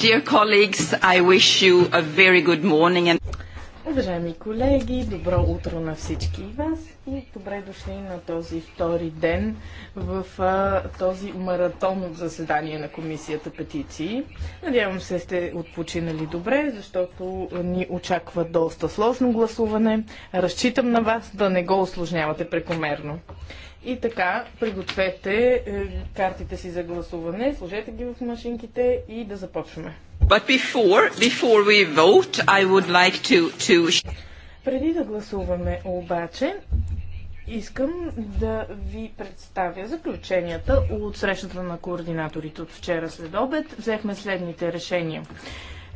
Dear colleagues, I wish you a very good morning and... Уважаеми колеги, добро утро на всички вас и добре дошли на този втори ден в а, този маратон от заседание на Комисията петиции. Надявам се сте отпочинали добре, защото ни очаква доста сложно гласуване. Разчитам на вас да не го осложнявате прекомерно. И така, пригответе е, картите си за гласуване, сложете ги в машинките и да започваме. But before, before we vote, I would like to, to... Преди да гласуваме обаче, искам да ви представя заключенията от срещата на координаторите от вчера след обед. Взехме следните решения.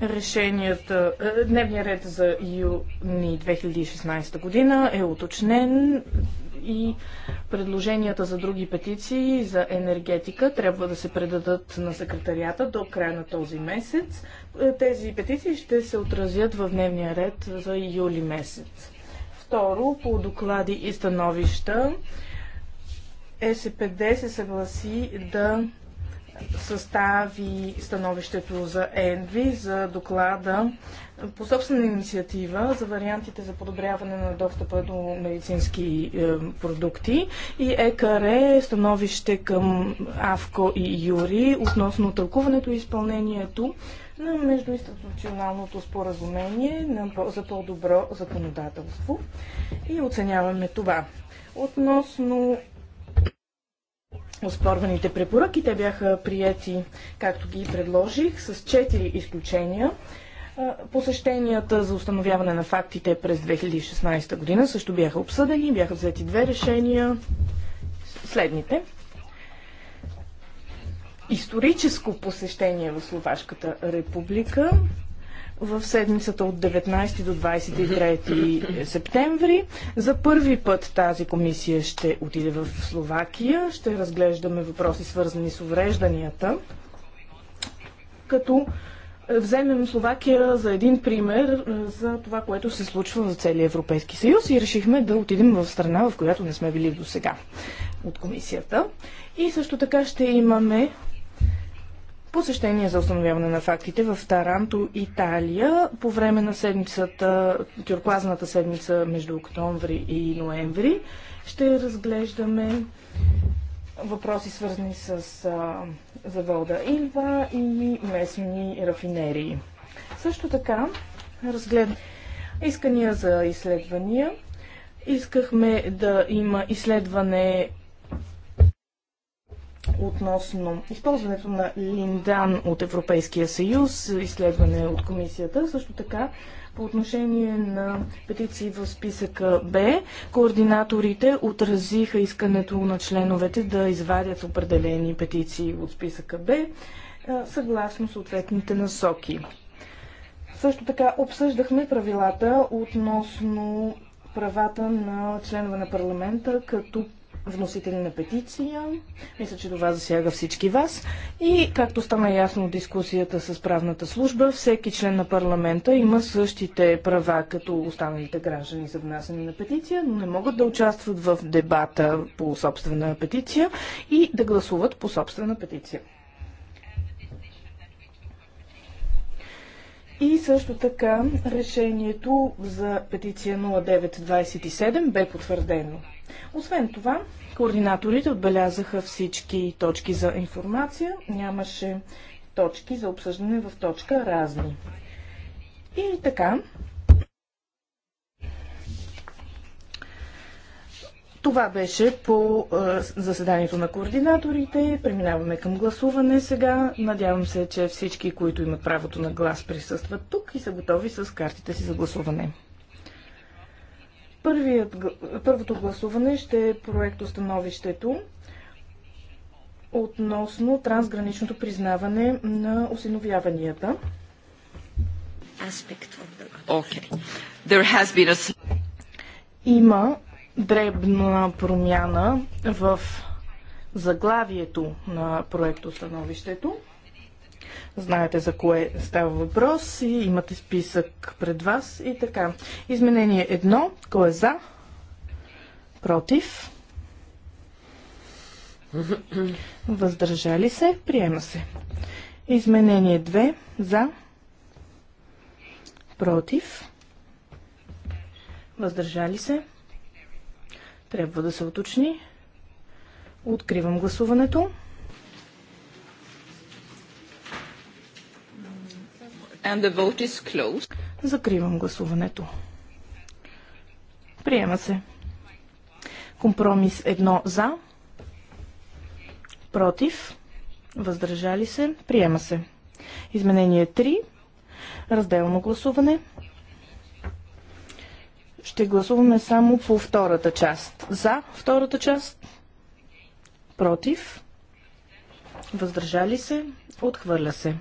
Решенията, е, дневният ред за юни 2016 година е уточнен и предложенията за други петиции за енергетика трябва да се предадат на секретарията до края на този месец. Е, тези петиции ще се отразят в дневния ред за юли месец. Второ, по доклади и становища, е СПД се съгласи да състави становището за ЕНВИ, за доклада по собствена инициатива за вариантите за подобряване на достъпа до медицински е, продукти и ЕКР е становище към АВКО и ЮРИ относно тълкуването и изпълнението на междуинституционалното споразумение за по-добро законодателство и оценяваме това. Относно оспорваните препоръки. Те бяха прияти, както ги предложих, с 4 изключения. Посещенията за установяване на фактите през 2016 година също бяха обсъдени, бяха взети две решения, следните. Историческо посещение в Словашката република в седмицата от 19 до 23 септември. За първи път тази комисия ще отиде в Словакия. Ще разглеждаме въпроси свързани с уврежданията. Като вземем Словакия за един пример е, за това, което се случва в целия Европейски съюз и решихме да отидем в страна, в която не сме били до сега от комисията. И също така ще имаме посещение за установяване на фактите в Таранто, Италия, по време на седмицата, тюркуазната седмица между октомври и ноември. Ще разглеждаме въпроси свързани с а, завода Ильва и местни рафинерии. Също така разгледаме искания за изследвания. Искахме да има изследване относно използването на линдан от Европейския съюз, изследване от комисията. Също така по отношение на петиции в списъка Б, координаторите отразиха искането на членовете да извадят определени петиции от списъка Б, съгласно съответните насоки. Също така обсъждахме правилата относно правата на членове на парламента като вносители на петиция. Мисля, че това засяга всички вас. И, както стана ясно от дискусията с правната служба, всеки член на парламента има същите права като останалите граждани за внасяне на петиция, но не могат да участват в дебата по собствена петиция и да гласуват по собствена петиция. И също така решението за петиция 0927 бе потвърдено освен това, координаторите отбелязаха всички точки за информация. Нямаше точки за обсъждане в точка разни. И така, Това беше по е, заседанието на координаторите. Преминаваме към гласуване сега. Надявам се, че всички, които имат правото на глас, присъстват тук и са готови с картите си за гласуване. Първият, първото гласуване ще е проектостановището относно трансграничното признаване на осиновяванията. Okay. A... Има дребна промяна в заглавието на проектостановището. Знаете за кое става въпрос и имате списък пред вас и така. Изменение 1. Кой е за? Против? Въздържали се? Приема се. Изменение 2. За? Против? Въздържали се? Трябва да се уточни. Откривам гласуването. Закривам гласуването. Приема се. Компромис 1 за. Против. Въздържали се. Приема се. Изменение 3. Разделно гласуване. Ще гласуваме само по втората част. За втората част. Против. Въздържали се. Отхвърля се.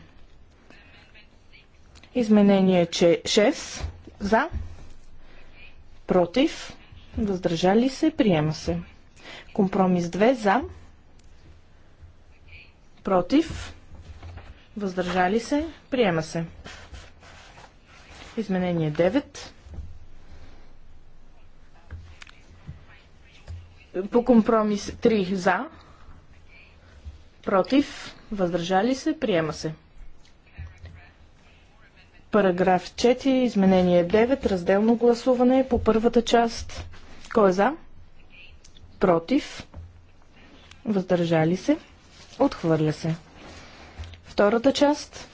Изменение 6 за, против, въздържали се, приема се. Компромис 2 за, против, въздържали се, приема се. Изменение 9. По компромис 3 за, против, въздържали се, приема се. Параграф 4, изменение 9, разделно гласуване по първата част. Кой е за? Против? Въздържали се? Отхвърля се. Втората част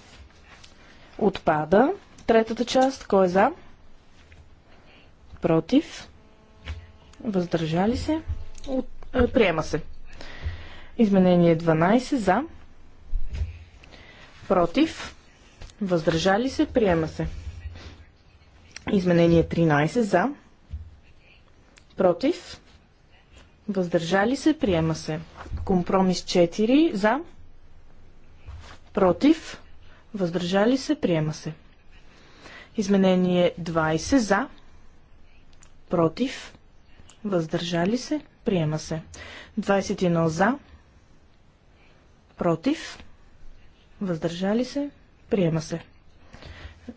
отпада. Третата част кой е за? Против? Въздържали се? От... Е, приема се. Изменение 12 за. Против? Въздържали се, приема се. Изменение 13 за. Против. Въздържали се, приема се. Компромис 4 за. Против. Въздържали се, приема се. Изменение 20 за. Против. Въздържали се, приема се. 21 за. Против. Въздържали се, Приема се.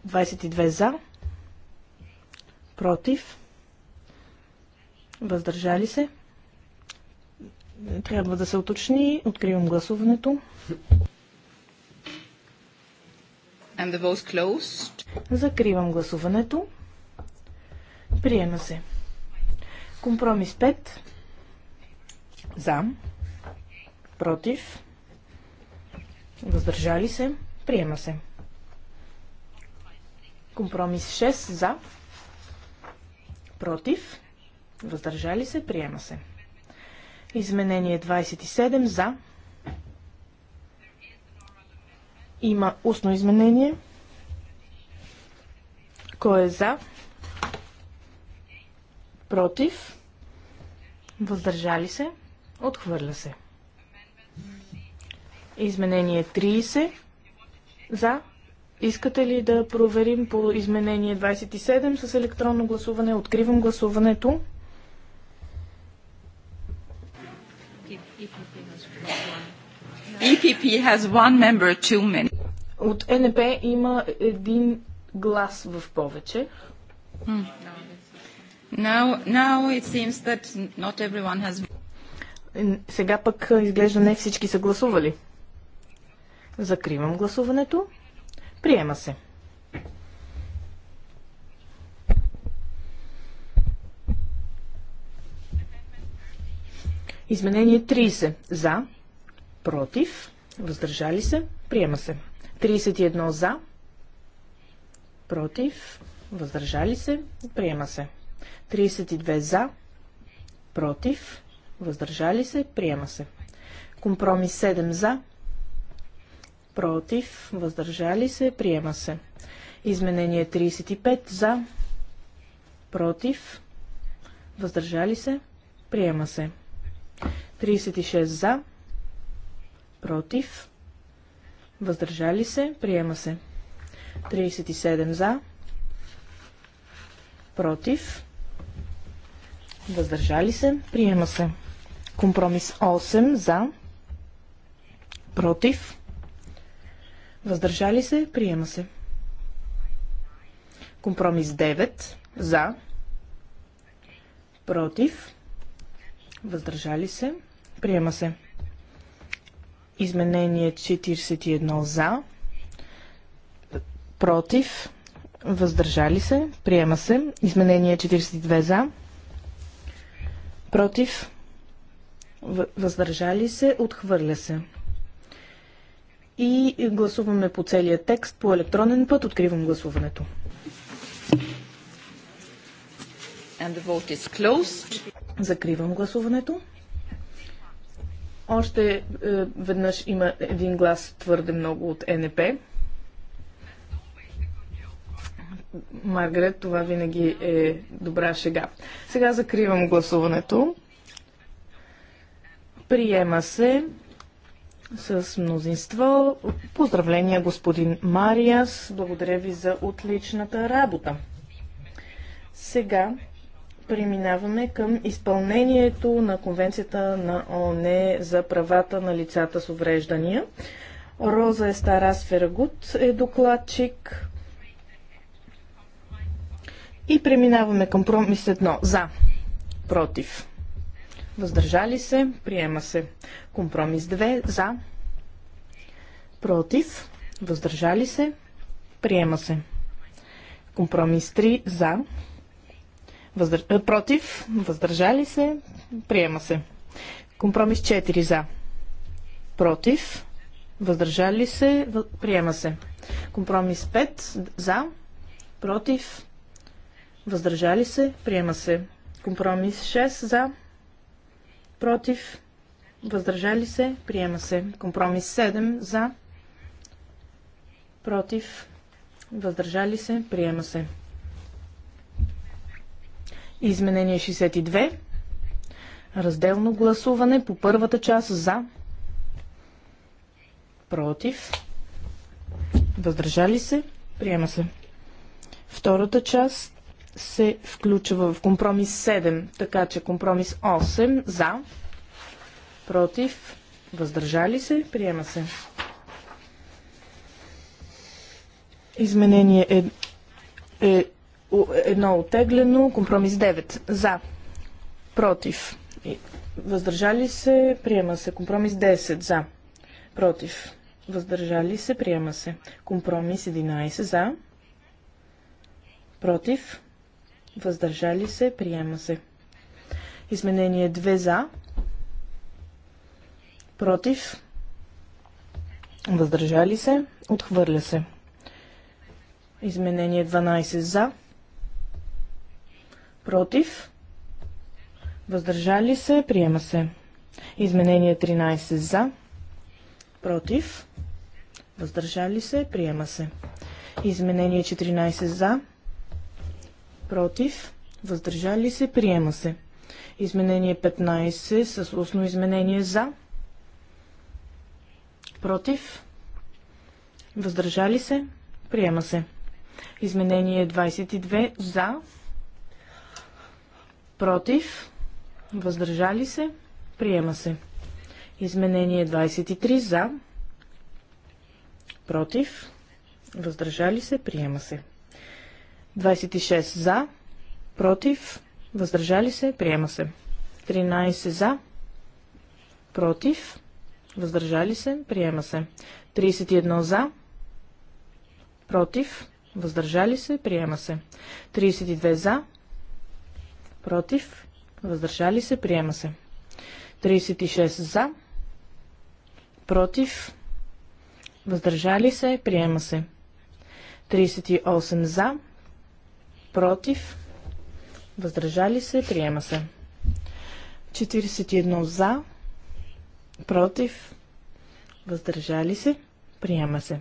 22 за. Против. Въздържали се. Трябва да се уточни. Откривам гласуването. And the vote's closed. Закривам гласуването. Приема се. Компромис 5. За. Против. Въздържали се. Приема се. Компромис 6 за. Против. Въздържали се. Приема се. Изменение 27 за. Има устно изменение. Кой е за? Против. Въздържали се. Отхвърля се. Изменение 30 за. Искате ли да проверим по изменение 27 с електронно гласуване? Откривам гласуването. EPP has one member too many. От НП има един глас в повече. Hmm. Now, now it seems that not everyone has... Сега пък изглежда не всички са гласували. Закривам гласуването. Приема се. Изменение 30. За. Против. Въздържали се. Приема се. 31 за. Против. Въздържали се. Приема се. 32 за. Против. Въздържали се. Приема се. Компромис 7 за против, въздържали се, приема се. Изменение 35 за, против, въздържали се, приема се. 36 за, против, въздържали се, приема се. 37 за, против, въздържали се, приема се. Компромис 8 за, против, Въздържали се? Приема се. Компромис 9. За. Против. Въздържали се. Приема се. Изменение 41 за. Против. Въздържали се. Приема се. Изменение 42 за. Против. Въздържали се. Отхвърля се и гласуваме по целия текст по електронен път. Откривам гласуването. And the vote is closed. Закривам гласуването. Още е, веднъж има един глас твърде много от НП. Маргарет, това винаги е добра шега. Сега закривам гласуването. Приема се с мнозинство. Поздравления, господин Мариас. Благодаря ви за отличната работа. Сега преминаваме към изпълнението на Конвенцията на ООН за правата на лицата с увреждания. Роза Естарас Ферагут е докладчик. И преминаваме към промис 1. За. Против въздържали се, приема се. Компромис 2 за, против, въздържали се, приема се. Компромис 3 за, въздър... против, въздържали се, приема се. Компромис 4 за, против, въздържали се, приема се. Компромис 5 за, против, въздържали се, приема се. Компромис 6 за, против, въздържали се, приема се. Компромис 7 за, против, въздържали се, приема се. Изменение 62. Разделно гласуване по първата част за, против, въздържали се, приема се. Втората част се включва в компромис 7, така че компромис 8 за, против, въздържали се, приема се. Изменение е, е едно отеглено, компромис 9 за, против, въздържали се, приема се. Компромис 10 за, против, въздържали се, приема се. Компромис 11 за, против, въздържали се, приема се. Изменение 2 за, против, въздържали се, отхвърля се. Изменение 12 за, против, въздържали се, приема се. Изменение 13 за, против, въздържали се, приема се. Изменение 14 за, против, въздържали се, приема се. Изменение 15 с устно изменение за, против, въздържали се, приема се. Изменение 22 за, против, въздържали се, приема се. Изменение 23 за, против, въздържали се, приема се. 26 за, против, въздържали се, приема се. 13 за, против, въздържали се, приема се. 31 за, против, въздържали се, приема се. 32 за, против, въздържали се, приема се. 36 за, против, въздържали се, приема се. 38 за, против, против, въздържали се, приема се. 41 за, против, въздържали се, приема се.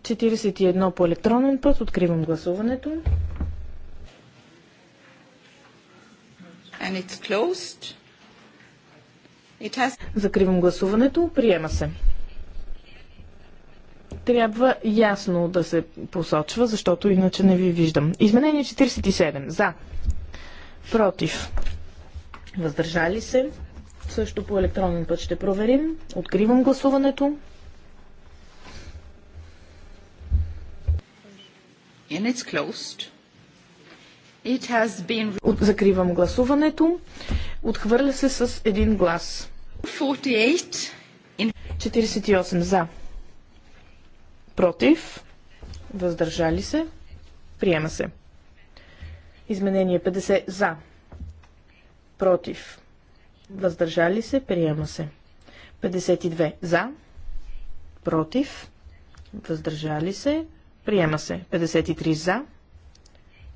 41 по електронен път, откривам гласуването. And it's closed. It has... Закривам гласуването, приема се трябва ясно да се посочва, защото иначе не ви виждам. Изменение 47. За. Против. Въздържали се. Също по електронен път ще проверим. Откривам гласуването. And it's closed. It has been... От, закривам гласуването. Отхвърля се с един глас. 48, in... 48 за против, въздържали се, приема се. Изменение 50 за, против, въздържали се, приема се. 52 за, против, въздържали се, приема се. 53 за,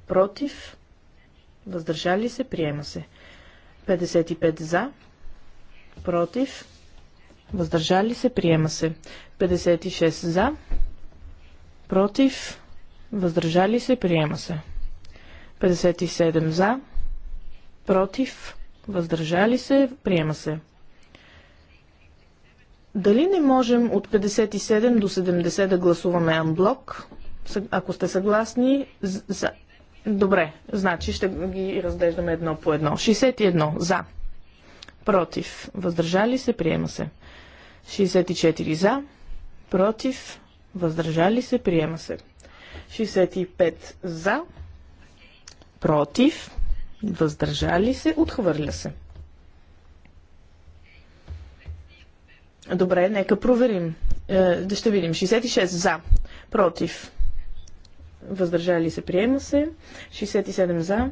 против, въздържали се, приема се. 55 за, против, въздържали се, приема се. 56 за, против, въздържали се, приема се. 57 за, против, въздържали се, приема се. Дали не можем от 57 до 70 да гласуваме анблок? Ако сте съгласни, за... добре, значи ще ги разглеждаме едно по едно. 61 за, против, въздържали се, приема се. 64 за, против, въздържали се, приема се. 65 за, против, въздържали се, отхвърля се. Добре, нека проверим. Е, да ще видим. 66 за, против, въздържали се, приема се. 67 за,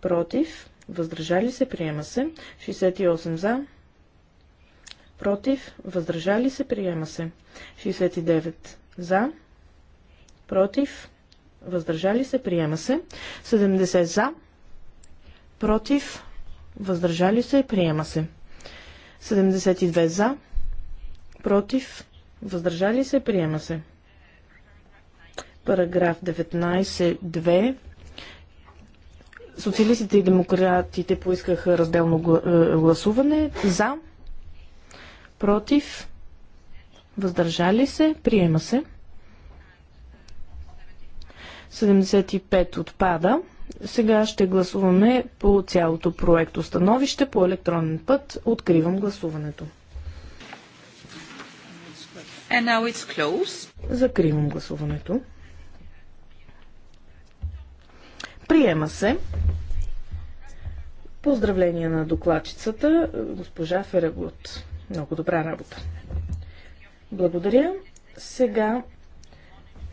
против, въздържали се, приема се. 68 за, против, въздържали се, приема се. 69 за, против, въздържали се, приема се. 70 за, против, въздържали се, приема се. 72 за, против, въздържали се, приема се. Параграф 19.2 Социалистите и демократите поискаха разделно е, гласуване за, против, въздържали се, приема се. 75 отпада. Сега ще гласуваме по цялото проекто становище по електронен път. Откривам гласуването. And now it's Закривам гласуването. Приема се. Поздравления на докладчицата, госпожа Ферегот. Много добра работа. Благодаря. Сега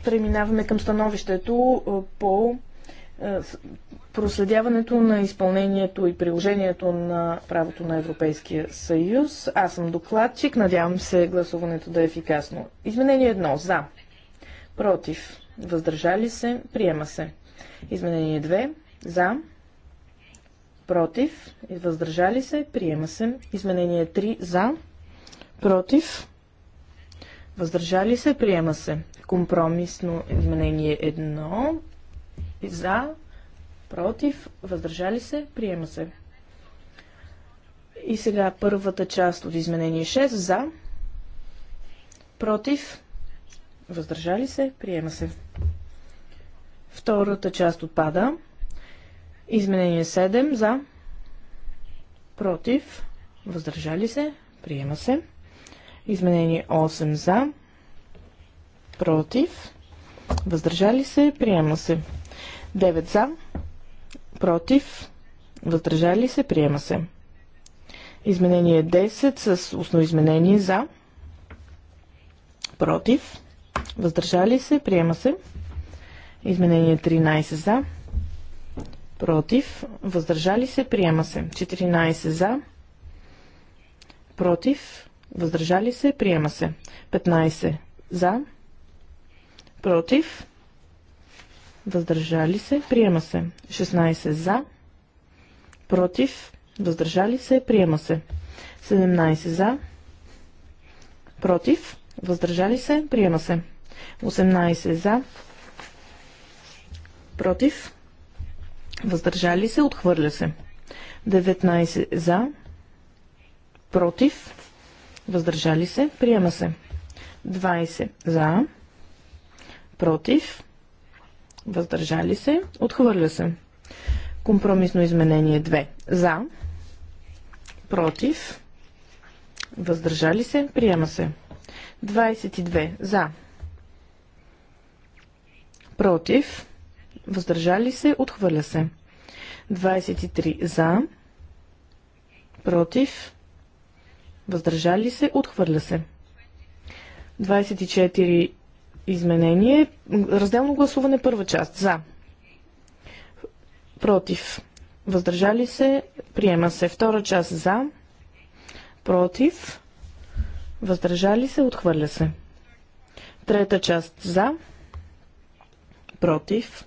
преминаваме към становището по проследяването на изпълнението и приложението на правото на Европейския съюз. Аз съм докладчик. Надявам се гласуването да е ефикасно. Изменение едно. За. Против. Въздържали се. Приема се. Изменение 2. За против, въздържали се, приема се. Изменение 3 за, против, въздържали се, приема се. Компромисно изменение 1 за, против, въздържали се, приема се. И сега първата част от изменение 6 за, против, въздържали се, приема се. Втората част отпада. Изменение 7 за. Против. Въздържали се. Приема се. Изменение 8 за. Против. Въздържали се. Приема се. 9 за. Против. Въздържали се. Приема се. Изменение 10 с устно изменение за. Против. Въздържали се. Приема се. Изменение 13 за против, въздържали се, приема се. 14 за, против, въздържали се, приема се. 15 за, против, въздържали се, приема се. 16 за, против, въздържали се, приема се. 17 за, против, въздържали се, приема се. 18 за, против, Въздържали се, отхвърля се. 19 за, против, въздържали се, приема се. 20 за, против, въздържали се, отхвърля се. Компромисно изменение 2 за, против, въздържали се, приема се. 22 за, против, въздържали се, отхвърля се. 23 за, против, въздържали се, отхвърля се. 24 изменение, разделно гласуване първа част, за, против, въздържали се, приема се. Втора част за, против, въздържали се, отхвърля се. Трета част за, против,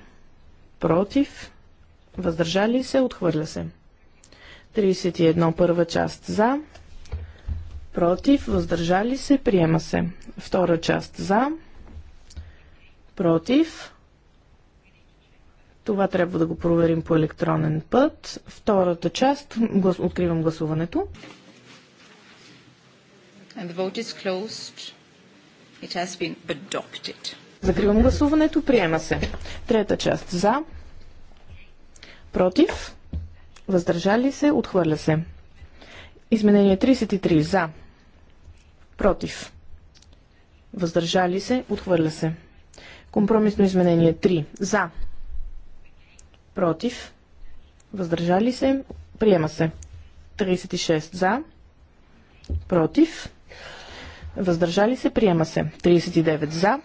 против, въздържали се, отхвърля се. 31 първа част за, против, въздържали се, приема се. Втора част за, против, това трябва да го проверим по електронен път. Втората част, глас, откривам гласуването. And the vote is closed. It has been adopted. Закривам гласуването. Приема се. Трета част. За. Против. Въздържали се. Отхвърля се. Изменение 33. За. Против. Въздържали се. Отхвърля се. Компромисно изменение 3. За. Против. Въздържали се. Приема се. 36. За. Против. Въздържали се. Приема се. 39. За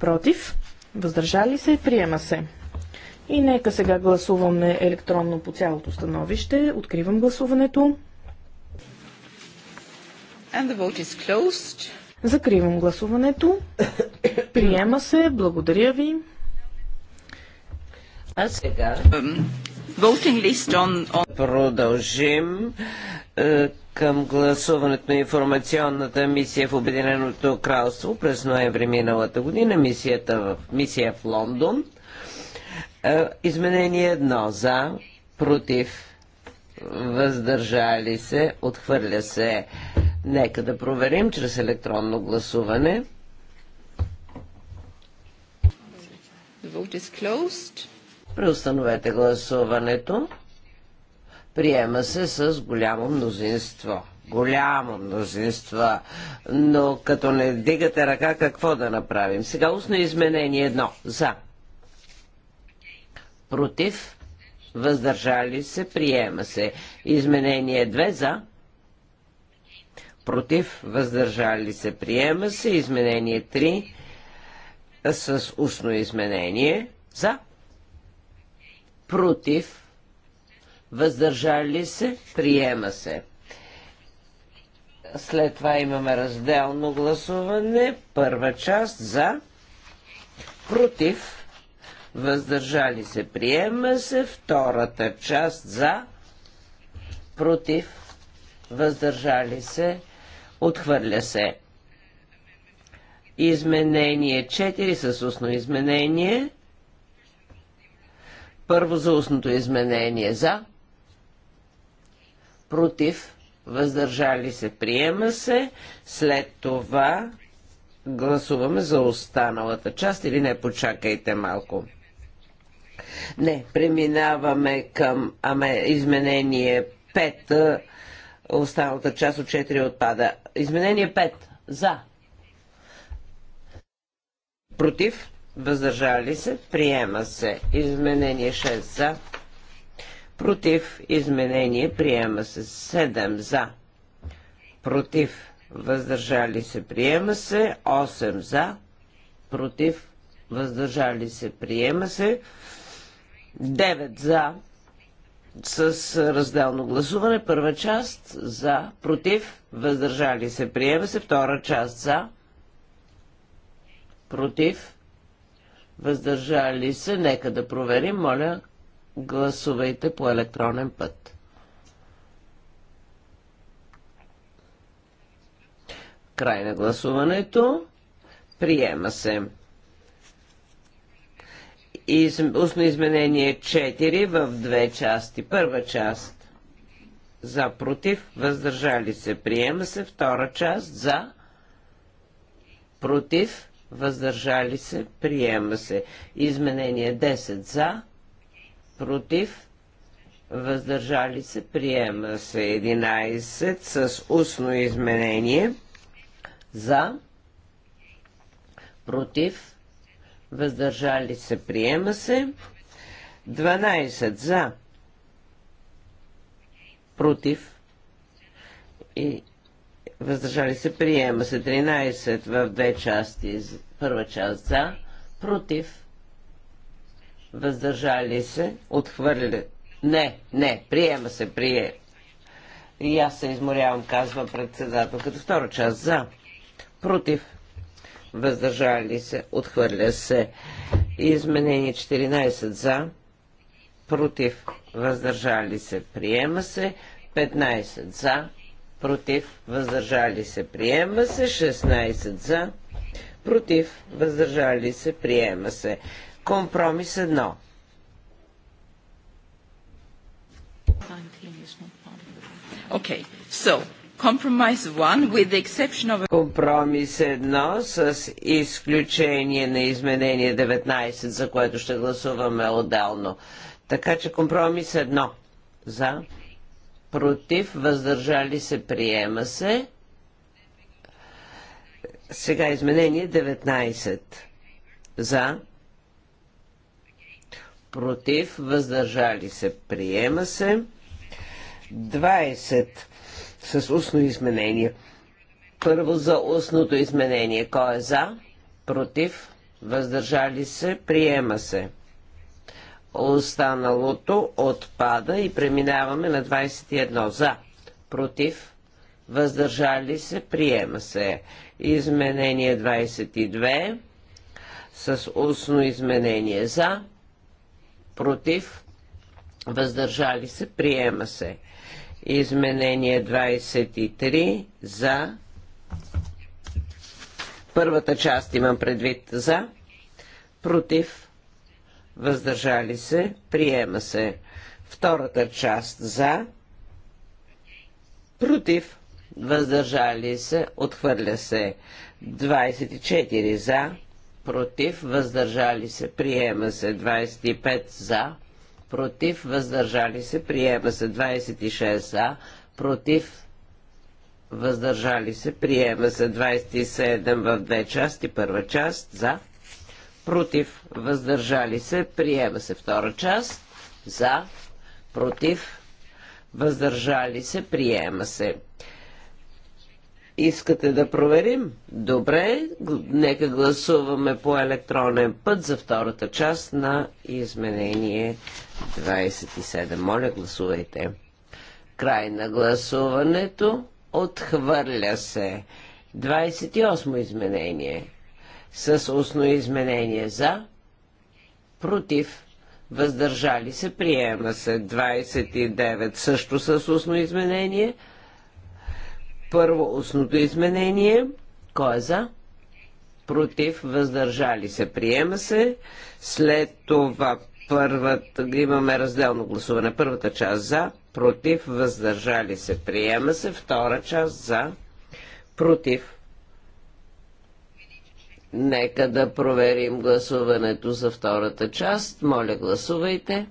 Против. Въздържали се. Приема се. И нека сега гласуваме електронно по цялото становище. Откривам гласуването. And the vote is closed. Закривам гласуването. Приема се. Благодаря ви. А сега... On, on... Продължим е, към гласуването на информационната мисия в Обединеното кралство през ноември миналата година, мисията в, мисия в Лондон. Е, изменение едно за, против, въздържали се, отхвърля се. Нека да проверим чрез електронно гласуване. The vote is closed. Преустановете гласуването. Приема се с голямо мнозинство. Голямо мнозинство. Но като не дигате ръка, какво да направим? Сега устно изменение едно. За. Против. Въздържали се. Приема се. Изменение 2 за против, въздържали се, приема се. Изменение 3 с устно изменение. За, против, въздържали се, приема се. След това имаме разделно гласуване. Първа част за, против, въздържали се, приема се. Втората част за, против, въздържали се, отхвърля се. Изменение 4 с устно изменение първо за устното изменение за, против, въздържали се, приема се. След това гласуваме за останалата част или не, почакайте малко. Не, преминаваме към аме, изменение 5. Останалата част от 4 отпада. Изменение 5. За. Против въздържали се, приема се. Изменение 6 за, против, изменение, приема се. 7 за, против, въздържали се, приема се. 8 за, против, въздържали се, приема се. 9 за, с разделно гласуване. Първа част за, против, въздържали се, приема се. Втора част за, против, въздържали се, нека да проверим. Моля, гласувайте по електронен път. Край на гласуването. Приема се. Из, устно изменение 4 в две части. Първа част за против, въздържали се, приема се. Втора част за против, въздържали се, приема се. Изменение 10 за, против, въздържали се, приема се. 11 с устно изменение за, против, въздържали се, приема се. 12 за, против и въздържали се, приема се 13 в две части, първа част за, против, въздържали се, отхвърляли. Не, не, приема се, прие. И аз се изморявам, казва председател, като втора част за, против, въздържали се, отхвърля се. Изменение 14 за, против, въздържали се, приема се, 15 за, против, въздържали се, приема се. 16 за, против, въздържали се, приема се. Компромис едно. Okay, so Compromise with the exception of... Компромис едно с изключение на изменение 19, за което ще гласуваме отдално. Така че компромис едно. за, против, въздържали се, приема се. Сега изменение 19. За, против, въздържали се, приема се. 20 с устно изменение. Първо за устното изменение. Кой е за? Против? Въздържали се? Приема се. Останалото отпада и преминаваме на 21 за. Против. Въздържали се. Приема се. Изменение 22 с устно изменение за. Против. Въздържали се. Приема се. Изменение 23 за. Първата част имам предвид за. Против въздържали се, приема се. Втората част за, против, въздържали се, отхвърля се. 24 за, против, въздържали се, приема се. 25 за, против, въздържали се, приема се. 26 за, против, въздържали се, приема се. 27 в две части, първа част за, против, въздържали се, приема се втора част, за, против, въздържали се, приема се. Искате да проверим? Добре, нека гласуваме по електронен път за втората част на изменение 27. Моля, гласувайте. Край на гласуването. Отхвърля се. 28 изменение с устно изменение за, против, въздържали се, приема се 29 също с устно изменение. Първо устното изменение, кой е за? Против, въздържали се, приема се. След това първата, имаме разделно гласуване. Първата част за, против, въздържали се, приема се. Втора част за, против, Нека да проверим гласуването за втората част. Моля, гласувайте.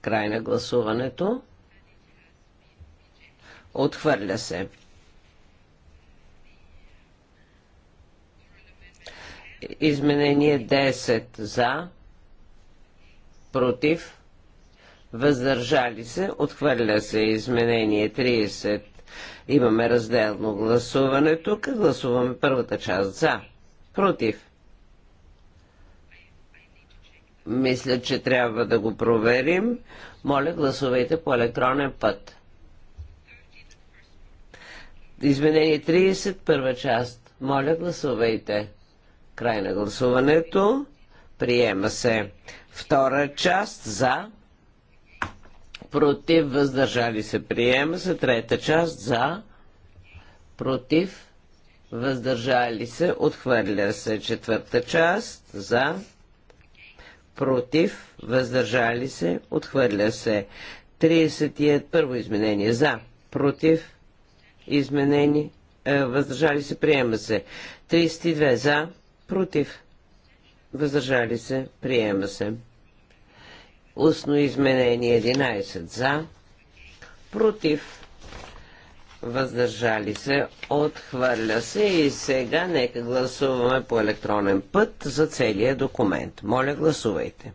Край на гласуването. Отхвърля се. Изменение 10 за, против, въздържали се, отхвърля се изменение 30 Имаме разделно гласуване. Тук гласуваме първата част за. Против. Мисля, че трябва да го проверим. Моля, гласувайте по електронен път. Изменение 30, първа част. Моля, гласувайте. Край на гласуването. Приема се. Втора част за против, въздържали се, приема се. Трета част за, против, въздържали се, отхвърля се. Четвърта част за, против, въздържали се, отхвърля се. 31 първо изменение за, против, изменени, е, въздържали се, приема се. 32 за, против, въздържали се, приема се. Устно изменение 11 за, против, въздържали се, отхвърля се и сега нека гласуваме по електронен път за целия документ. Моля, гласувайте.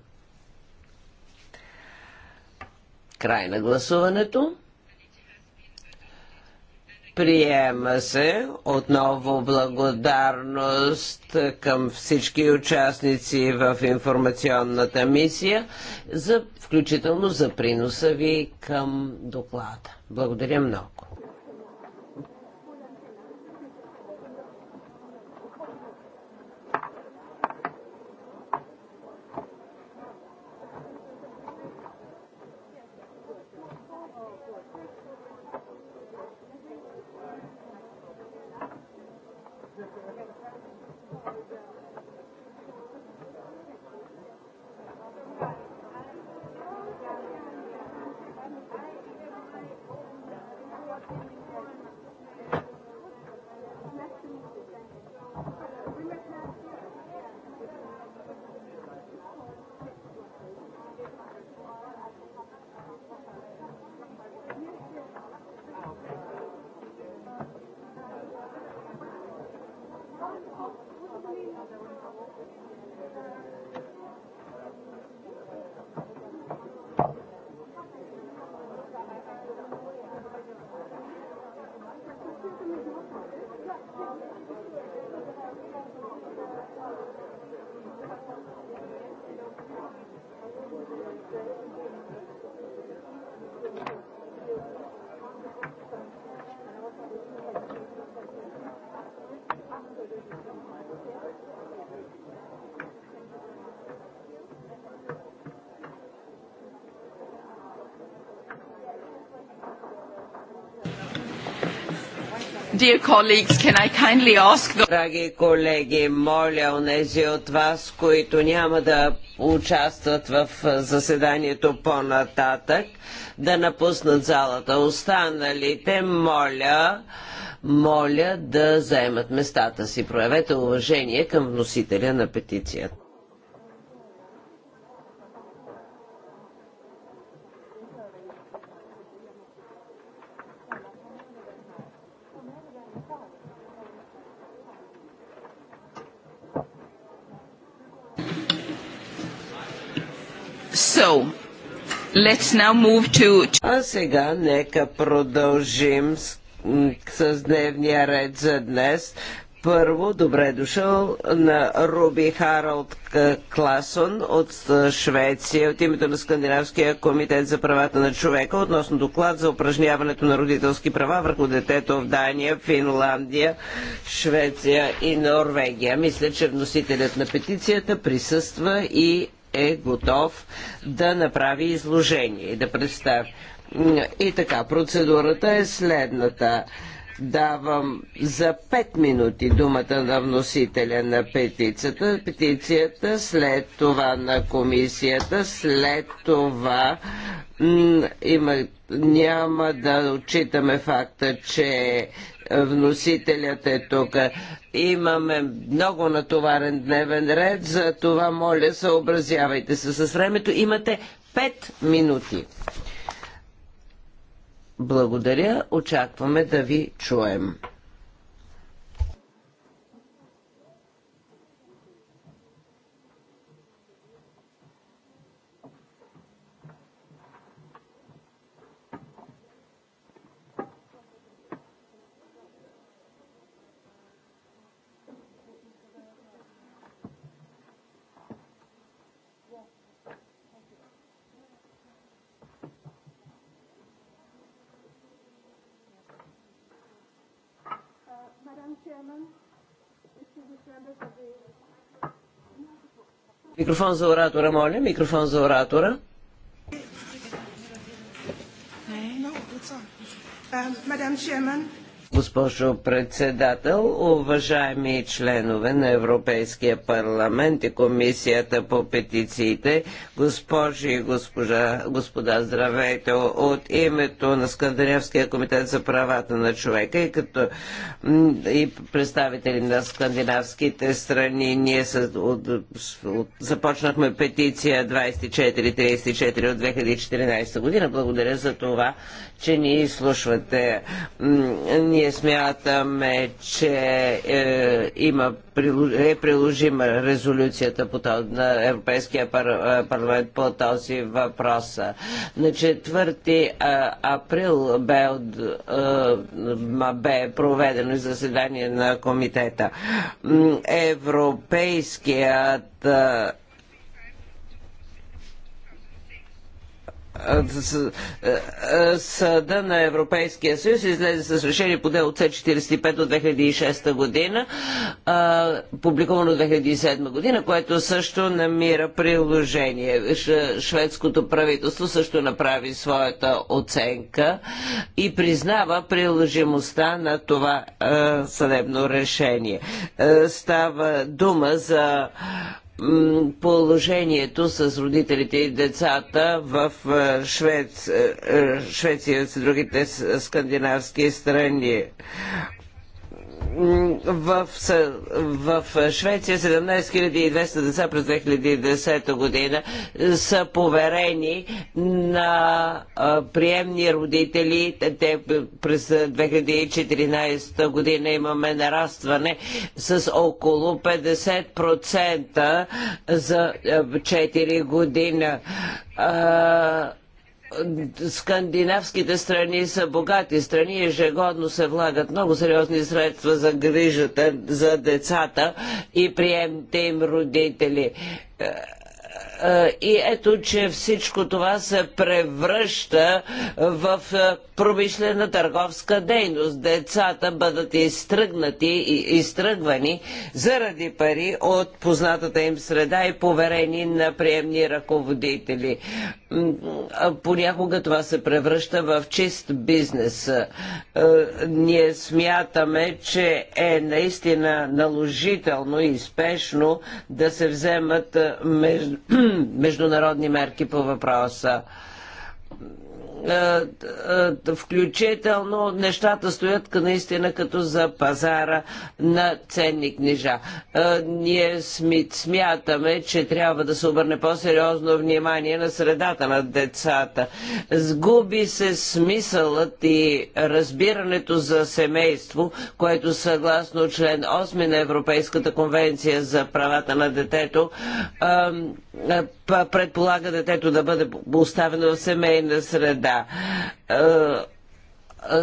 Край на гласуването. Приема се отново благодарност към всички участници в информационната мисия, за, включително за приноса ви към доклада. Благодаря много. Dear colleagues, can I kindly ask the... Драги колеги, моля онези от вас, които няма да участват в заседанието по-нататък, да напуснат залата. Останалите, моля, моля да заемат местата си. Проявете уважение към вносителя на петицията. So, let's now move to... А сега нека продължим с, с дневния ред за днес. Първо, добре дошъл на Руби Харалд Класон от Швеция от името на Скандинавския комитет за правата на човека относно доклад за упражняването на родителски права върху детето в Дания, Финландия, Швеция и Норвегия. Мисля, че вносителят на петицията присъства и е готов да направи изложение и да представи. И така, процедурата е следната. Давам за 5 минути думата на вносителя на петицията, петицията, след това на комисията, след това има, няма да отчитаме факта, че вносителят е тук. Имаме много натоварен дневен ред, за това моля съобразявайте се с времето. Имате 5 минути. Благодаря, очакваме да ви чуем. Микрофон за оратора, моля. Микрофон за оратора. Мадам Шеман, Госпожо председател, уважаеми членове на Европейския парламент и Комисията по петициите, госпожи и госпожа, господа, здравейте от името на Скандинавския комитет за правата на човека и като и представители на скандинавските страни, ние с, от, от, започнахме петиция 2434 от 2014 година. Благодаря за това, че ни изслушвате. Ние смятаме, че е, има е приложима резолюцията по този, на Европейския пар, е, парламент по този въпрос. На 4 е, април бе, е, бе проведено заседание на комитета. Европейският Съда на Европейския съюз излезе с решение по дело С-45 от 2006 година, публикувано 2007 година, което също намира приложение. Шведското правителство също направи своята оценка и признава приложимостта на това съдебно решение. Става дума за положението с родителите и децата в е, е, е, Швеция с другите скандинавски страни в, в Швеция 17 200 деца през 2010 година са поверени на приемни родители. Те през 2014 година имаме нарастване с около 50% за 4 година скандинавските страни са богати страни, ежегодно се влагат много сериозни средства за грижата за децата и приемните им родители е, е, и ето, че всичко това се превръща в е, промишлена търговска дейност. Децата бъдат изтръгнати и изтръгвани заради пари от познатата им среда и поверени на приемни ръководители. Понякога това се превръща в чист бизнес. Е, ние смятаме, че е наистина наложително и спешно да се вземат между международни мерки по въпроса включително нещата стоят наистина като за пазара на ценни книжа. Ние смятаме, че трябва да се обърне по-сериозно внимание на средата на децата. Сгуби се смисълът и разбирането за семейство, което съгласно член 8 на Европейската конвенция за правата на детето предполага детето да бъде оставено в семейна среда лица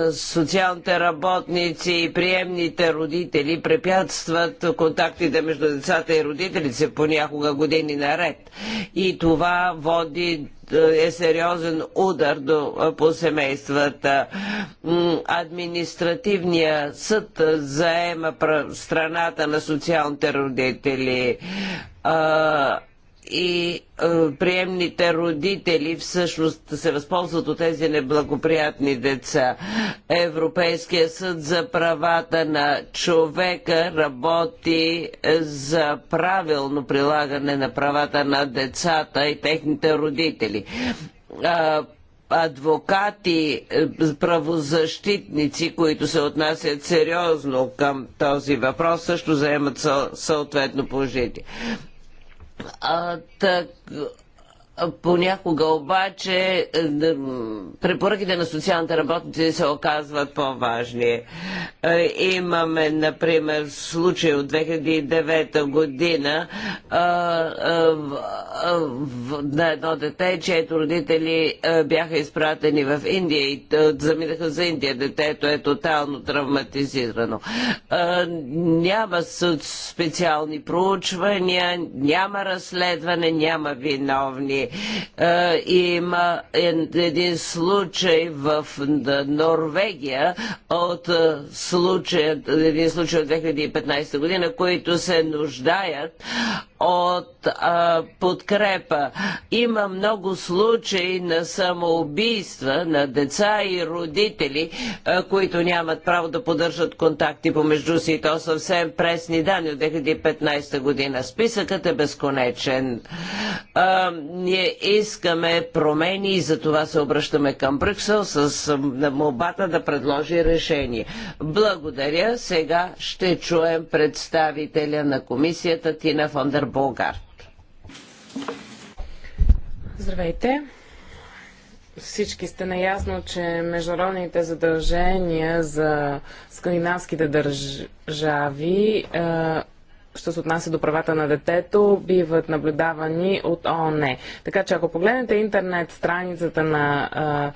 е, е, социалните работници и приемните родители препятстват контактите между децата и родителите понякога години наред. И това води е, е сериозен удар до, по семействата. Административният съд заема страната на социалните родители и е, приемните родители всъщност се възползват от тези неблагоприятни деца. Европейския съд за правата на човека работи е, за правилно прилагане на правата на децата и техните родители. Е, адвокати, е, правозащитници, които се отнасят сериозно към този въпрос, също заемат съответно положение а, так, Понякога обаче е, препоръките на социалните работници се оказват по-важни. Е, имаме, например, случай от 2009 година е, на едно дете, чието родители бяха изпратени в Индия и заминаха за Индия. Детето е тотално травматизирано. Няма специални проучвания, няма разследване, няма виновни е, има един случай в Норвегия от е, случая, един случай от 2015 година, които се нуждаят от а, е, подкрепа. Има много случаи на самоубийства на деца и родители, а, които нямат право да поддържат контакти помежду си. То съвсем пресни данни от 2015 година. Списъкът е безконечен. А, ние ние искаме промени и за това се обръщаме към Брюксел с молбата да предложи решение. Благодаря. Сега ще чуем представителя на комисията Тина Фондер Болгарт. Здравейте! Всички сте наясно, че международните задължения за скандинавските държави е, що се отнася до правата на детето, биват наблюдавани от ООН. Така че ако погледнете интернет страницата на а,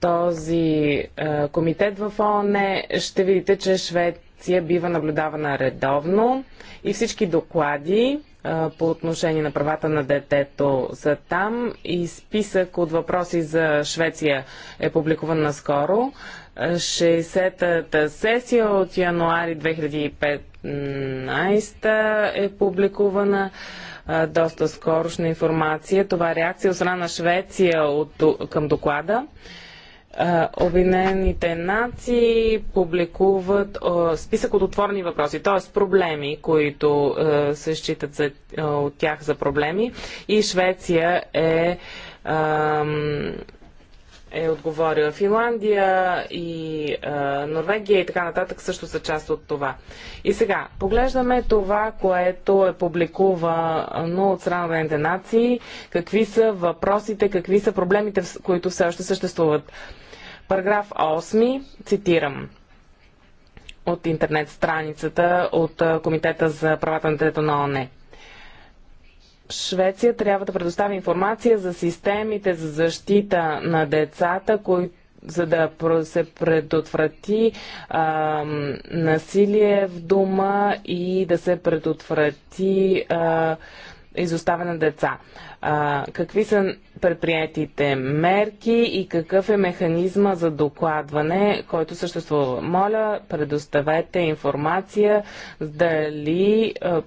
този а, комитет в ООН, ще видите, че Швеция бива наблюдавана редовно и всички доклади по отношение на правата на детето са там и списък от въпроси за Швеция е публикуван наскоро. 60-та сесия от януари 2005 2015 е публикувана доста скорошна информация. Това е реакция от страна на Швеция от, към доклада. Обвинените нации публикуват списък от отворени въпроси, т.е. проблеми, които се считат за, от тях за проблеми. И Швеция е е отговорила. Финландия и е, Норвегия и така нататък също са част от това. И сега, поглеждаме това, което е публикувано от страна на нации, какви са въпросите, какви са проблемите, които все още съществуват. Параграф 8, цитирам от интернет страницата от Комитета за правата на детето на ОНЕ. Швеция трябва да предостави информация за системите за защита на децата, които за да се предотврати а, насилие в дома и да се предотврати а, изоставяне на деца. А, какви са предприятите мерки и какъв е механизма за докладване, който съществува? Моля, предоставете информация дали а,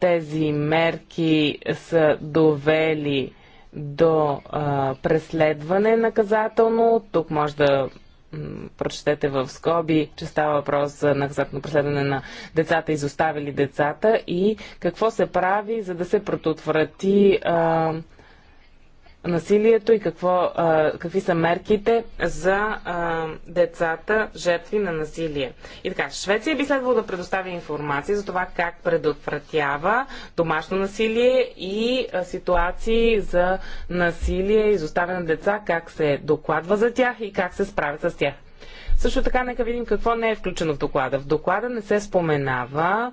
тези мерки са довели до а, преследване наказателно. Тук може да прочетете в скоби, че става въпрос за наказателно преследване на децата, изоставили децата и какво се прави, за да се предотврати а, насилието и какво, а, какви са мерките за а, децата, жертви на насилие. И така, Швеция би следвало да предостави информация за това как предотвратява домашно насилие и а, ситуации за насилие, изоставяне на деца, как се докладва за тях и как се справят с тях. Също така, нека видим какво не е включено в доклада. В доклада не се споменава,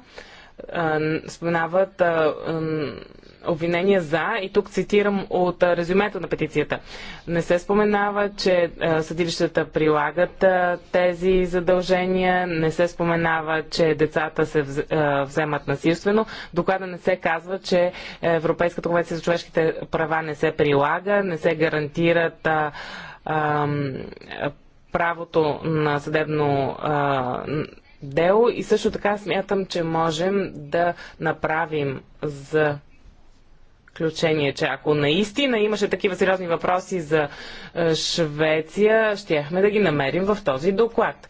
а, споменават а, а обвинения за, и тук цитирам от резюмето на петицията, не се споменава, че съдилищата прилагат тези задължения, не се споменава, че децата се вземат насилствено, доклада не се казва, че Европейската конвенция за човешките права не се прилага, не се гарантират правото на съдебно а, дело и също така смятам, че можем да направим за заключение, че ако наистина имаше такива сериозни въпроси за е, Швеция, щяхме да ги намерим в този доклад.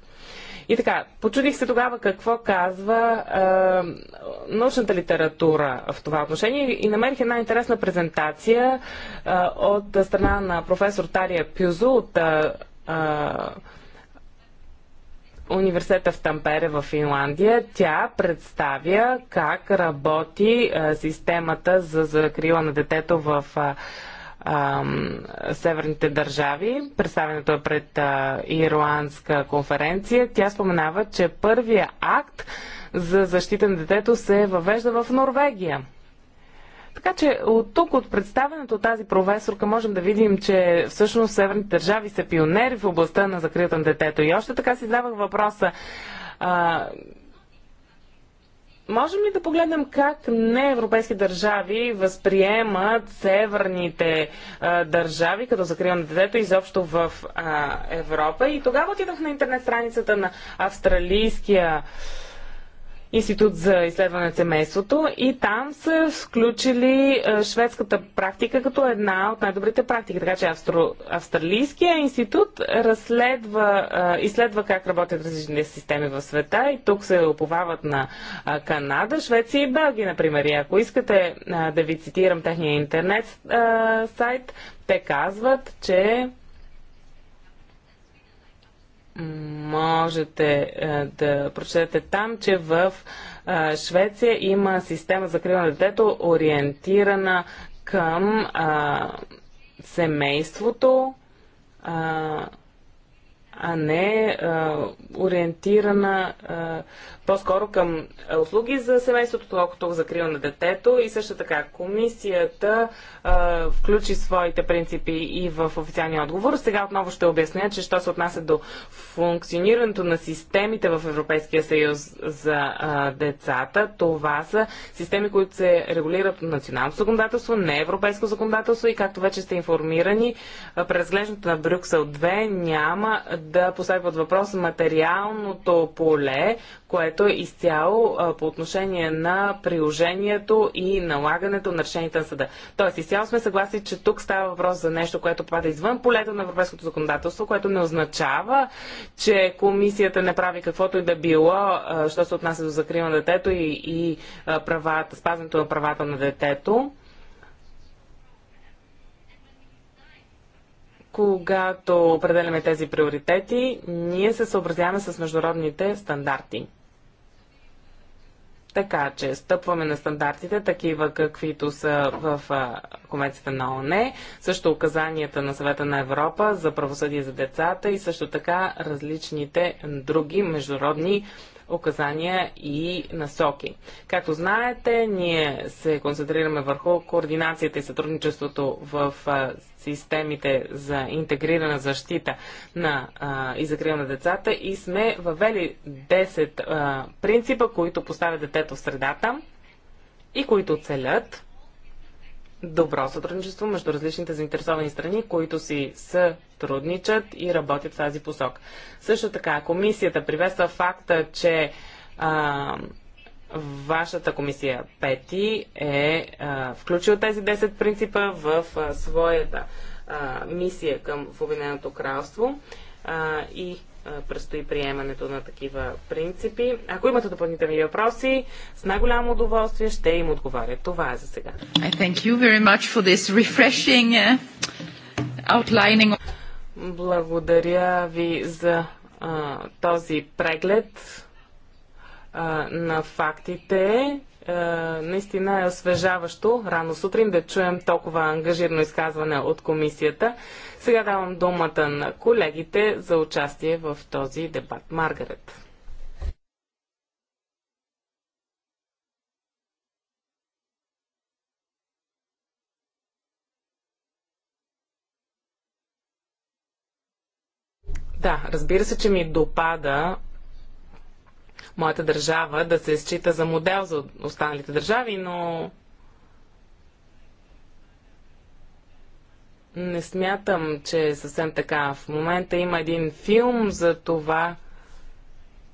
И така, почудих се тогава какво казва е, научната литература в това отношение и намерих една интересна презентация е, от страна на професор Тария Пюзо от е, е университета в Тампере в Финландия. Тя представя как работи системата за закрила на детето в северните държави. Представенето е пред ирландска конференция. Тя споменава, че първия акт за защита на детето се е въвежда в Норвегия. Така че от тук, от представенето от тази професорка, можем да видим, че всъщност северните държави са пионери в областта на закрилата на детето. И още така си задавах въпроса. А, можем ли да погледнем как неевропейски държави възприемат северните а, държави като закриване на детето изобщо в а, Европа? И тогава отидох на интернет страницата на австралийския Институт за изследване на семейството и там са включили шведската практика като една от най-добрите практики. Така че австро... Австралийския институт разследва, изследва как работят различни системи в света и тук се оповават на Канада, Швеция и Белгия, например. И ако искате да ви цитирам техния интернет сайт, те казват, че можете е, да прочетете там, че в е, Швеция има система за крила на детето, ориентирана към е, семейството, а не а, ориентирана по-скоро към услуги за семейството, толкова закрива на детето. И също така комисията а, включи своите принципи и в официалния отговор. Сега отново ще обясня, че що се отнася до функционирането на системите в Европейския съюз за а, децата, това са системи, които се регулират от националното законодателство, не европейско законодателство и както вече сте информирани, през на Брюксел 2 няма да поставя въпрос материалното поле, което е изцяло по отношение на приложението и налагането на решенията на съда. Тоест, изцяло сме съгласни, че тук става въпрос за нещо, което пада извън полето на европейското законодателство, което не означава, че комисията не прави каквото и да било, що се отнася до закрива на детето и, и правата, спазването на правата на детето. когато определяме тези приоритети, ние се съобразяваме с международните стандарти. Така че стъпваме на стандартите, такива каквито са в Конвенцията на ОНЕ, също указанията на Съвета на Европа за правосъдие за децата и също така различните други международни указания и насоки. Както знаете, ние се концентрираме върху координацията и сътрудничеството в системите за интегрирана защита на, а, и закрива на децата и сме въвели 10 а, принципа, които поставят детето в средата и които целят добро сътрудничество между различните заинтересовани страни, които си сътрудничат и работят в тази посок. Също така, комисията приветства факта, че а, вашата комисия Пети е а, включил тези 10 принципа в а, своята а, мисия към в Обединеното кралство а, и предстои приемането на такива принципи. Ако имате допълнителни въпроси, с най-голямо удоволствие ще им отговаря. Това е за сега. Uh, outlining... Благодаря ви за а, този преглед а, на фактите. Е, наистина е освежаващо рано сутрин да чуем толкова ангажирано изказване от комисията. Сега давам думата на колегите за участие в този дебат. Маргарет. Да, разбира се, че ми допада моята държава да се счита за модел за останалите държави, но не смятам, че е съвсем така. В момента има един филм за това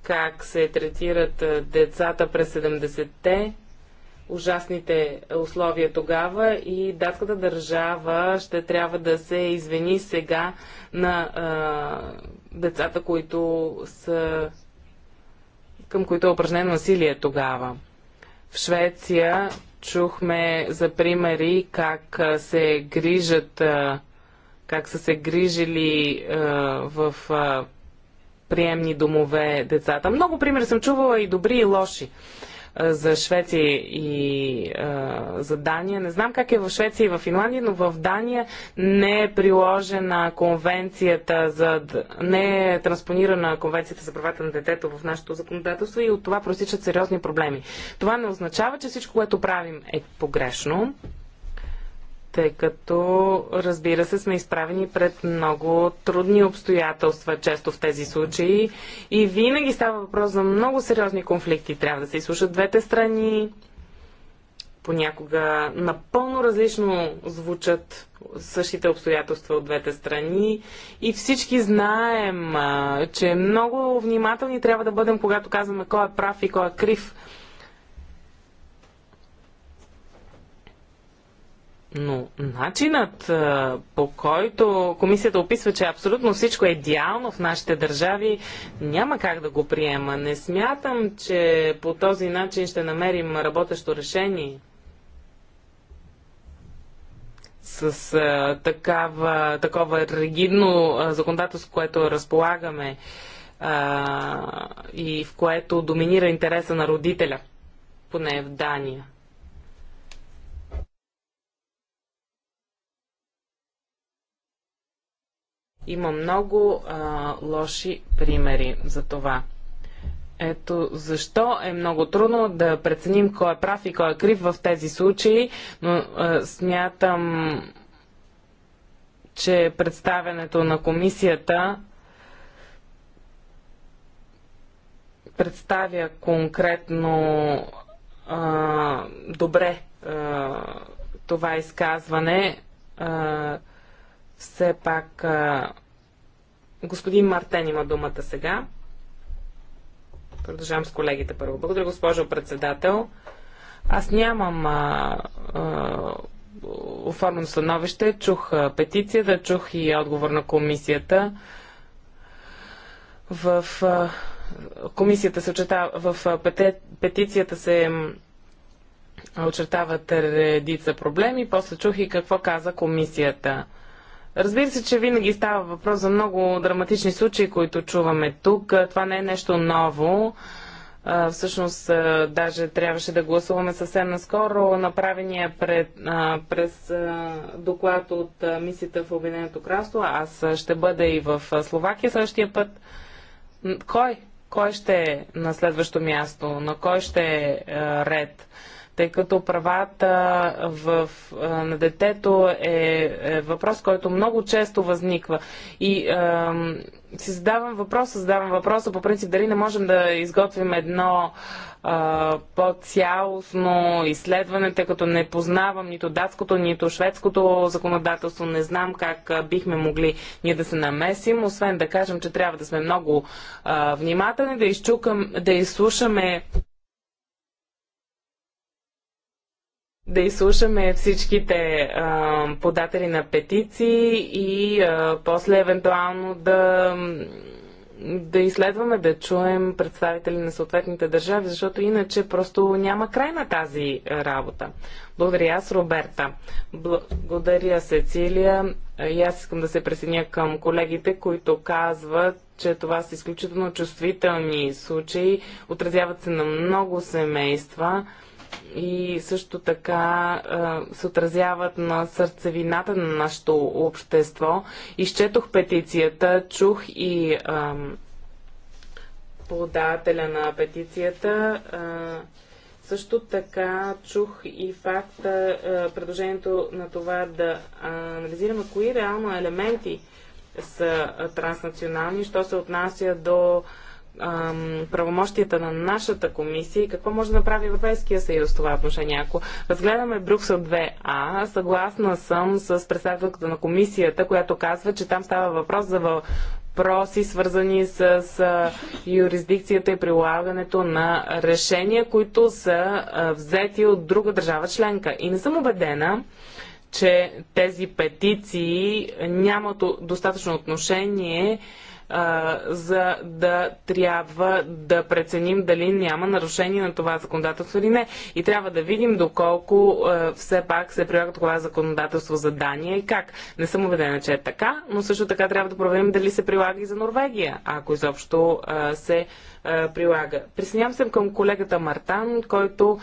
как се третират децата през 70-те, ужасните условия тогава и датската държава ще трябва да се извини сега на а, децата, които са към които е упражнено насилие тогава. В Швеция чухме за примери как се грижат, как са се грижили в приемни домове децата. Много примери съм чувала и добри и лоши за Швеция и а, за Дания. Не знам как е в Швеция и в Финландия, но в Дания не е приложена конвенцията за... не е транспонирана конвенцията за правата на детето в нашето законодателство и от това просичат сериозни проблеми. Това не означава, че всичко, което правим е погрешно тъй като, разбира се, сме изправени пред много трудни обстоятелства често в тези случаи и винаги става въпрос за много сериозни конфликти. Трябва да се изслушат двете страни, понякога напълно различно звучат същите обстоятелства от двете страни и всички знаем, че много внимателни трябва да бъдем, когато казваме кой е прав и кой е крив Но начинът по който комисията описва, че абсолютно всичко е идеално в нашите държави, няма как да го приема. Не смятам, че по този начин ще намерим работещо решение. С а, такава, такова ригидно а, законодателство, което разполагаме а, и в което доминира интереса на родителя, поне в Дания. Има много а, лоши примери за това. Ето защо е много трудно да преценим кой е прав и кой е крив в тези случаи, но а, смятам, че представянето на комисията представя конкретно а, добре а, това изказване. А, все пак господин Мартен има думата сега. Продължавам с колегите първо. Благодаря, госпожо председател. Аз нямам а, а, оформено становище. Чух а, петицията, чух и отговор на комисията. В а, комисията се очертава, в а, пете, петицията се очертават редица проблеми. После чух и какво каза комисията. Разбира се, че винаги става въпрос за много драматични случаи, които чуваме тук. Това не е нещо ново. Всъщност, даже трябваше да гласуваме съвсем наскоро направения пред, през доклад от мисията в Обединеното кралство. Аз ще бъда и в Словакия същия път. Кой? Кой ще е на следващо място? На кой ще е ред? тъй като правата в, на детето е, е въпрос, който много често възниква. И е, си задавам въпроса, задавам въпроса по принцип дали не можем да изготвим едно е, по-цялостно изследване, тъй като не познавам нито датското, нито шведското законодателство. Не знам как бихме могли ние да се намесим, освен да кажем, че трябва да сме много е, внимателни, да, изчукам, да изслушаме да изслушаме всичките а, податели на петиции и а, после евентуално да, да изследваме, да чуем представители на съответните държави, защото иначе просто няма край на тази работа. Благодаря аз, Роберта. Благодаря, Сецилия. И аз искам да се присъединя към колегите, които казват, че това са изключително чувствителни случаи, отразяват се на много семейства и също така се отразяват на сърцевината на нашето общество. Изчетох петицията, чух и подателя на петицията. Също така чух и факта, предложението на това да анализираме кои реално елементи са транснационални, що се отнася до правомощията на нашата комисия и какво може да направи Европейския съюз в това отношение. Ако разгледаме Брюксел 2А, съгласна съм с председателката на комисията, която казва, че там става въпрос за въпроси, свързани с юрисдикцията и прилагането на решения, които са взети от друга държава членка. И не съм убедена, че тези петиции нямат достатъчно отношение а, за да трябва да преценим дали няма нарушение на това законодателство или не. И трябва да видим доколко а, все пак се прилага това законодателство за Дания и как. Не съм убедена, че е така, но също така трябва да проверим дали се прилага и за Норвегия, ако изобщо а, се прилага. Присъединявам се към колегата Мартан, който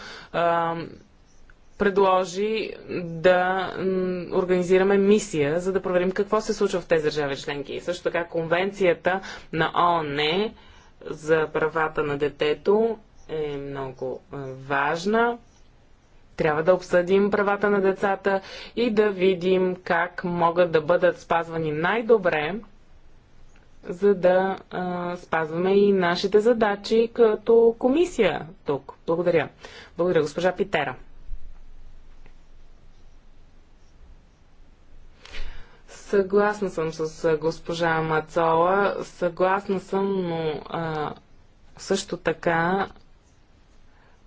предложи да организираме мисия, за да проверим какво се случва в тези държави членки. И също така конвенцията на ООН за правата на детето е много е, важна. Трябва да обсъдим правата на децата и да видим как могат да бъдат спазвани най-добре, за да а, спазваме и нашите задачи като комисия тук. Благодаря. Благодаря, госпожа Питера. Съгласна съм с госпожа Мацола. Съгласна съм, но а, също така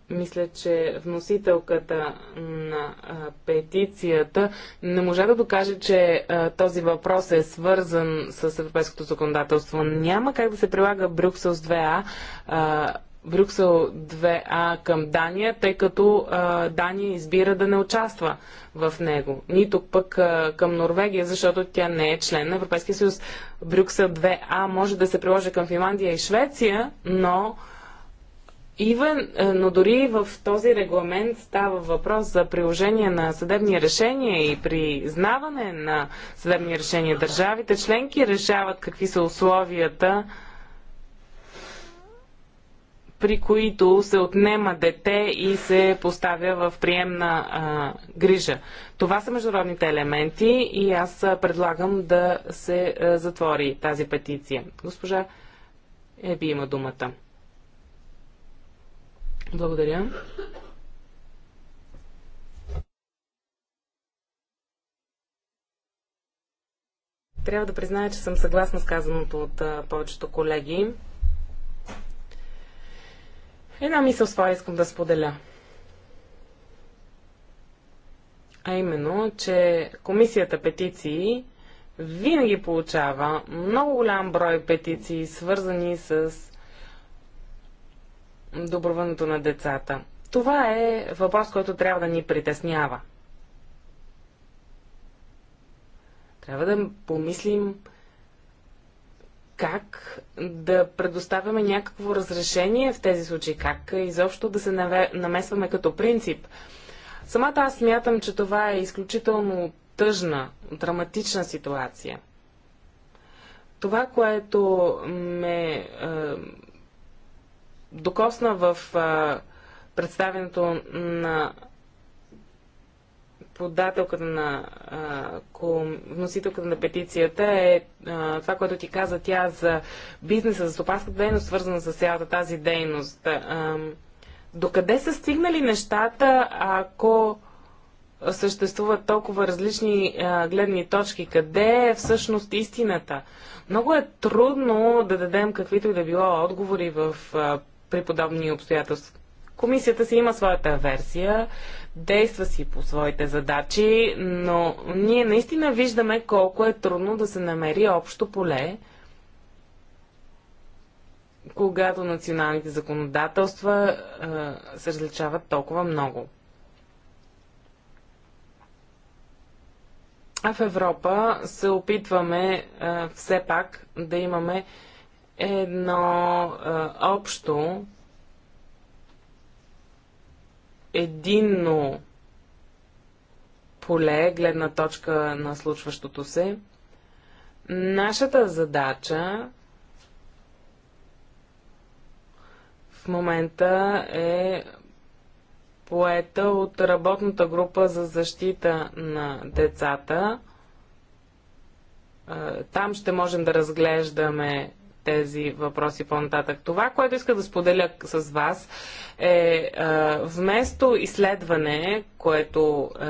мисля, че вносителката на а, петицията не можа да докаже, че а, този въпрос е свързан с европейското законодателство. Няма как да се прилага Брюксел с 2А. А, Брюксел 2А към Дания, тъй като а, Дания избира да не участва в него. Нито пък а, към Норвегия, защото тя не е член на Европейския съюз. Брюксел 2А може да се приложи към Финландия и Швеция, но Ивен, но дори в този регламент става въпрос за приложение на съдебни решения и признаване на съдебни решения. Държавите членки решават какви са условията при които се отнема дете и се поставя в приемна а, грижа. Това са международните елементи и аз предлагам да се а, затвори тази петиция. Госпожа Еби има думата. Благодаря. Трябва да призная, че съм съгласна с казаното от а, повечето колеги. Една мисъл с това искам да споделя. А именно, че комисията петиции винаги получава много голям брой петиции, свързани с доброването на децата. Това е въпрос, който трябва да ни притеснява. Трябва да помислим как да предоставяме някакво разрешение в тези случаи, как изобщо да се намесваме като принцип. Самата аз смятам, че това е изключително тъжна, драматична ситуация. Това, което ме е, докосна в е, представенето на подателката на вносителката на петицията е това, което ти каза тя за бизнеса, за стопанската дейност, свързана с цялата тази дейност. докъде са стигнали нещата, ако съществуват толкова различни гледни точки? Къде е всъщност истината? Много е трудно да дадем каквито и да било отговори в преподобни обстоятелства. Комисията си има своята версия, действа си по своите задачи, но ние наистина виждаме колко е трудно да се намери общо поле, когато националните законодателства се различават толкова много. А в Европа се опитваме все пак да имаме едно общо единно поле, гледна точка на случващото се, нашата задача в момента е поета от работната група за защита на децата. Е, там ще можем да разглеждаме тези въпроси по-нататък. Това, което иска да споделя с вас е, е вместо изследване, което е,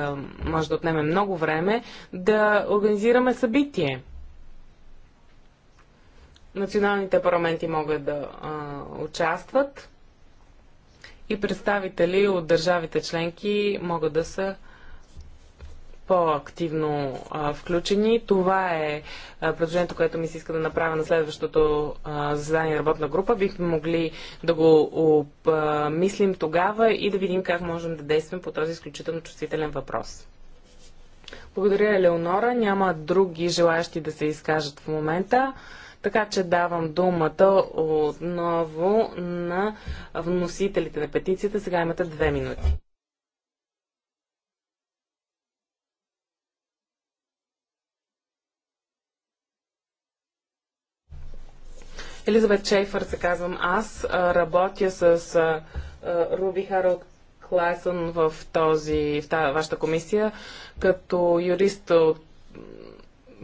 може да отнеме много време, да организираме събитие. Националните парламенти могат да участват и представители от държавите членки могат да са по-активно включени. Това е а, предложението, което ми се иска да направя на следващото а, заседание работна група. Бихме могли да го обмислим тогава и да видим как можем да действаме по този изключително чувствителен въпрос. Благодаря, Елеонора. Няма други желаящи да се изкажат в момента. Така че давам думата отново на вносителите на петицията. Сега имате две минути. Елизабет Чейфър, се казвам аз. Работя с Руби Харолд Клайсън в, този, в тази, вашата комисия. Като юрист от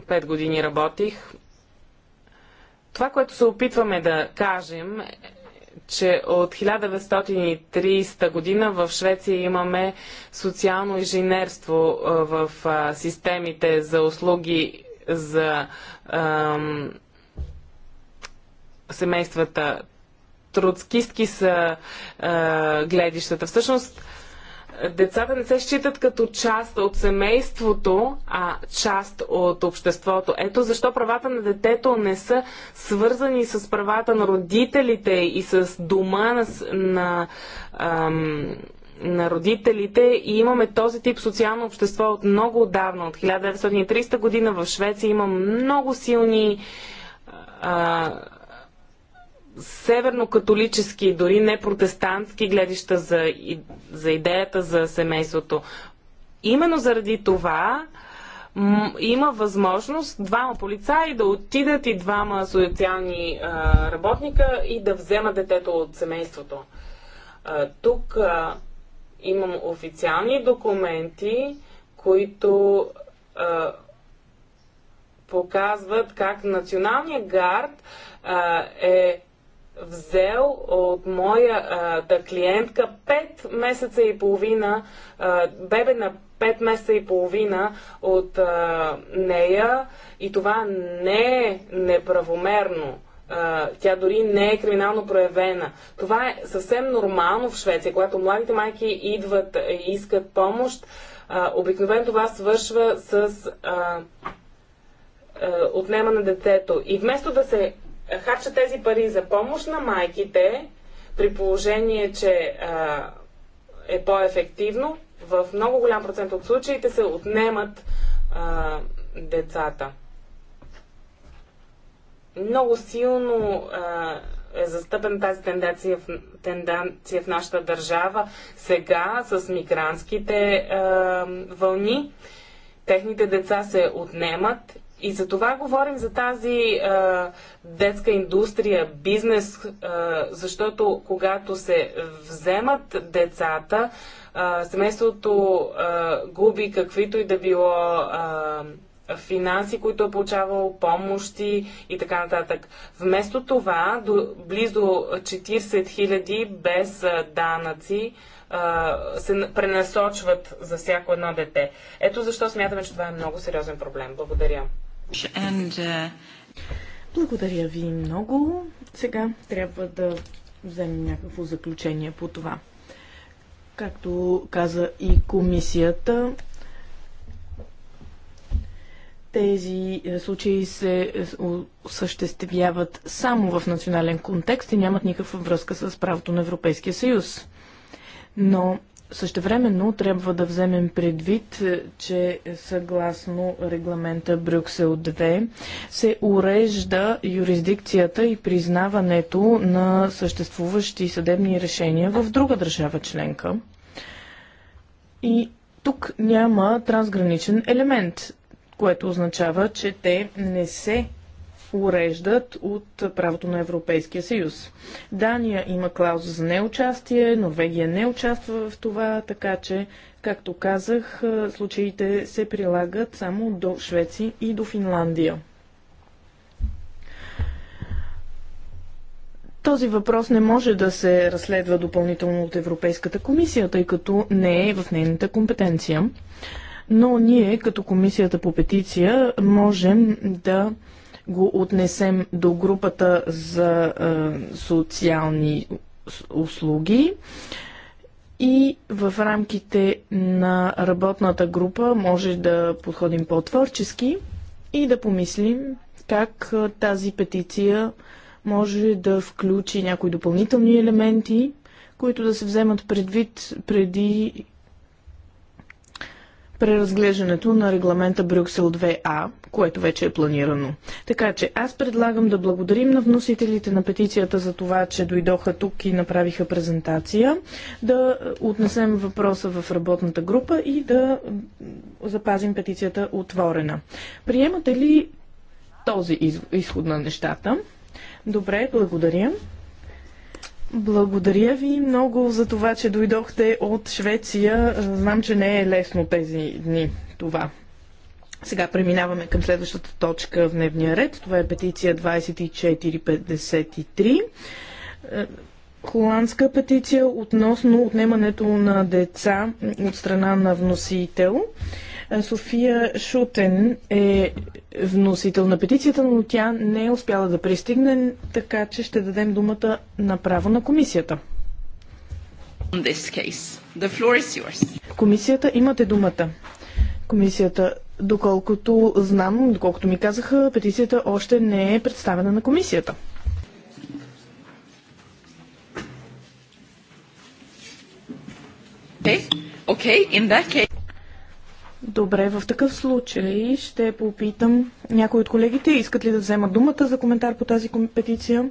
5 години работих. Това, което се опитваме да кажем, че от 1930 година в Швеция имаме социално инженерство в системите за услуги за семействата. Троцкистки са а, гледищата. Всъщност, децата не се считат като част от семейството, а част от обществото. Ето защо правата на детето не са свързани с правата на родителите и с дома на, на, ам, на родителите. И имаме този тип социално общество от много отдавна, от 1930 година в Швеция има много силни а, северно-католически, дори не протестантски гледища за, за идеята за семейството. Именно заради това има възможност двама полицаи да отидат и двама социални а, работника и да вземат детето от семейството. А, тук а, имам официални документи, които а, показват как националният гард а, е взел от моята клиентка 5 месеца и половина, а, бебе на 5 месеца и половина от а, нея и това не е неправомерно. А, тя дори не е криминално проявена. Това е съвсем нормално в Швеция, когато младите майки идват и искат помощ. А, обикновено това свършва с а, отнема на детето. И вместо да се харчат тези пари за помощ на майките, при положение, че а, е по-ефективно, в много голям процент от случаите се отнемат а, децата. Много силно а, е застъпена тази тенденция в, тенденция в нашата държава сега с мигрантските а, вълни. Техните деца се отнемат и за това говорим за тази а, детска индустрия, бизнес, а, защото когато се вземат децата, а, семейството а, губи каквито и да било а, финанси, които е получавал, помощи и така нататък. Вместо това, до, близо 40 000 без а, данъци се пренасочват за всяко едно дете. Ето защо смятаме, че това е много сериозен проблем. Благодаря. Uh, Благодаря ви много. Сега трябва да вземем някакво заключение по това. Както каза и комисията, тези случаи се осъществяват само в национален контекст и нямат никаква връзка с правото на Европейския съюз. Но Същевременно трябва да вземем предвид, е, че съгласно регламента Брюксел 2 се урежда юрисдикцията и признаването на съществуващи съдебни решения в друга държава членка. И тук няма трансграничен елемент, което означава, че те не се уреждат от правото на Европейския съюз. Дания има клауза за неучастие, Норвегия не участва в това, така че, както казах, е, случаите се прилагат само до Швеция и до Финландия. Този въпрос не може да се разследва допълнително от Европейската комисия, тъй като не е в нейната компетенция но ние като комисията по петиция можем да го отнесем до групата за е, социални услуги. И в рамките на работната група може да подходим по-творчески и да помислим как е, тази петиция може да включи някои допълнителни елементи, които да се вземат предвид преди преразглеждането на регламента Брюксел 2А, което вече е планирано. Така че аз предлагам да благодарим на вносителите на петицията за това, че дойдоха тук и направиха презентация, да отнесем въпроса в работната група и да запазим петицията отворена. Приемате ли този изход на нещата? Добре, благодаря. Благодаря ви много за това, че дойдохте от Швеция. Знам, че не е лесно тези дни това. Сега преминаваме към следващата точка в дневния ред. Това е петиция 2453. Холандска петиция относно отнемането на деца от страна на вносител. София Шутен е вносител на петицията, но тя не е успяла да пристигне, така че ще дадем думата направо на комисията. Комисията, имате думата. Комисията, доколкото знам, доколкото ми казаха, петицията още не е представена на комисията. Okay. Okay. In that case... Добре, в такъв случай ще попитам някои от колегите, искат ли да вземат думата за коментар по тази петиция?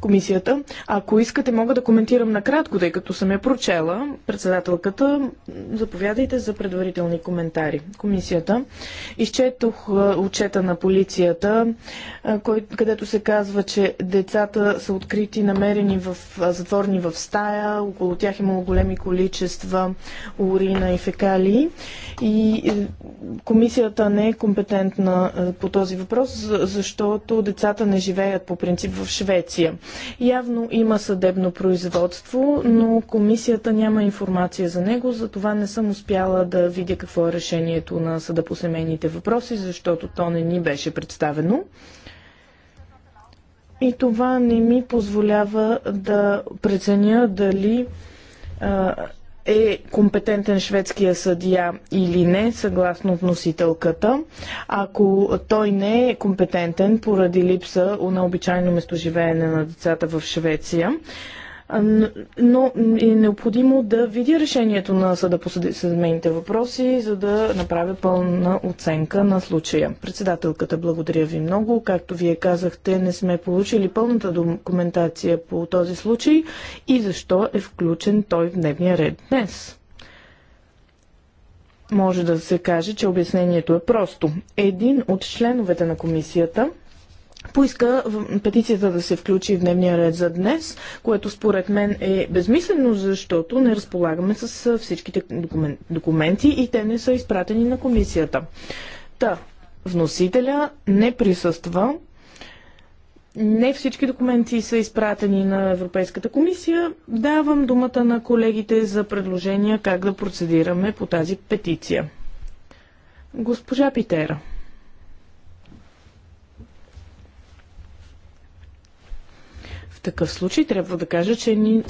комисията. Ако искате, мога да коментирам накратко, тъй като съм я прочела. Председателката, заповядайте за предварителни коментари. Комисията. Изчетох отчета на полицията, където се казва, че децата са открити, намерени в затворни в стая. Около тях имало големи количества урина и фекалии. И е, комисията не е компетентна по този въпрос, защото децата не живеят по принцип в Швеция събития. Явно има съдебно производство, но комисията няма информация за него, затова не съм успяла да видя какво е решението на съда по семейните въпроси, защото то не ни беше представено. И това не ми позволява да преценя дали е компетентен шведския съдия или не, съгласно вносителката. Ако той не е компетентен поради липса на обичайно местоживеене на децата в Швеция, но е необходимо да видя решението на съда по съдебните въпроси, за да направя пълна оценка на случая. Председателката, благодаря ви много. Както вие казахте, не сме получили пълната документация по този случай и защо е включен той в дневния ред днес. Може да се каже, че обяснението е просто. Един от членовете на комисията – поиска петицията да се включи в дневния ред за днес, което според мен е безмислено, защото не разполагаме с всичките документи и те не са изпратени на комисията. Та, вносителя не присъства. Не всички документи са изпратени на Европейската комисия. Давам думата на колегите за предложения как да процедираме по тази петиция. Госпожа Питера. такъв случай трябва да кажа, че ни,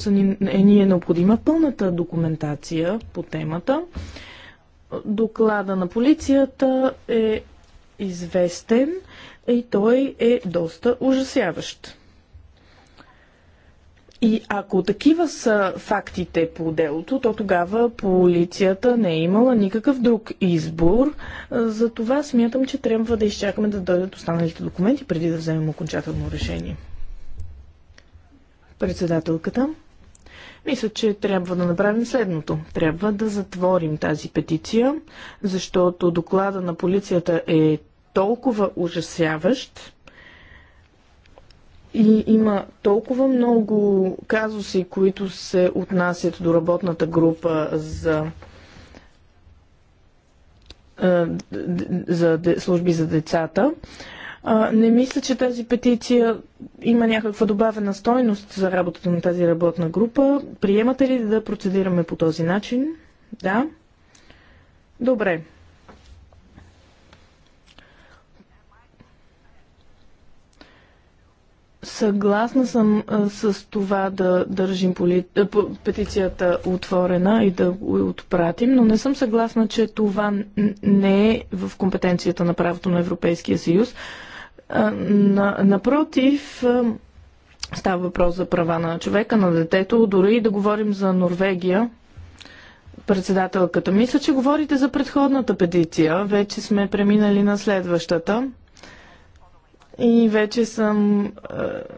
е ни е необходима пълната документация по темата. Доклада на полицията е известен и той е доста ужасяващ. И ако такива са фактите по делото, то тогава полицията не е имала никакъв друг избор. Затова смятам, че трябва да изчакаме да дойдат останалите документи преди да вземем окончателно решение. Председателката. Мисля, че трябва да направим следното. Трябва да затворим тази петиция, защото доклада на полицията е толкова ужасяващ и има толкова много казуси, които се отнасят до работната група за е, за служби за децата, не мисля, че тази петиция има някаква добавена стойност за работата на тази работна група. Приемате ли да процедираме по този начин? Да. Добре. Съгласна съм с това да държим поли... петицията отворена и да го отпратим, но не съм съгласна, че това не е в компетенцията на правото на Европейския съюз напротив, става въпрос за права на човека, на детето, дори и да говорим за Норвегия, председателката. Мисля, че говорите за предходната петиция. Вече сме преминали на следващата. И вече съм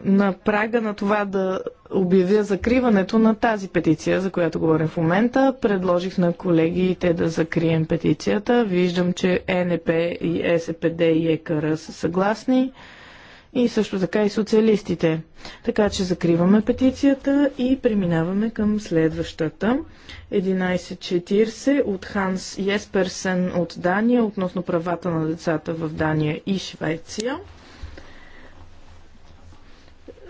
на прага на това да обявя закриването на тази петиция, за която говорим в момента. Предложих на колегите да закрием петицията. Виждам, че е НП, и е СПД и ЕКР са съгласни. И също така и социалистите. Така че закриваме петицията и преминаваме към следващата. 1140 от Ханс Есперсен от Дания относно правата на децата в Дания и Швеция.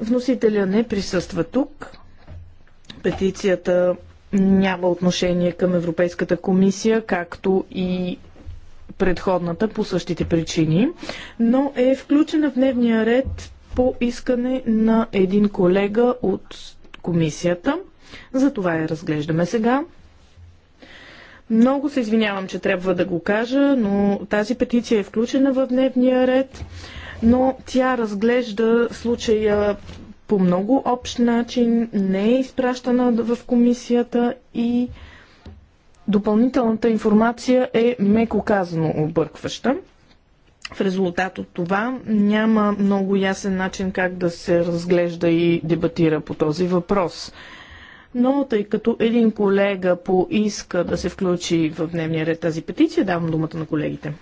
Вносителя не присъства тук. Петицията няма отношение към Европейската комисия, както и предходната по същите причини, но е включена в дневния ред по искане на един колега от комисията. За това я разглеждаме сега. Много се извинявам, че трябва да го кажа, но тази петиция е включена в дневния ред но тя разглежда случая по много общ начин, не е изпращана в комисията и допълнителната информация е меко казано объркваща. В резултат от това няма много ясен начин как да се разглежда и дебатира по този въпрос. Но тъй като един колега поиска да се включи в дневния ред тази петиция, давам думата на колегите.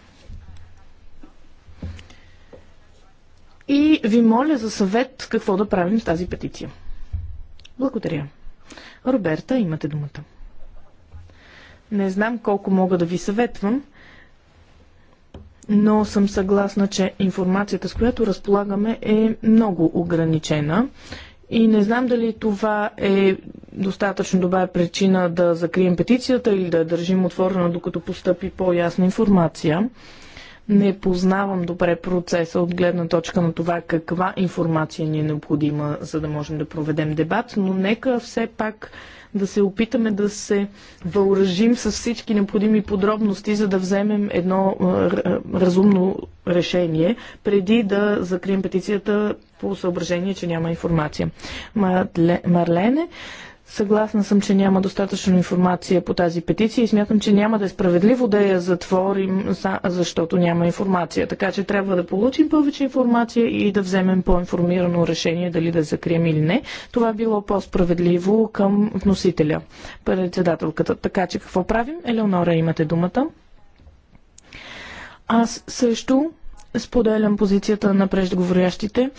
и ви моля за съвет какво да правим с тази петиция. Благодаря. Роберта, имате думата. Не знам колко мога да ви съветвам, но съм съгласна, че информацията, с която разполагаме, е много ограничена. И не знам дали това е достатъчно добра причина да закрием петицията или да я държим отворена, докато постъпи по-ясна информация не познавам добре процеса от гледна точка на това каква информация ни е необходима, за да можем да проведем дебат, но нека все пак да се опитаме да се въоръжим с всички необходими подробности, за да вземем едно разумно решение, преди да закрием петицията по съображение, че няма информация. Марлене, Съгласна съм, че няма достатъчно информация по тази петиция и смятам, че няма да е справедливо да я затворим, защото няма информация. Така че трябва да получим повече информация и да вземем по-информирано решение дали да закрием или не. Това е било по-справедливо към вносителя, председателката. Така че какво правим? Елеонора, имате думата. Аз също споделям позицията на преждеговорящите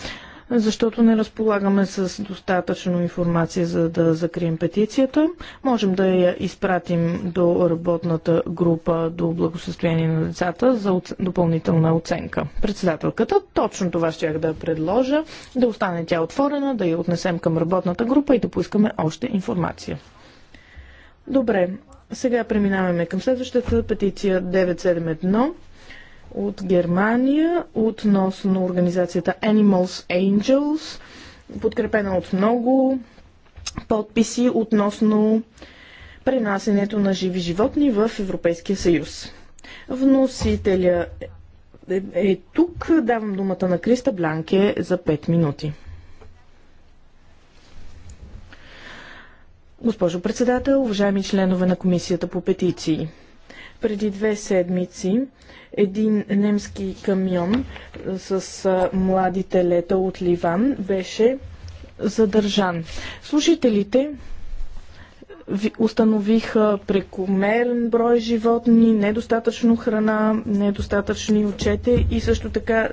защото не разполагаме с достатъчно информация за да закрием петицията. Можем да я изпратим до работната група до благосъстояние на децата за допълнителна оценка. Председателката, точно това ще я да предложа, да остане тя отворена, да я отнесем към работната група и да поискаме още информация. Добре, сега преминаваме към следващата петиция 971 от Германия относно организацията Animals Angels, подкрепена от много подписи относно пренасенето на живи животни в Европейския съюз. Вносителя е, е тук. Давам думата на Криста Бланке за 5 минути. Госпожо председател, уважаеми членове на Комисията по петиции. Преди две седмици един немски камион с млади телета от Ливан беше задържан. Служителите установиха прекомерен брой животни, недостатъчно храна, недостатъчни отчете и също така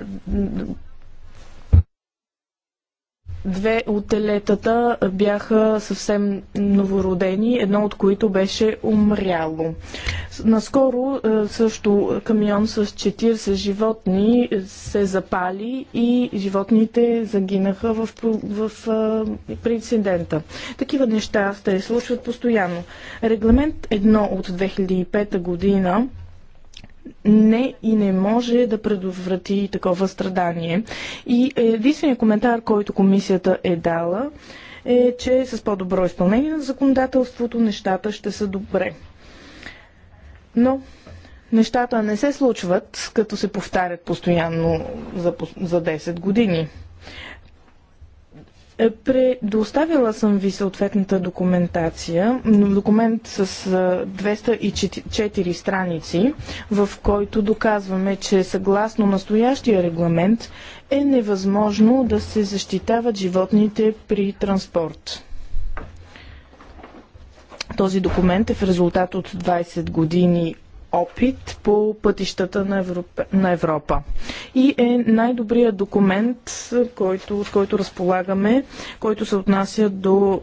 Две от телетата бяха съвсем новородени, едно от които беше умряло. Наскоро е, също камион с 40 животни се запали и животните загинаха в, в, в е, при инцидента. Такива неща се случват постоянно. Регламент 1 от 2005 година не и не може да предотврати такова страдание. И е, единственият коментар, който комисията е дала, е, че с по-добро изпълнение на законодателството нещата ще са добре. Но нещата не се случват, като се повтарят постоянно за, за 10 години. Е, предоставила съм ви съответната документация, документ с 204 страници, в който доказваме, че съгласно настоящия регламент е невъзможно да се защитават животните при транспорт. Този документ е в резултат от 20 години опит по пътищата на Европа, на Европа. И е най-добрият документ, който, от който разполагаме, който се отнася до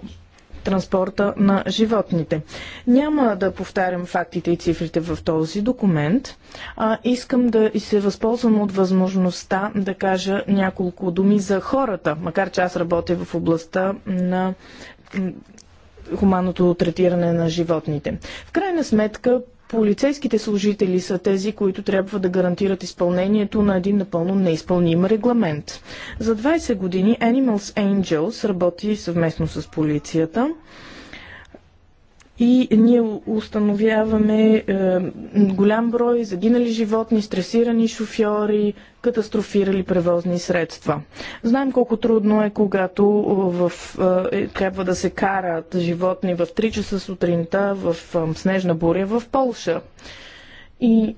транспорта на животните. Няма да повтарям фактите и цифрите в този документ, а искам да и се възползвам от възможността да кажа няколко думи за хората, макар че аз работя в областта на хуманното третиране на животните. В крайна сметка полицейските служители са тези, които трябва да гарантират изпълнението на един напълно неизпълним регламент. За 20 години Animals Angels работи съвместно с полицията и ние установяваме е, голям брой загинали животни, стресирани шофьори, катастрофирали превозни средства. Знаем колко трудно е, когато е, в, е, трябва да се карат животни в 3 часа сутринта в е, снежна буря в Полша. И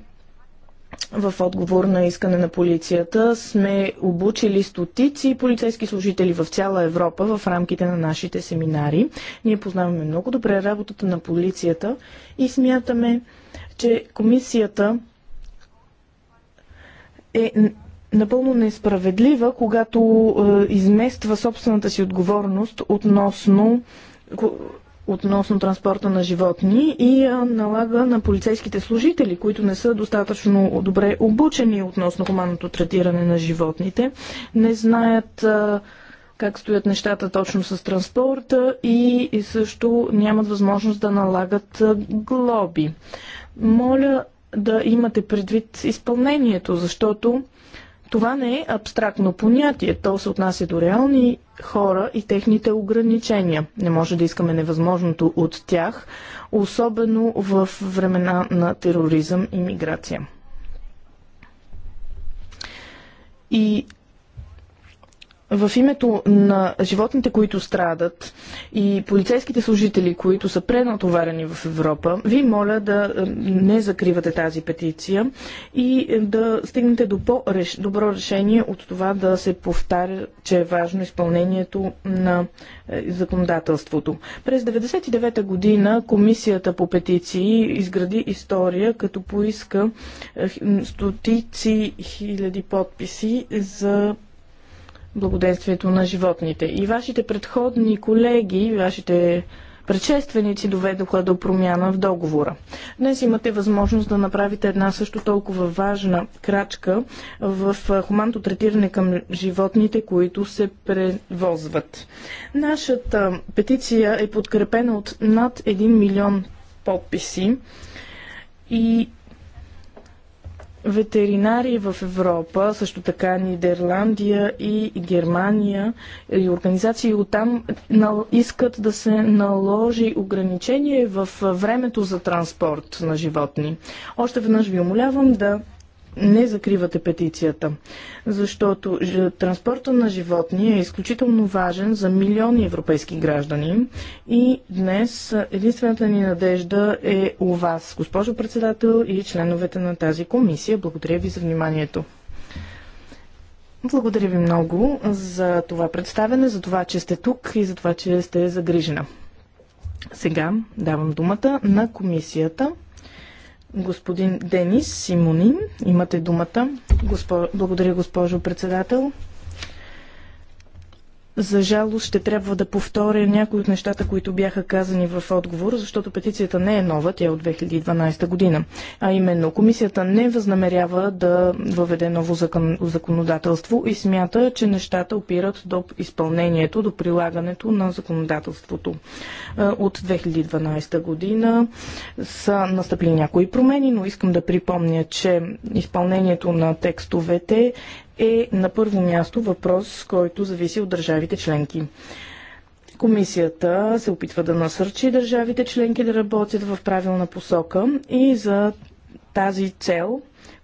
в отговор на искане на полицията сме обучили стотици полицейски служители в цяла Европа в рамките на нашите семинари. Ние познаваме много добре работата на полицията и смятаме, че комисията е напълно несправедлива, когато е, измества собствената си отговорност относно относно транспорта на животни и налага на полицейските служители, които не са достатъчно добре обучени относно хуманното третиране на животните, не знаят как стоят нещата точно с транспорта и, също нямат възможност да налагат глоби. Моля да имате предвид изпълнението, защото това не е абстрактно понятие. То се отнася до реални хора и техните ограничения. Не може да искаме невъзможното от тях, особено в времена на тероризъм и миграция. И в името на животните, които страдат и полицейските служители, които са пренатоварени в Европа, ви моля да е, не закривате тази петиция и е, да стигнете до по-добро решение от това да се повтаря, че е важно изпълнението на е, законодателството. През 1999 година Комисията по петиции изгради история, като поиска стотици хиляди подписи за благоденствието на животните. И вашите предходни колеги, вашите предшественици доведоха до промяна в договора. Днес имате възможност да направите една също толкова важна крачка в хуманто третиране към животните, които се превозват. Нашата петиция е подкрепена от над 1 милион подписи и ветеринари в Европа, също така Нидерландия и Германия и организации оттам искат да се наложи ограничение в времето за транспорт на животни. Още веднъж ви умолявам да не закривате петицията, защото транспорта на животни е изключително важен за милиони европейски граждани и днес единствената ни надежда е у вас, госпожо председател и членовете на тази комисия. Благодаря ви за вниманието. Благодаря ви много за това представене, за това, че сте тук и за това, че сте загрижена. Сега давам думата на комисията. Господин Денис Симонин, имате думата. Госпо... Благодаря, госпожо председател. За жалост ще трябва да повторя някои от нещата, които бяха казани в отговор, защото петицията не е нова, тя е от 2012 година. А именно, комисията не възнамерява да въведе ново закон, законодателство и смята, че нещата опират до изпълнението, до прилагането на законодателството. От 2012 година са настъпили някои промени, но искам да припомня, че изпълнението на текстовете е на първо място въпрос, който зависи от държавите членки. Комисията се опитва да насърчи държавите членки да работят в правилна посока и за тази цел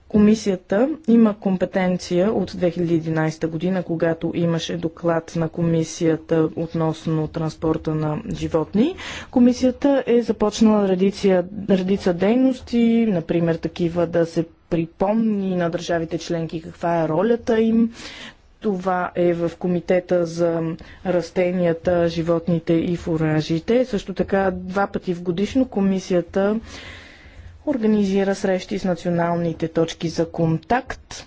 Комисията има компетенция от 2011 година, когато имаше доклад на комисията относно транспорта на животни. Комисията е започнала редица, редица дейности, например такива да се припомни на държавите членки каква е ролята им. Това е в Комитета за растенията, животните и фуражите. Също така два пъти в годишно комисията организира срещи с националните точки за контакт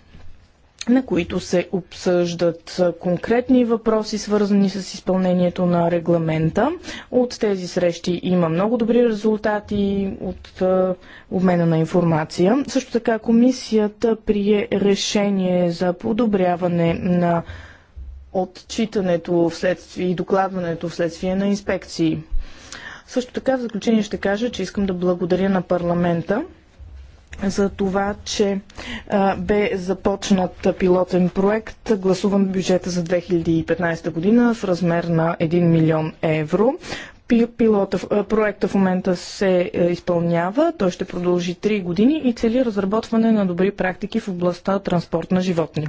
на които се обсъждат конкретни въпроси, свързани с изпълнението на регламента. От тези срещи има много добри резултати от обмена на информация. Също така комисията прие решение за подобряване на отчитането вследствие и докладването вследствие на инспекции. Също така в заключение ще кажа, че искам да благодаря на парламента за това, че а, бе започнат пилотен проект, гласуван бюджета за 2015 година в размер на 1 милион евро. Пилота, проекта в момента се изпълнява, той ще продължи 3 години и цели разработване на добри практики в областта транспорт на животни.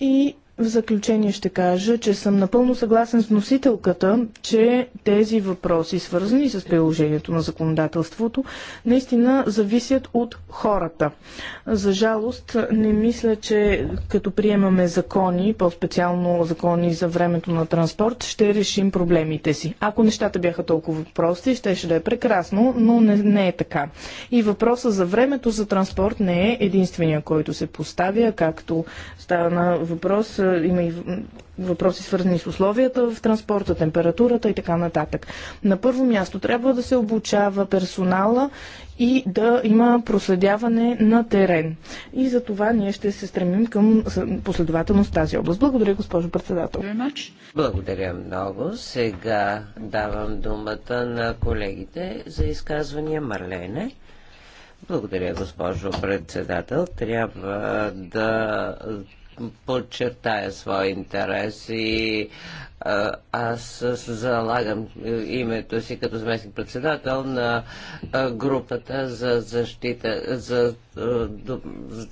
И в заключение ще кажа, че съм напълно съгласен с носителката, че тези въпроси, свързани с приложението на законодателството, наистина зависят от хората. За жалост, не мисля, че като приемаме закони, по-специално закони за времето на транспорт, ще решим проблемите си. Ако нещата бяха толкова прости, ще ще да е прекрасно, но не, не е така. И въпроса за времето за транспорт не е единствения, който се поставя, както стана въпрос има и въпроси свързани с условията в транспорта, температурата и така нататък. На първо място трябва да се обучава персонала и да има проследяване на терен. И за това ние ще се стремим към последователност в тази област. Благодаря, госпожо председател. Благодаря много. Сега давам думата на колегите за изказвания Марлене. Благодаря, госпожо председател. Трябва да подчертая свой интерес и аз залагам е, името си като заместник председател на групата за защита за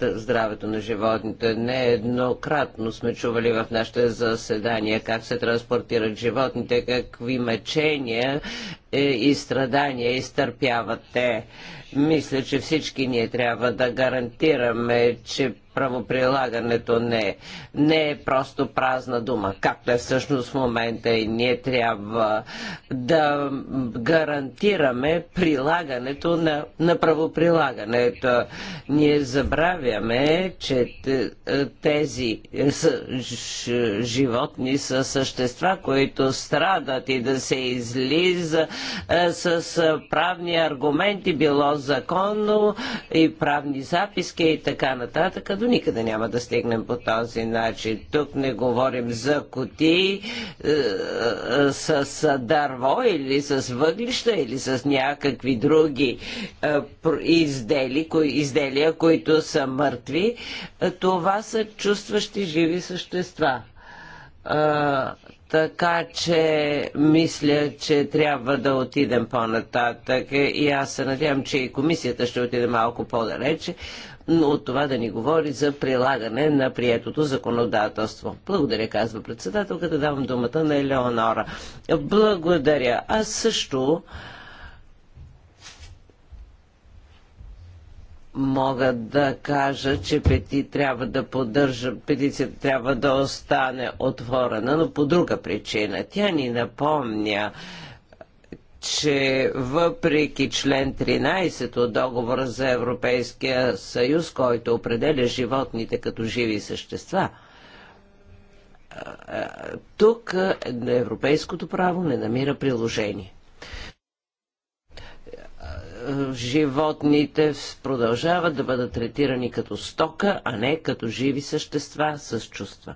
здравето на животните. Не еднократно сме чували в нашите заседания как се транспортират животните, какви мъчения е, и страдания изтърпяват те. Мисля, че всички ние трябва да гарантираме, че правоприлагането не, не е просто празна дума, както е всъщност в момента и ние трябва да гарантираме прилагането на, на правоприлагането. Ние забравяме, че е, тези е, животни са същества, които страдат и да се излиза е, с правни аргументи, било законно и правни записки и така нататък. До никъде няма да стигнем по този начин. Тук не говорим за кутии, е, е, с дърво или с въглища или с някакви други е, издели, изделия, които са мъртви, това са чувстващи живи същества. Така че мисля, че трябва да отидем по-нататък и аз се надявам, че и комисията ще отиде малко по-далече, но от това да ни говори за прилагане на приетото законодателство. Благодаря, казва председателката. Давам думата на Елеонора. Благодаря. Аз също мога да кажа, че пети трябва да поддържа, петицията трябва да остане отворена, но по друга причина. Тя ни напомня, че въпреки член 13 от договора за Европейския съюз, който определя животните като живи същества, тук европейското право не намира приложение животните продължават да бъдат третирани като стока, а не като живи същества с чувства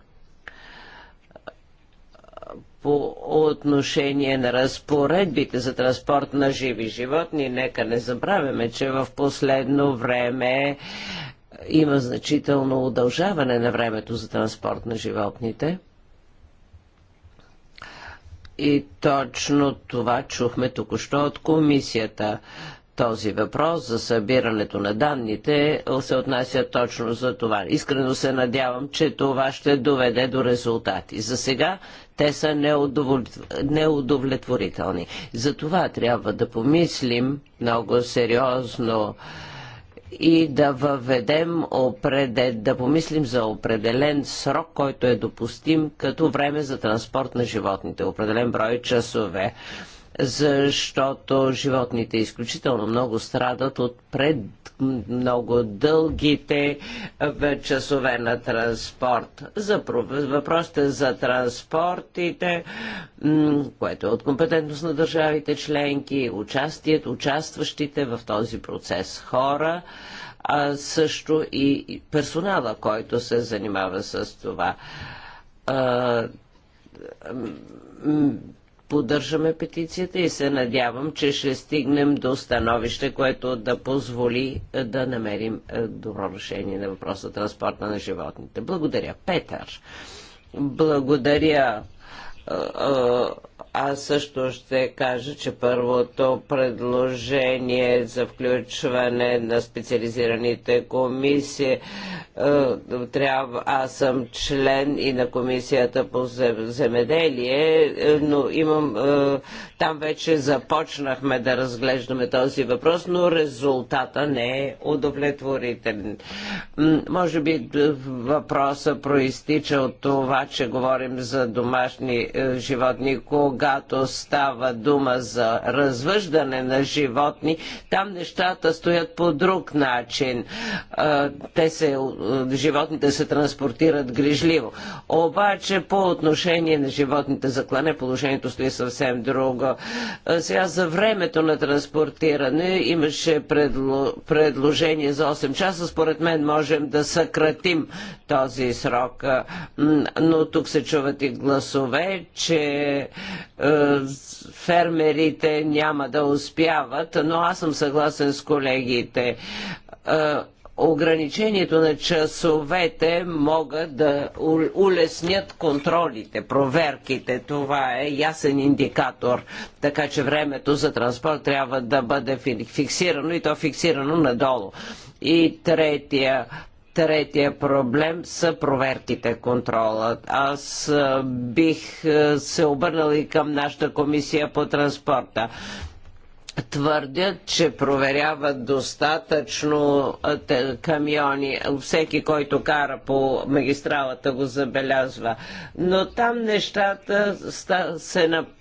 по отношение на разпоредбите за транспорт на живи животни, нека не забравяме, че в последно време има значително удължаване на времето за транспорт на животните. И точно това чухме току-що от комисията този въпрос за събирането на данните се отнася точно за това. Искрено се надявам, че това ще доведе до резултати. За сега те са неудовлетворителни. За това трябва да помислим много сериозно и да въведем определен да помислим за определен срок, който е допустим като време за транспорт на животните, определен брой часове защото животните изключително много страдат от пред много дългите е, часове на транспорт. За въпросите за транспортите, което е от компетентност на държавите членки, участието, участващите в този процес хора, а също и персонала, който се занимава с това поддържаме петицията и се надявам, че ще стигнем до становище, което да позволи е, да намерим е, добро решение на въпроса транспорта на животните. Благодаря, Петър. Благодаря е, аз също ще кажа, че първото предложение за включване на специализираните комисии е, трябва... Аз съм член и на комисията по земеделие, е, но имам... Е, там вече започнахме да разглеждаме този въпрос, но резултата не е удовлетворителен. Може би въпроса проистича от това, че говорим за домашни животни, кога когато става дума за развъждане на животни, там нещата стоят по друг начин. Те се, животните се транспортират грижливо. Обаче по отношение на животните за клане положението стои съвсем друго. Сега за времето на транспортиране имаше предложение за 8 часа. Според мен можем да съкратим този срок. Но тук се чуват и гласове, че е, фермерите няма да успяват, но аз съм съгласен с колегите е, ограничението на часовете могат да улеснят контролите, проверките. Това е ясен индикатор. Така че времето за транспорт трябва да бъде фиксирано и то фиксирано надолу. И третия Третия проблем са проверките, контрола. Аз бих се обърнал и към нашата комисия по транспорта твърдят, че проверяват достатъчно камиони. Всеки, който кара по магистралата, го забелязва. Но там нещата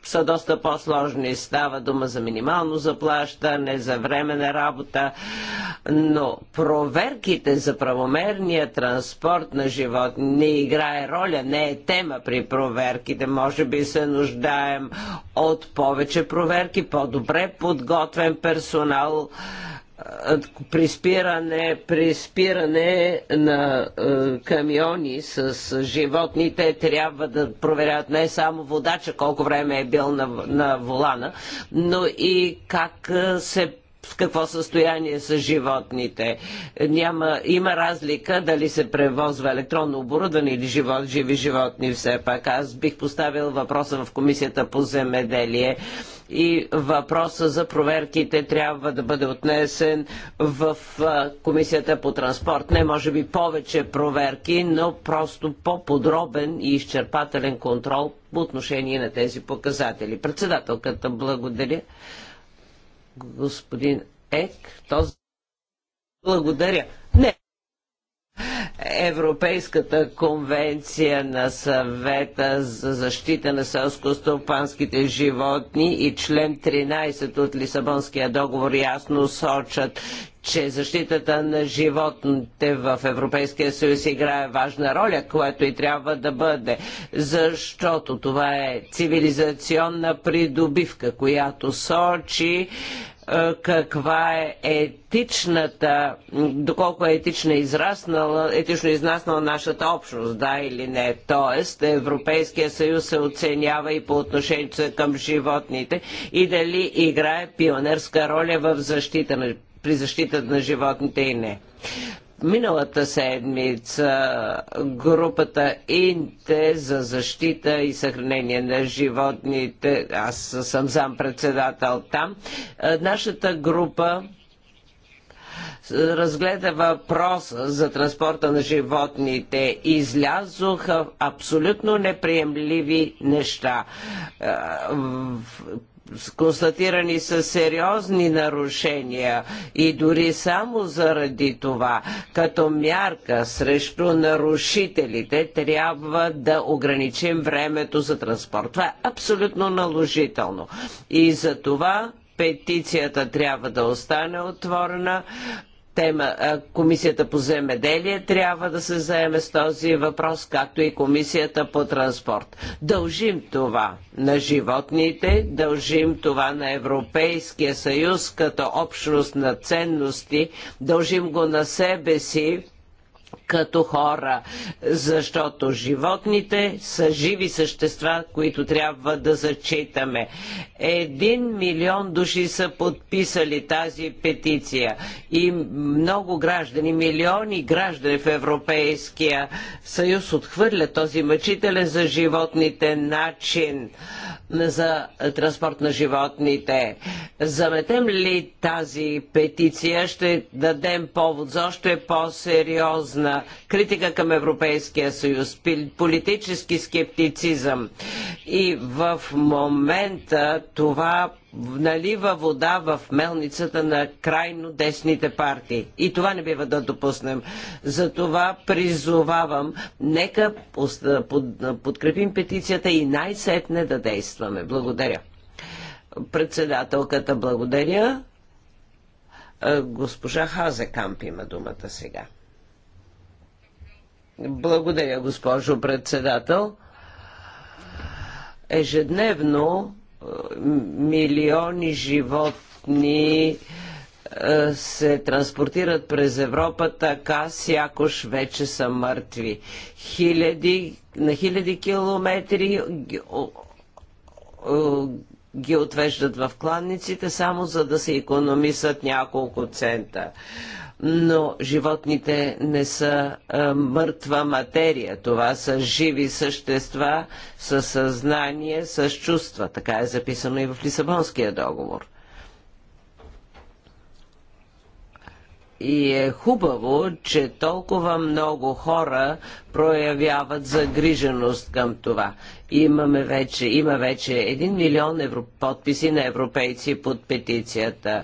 са доста по-сложни. Става дума за минимално заплащане, за време на работа, но проверките за правомерния транспорт на живот не играе роля, не е тема при проверките. Може би се нуждаем от повече проверки, по-добре подготвени подготвен персонал, при спиране, при спиране на е, камиони с животните, трябва да проверяват не само водача колко време е бил на, на волана, но и как се в какво състояние са животните. Няма, има разлика дали се превозва електронно оборудване или живот, живи животни все пак. Аз бих поставил въпроса в комисията по земеделие. Е, и въпроса за проверките трябва да бъде отнесен в Комисията по транспорт. Не може би повече проверки, но просто по-подробен и изчерпателен контрол по отношение на тези показатели. Председателката благодаря. Господин Ек, този... Благодаря. Не. Европейската конвенция на съвета за защита на селско-стопанските животни и член 13 от Лисабонския договор ясно сочат, че защитата на животните в Европейския съюз играе важна роля, която и трябва да бъде, защото това е цивилизационна придобивка, която сочи е, каква е етичната, доколко е етична израснала, етично израснала нашата общност, да или не. Тоест, Европейския съюз се оценява и по отношението към животните и дали играе пионерска роля в защита на, при защитата на животните и не. Миналата седмица групата Инте за защита и съхранение на животните, аз съм зам председател там, е, нашата група разгледа въпроса за транспорта на животните, излязоха абсолютно неприемливи неща. Е, констатирани са сериозни нарушения и дори само заради това, като мярка срещу нарушителите, трябва да ограничим времето за транспорт. Това е абсолютно наложително. И за това петицията трябва да остане отворена тема, комисията по земеделие трябва да се заеме с този въпрос, както и комисията по транспорт. Дължим това на животните, дължим това на Европейския съюз като общност на ценности, дължим го на себе си като хора, защото животните са живи същества, които трябва да зачитаме. Един милион души са подписали тази петиция и много граждани, милиони граждани в Европейския съюз отхвърлят този мъчителен за животните начин за транспорт на животните. Заметем ли тази петиция, ще дадем повод за още по-сериозна критика към Европейския съюз, политически скептицизъм. И в момента това налива вода в мелницата на крайно десните партии. И това не бива да допуснем. Затова призовавам, нека подкрепим петицията и най-сетне да действаме. Благодаря. Председателката благодаря. Госпожа Хазекамп има думата сега. Благодаря, госпожо председател. Ежедневно милиони животни е, се транспортират през Европа така, сякош вече са мъртви. Хиляди, на хиляди километри ги, ги отвеждат в кланниците, само за да се економисат няколко цента но животните не са а, е, мъртва материя. Това са живи същества с съзнание, с чувства. Така е записано и в Лисабонския договор. И е хубаво, че толкова много хора проявяват загриженост към това. Имаме вече, има вече 1 милион евро, подписи на европейци под петицията.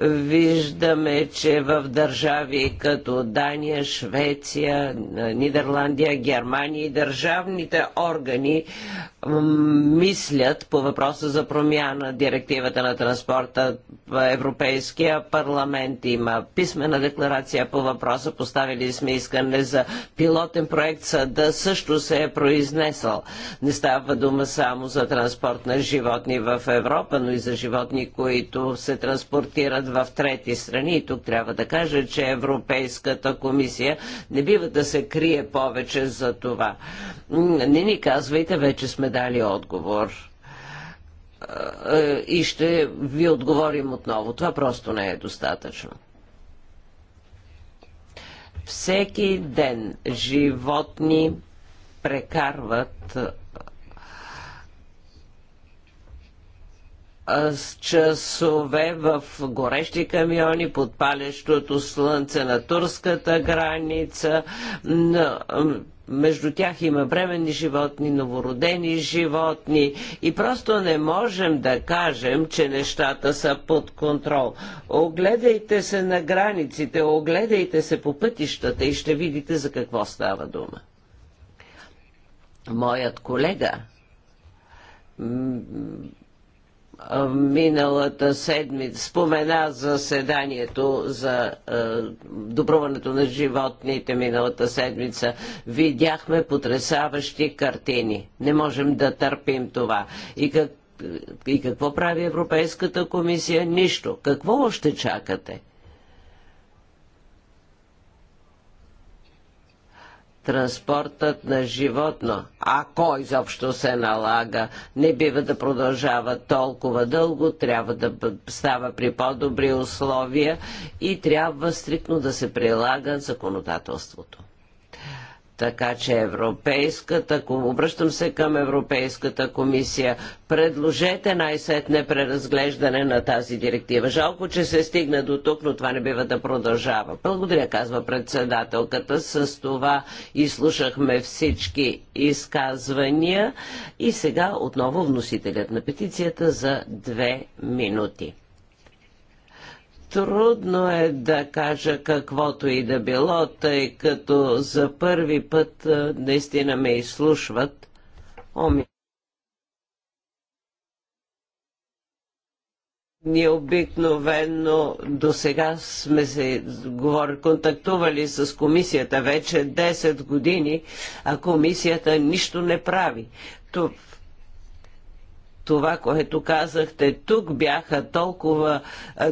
Виждаме, че в държави като Дания, Швеция, Нидерландия, Германия и държавните органи мислят по въпроса за промяна на директивата на транспорта. Европейския парламент има писмена декларация по въпроса. Поставили сме искане за пилотен проект, да също се е произнесъл. Не става дума само за транспорт на животни в Европа, но и за животни, които се транспортират в трети страни. И тук трябва да кажа, че Европейската комисия не бива да се крие повече за това. Не ни казвайте, вече сме дали отговор. И ще ви отговорим отново. Това просто не е достатъчно всеки ден животни прекарват с часове в горещи камиони под палещото слънце на турската граница. Между тях има бременни животни, новородени животни и просто не можем да кажем, че нещата са под контрол. Огледайте се на границите, огледайте се по пътищата и ще видите за какво става дума. Моят колега миналата седмица спомена заседанието за е, добруването на животните миналата седмица. Видяхме потрясаващи картини. Не можем да търпим това. И, как, и какво прави Европейската комисия? Нищо. Какво още чакате? транспортът на животно, ако изобщо се налага, не бива да продължава толкова дълго, трябва да става при по-добри условия и трябва стрикно да се прилага законодателството. Така че Европейската, обръщам се към Европейската комисия, предложете най-сетне преразглеждане на тази директива. Жалко, че се стигна до тук, но това не бива да продължава. Благодаря, казва председателката. С това изслушахме всички изказвания и сега отново вносителят на петицията за две минути. Трудно е да кажа каквото и да било, тъй като за първи път наистина ме изслушват. Оми. Ние обикновено до сега сме се говор, контактували с комисията вече 10 години, а комисията нищо не прави. Това това, което казахте тук, бяха толкова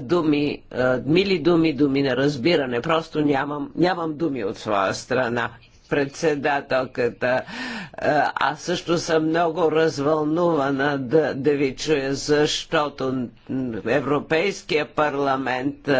думи, мили думи, думи на разбиране. Просто нямам, нямам думи от своя страна председателката. Аз също съм много развълнувана да, да ви чуя, защото Европейския парламент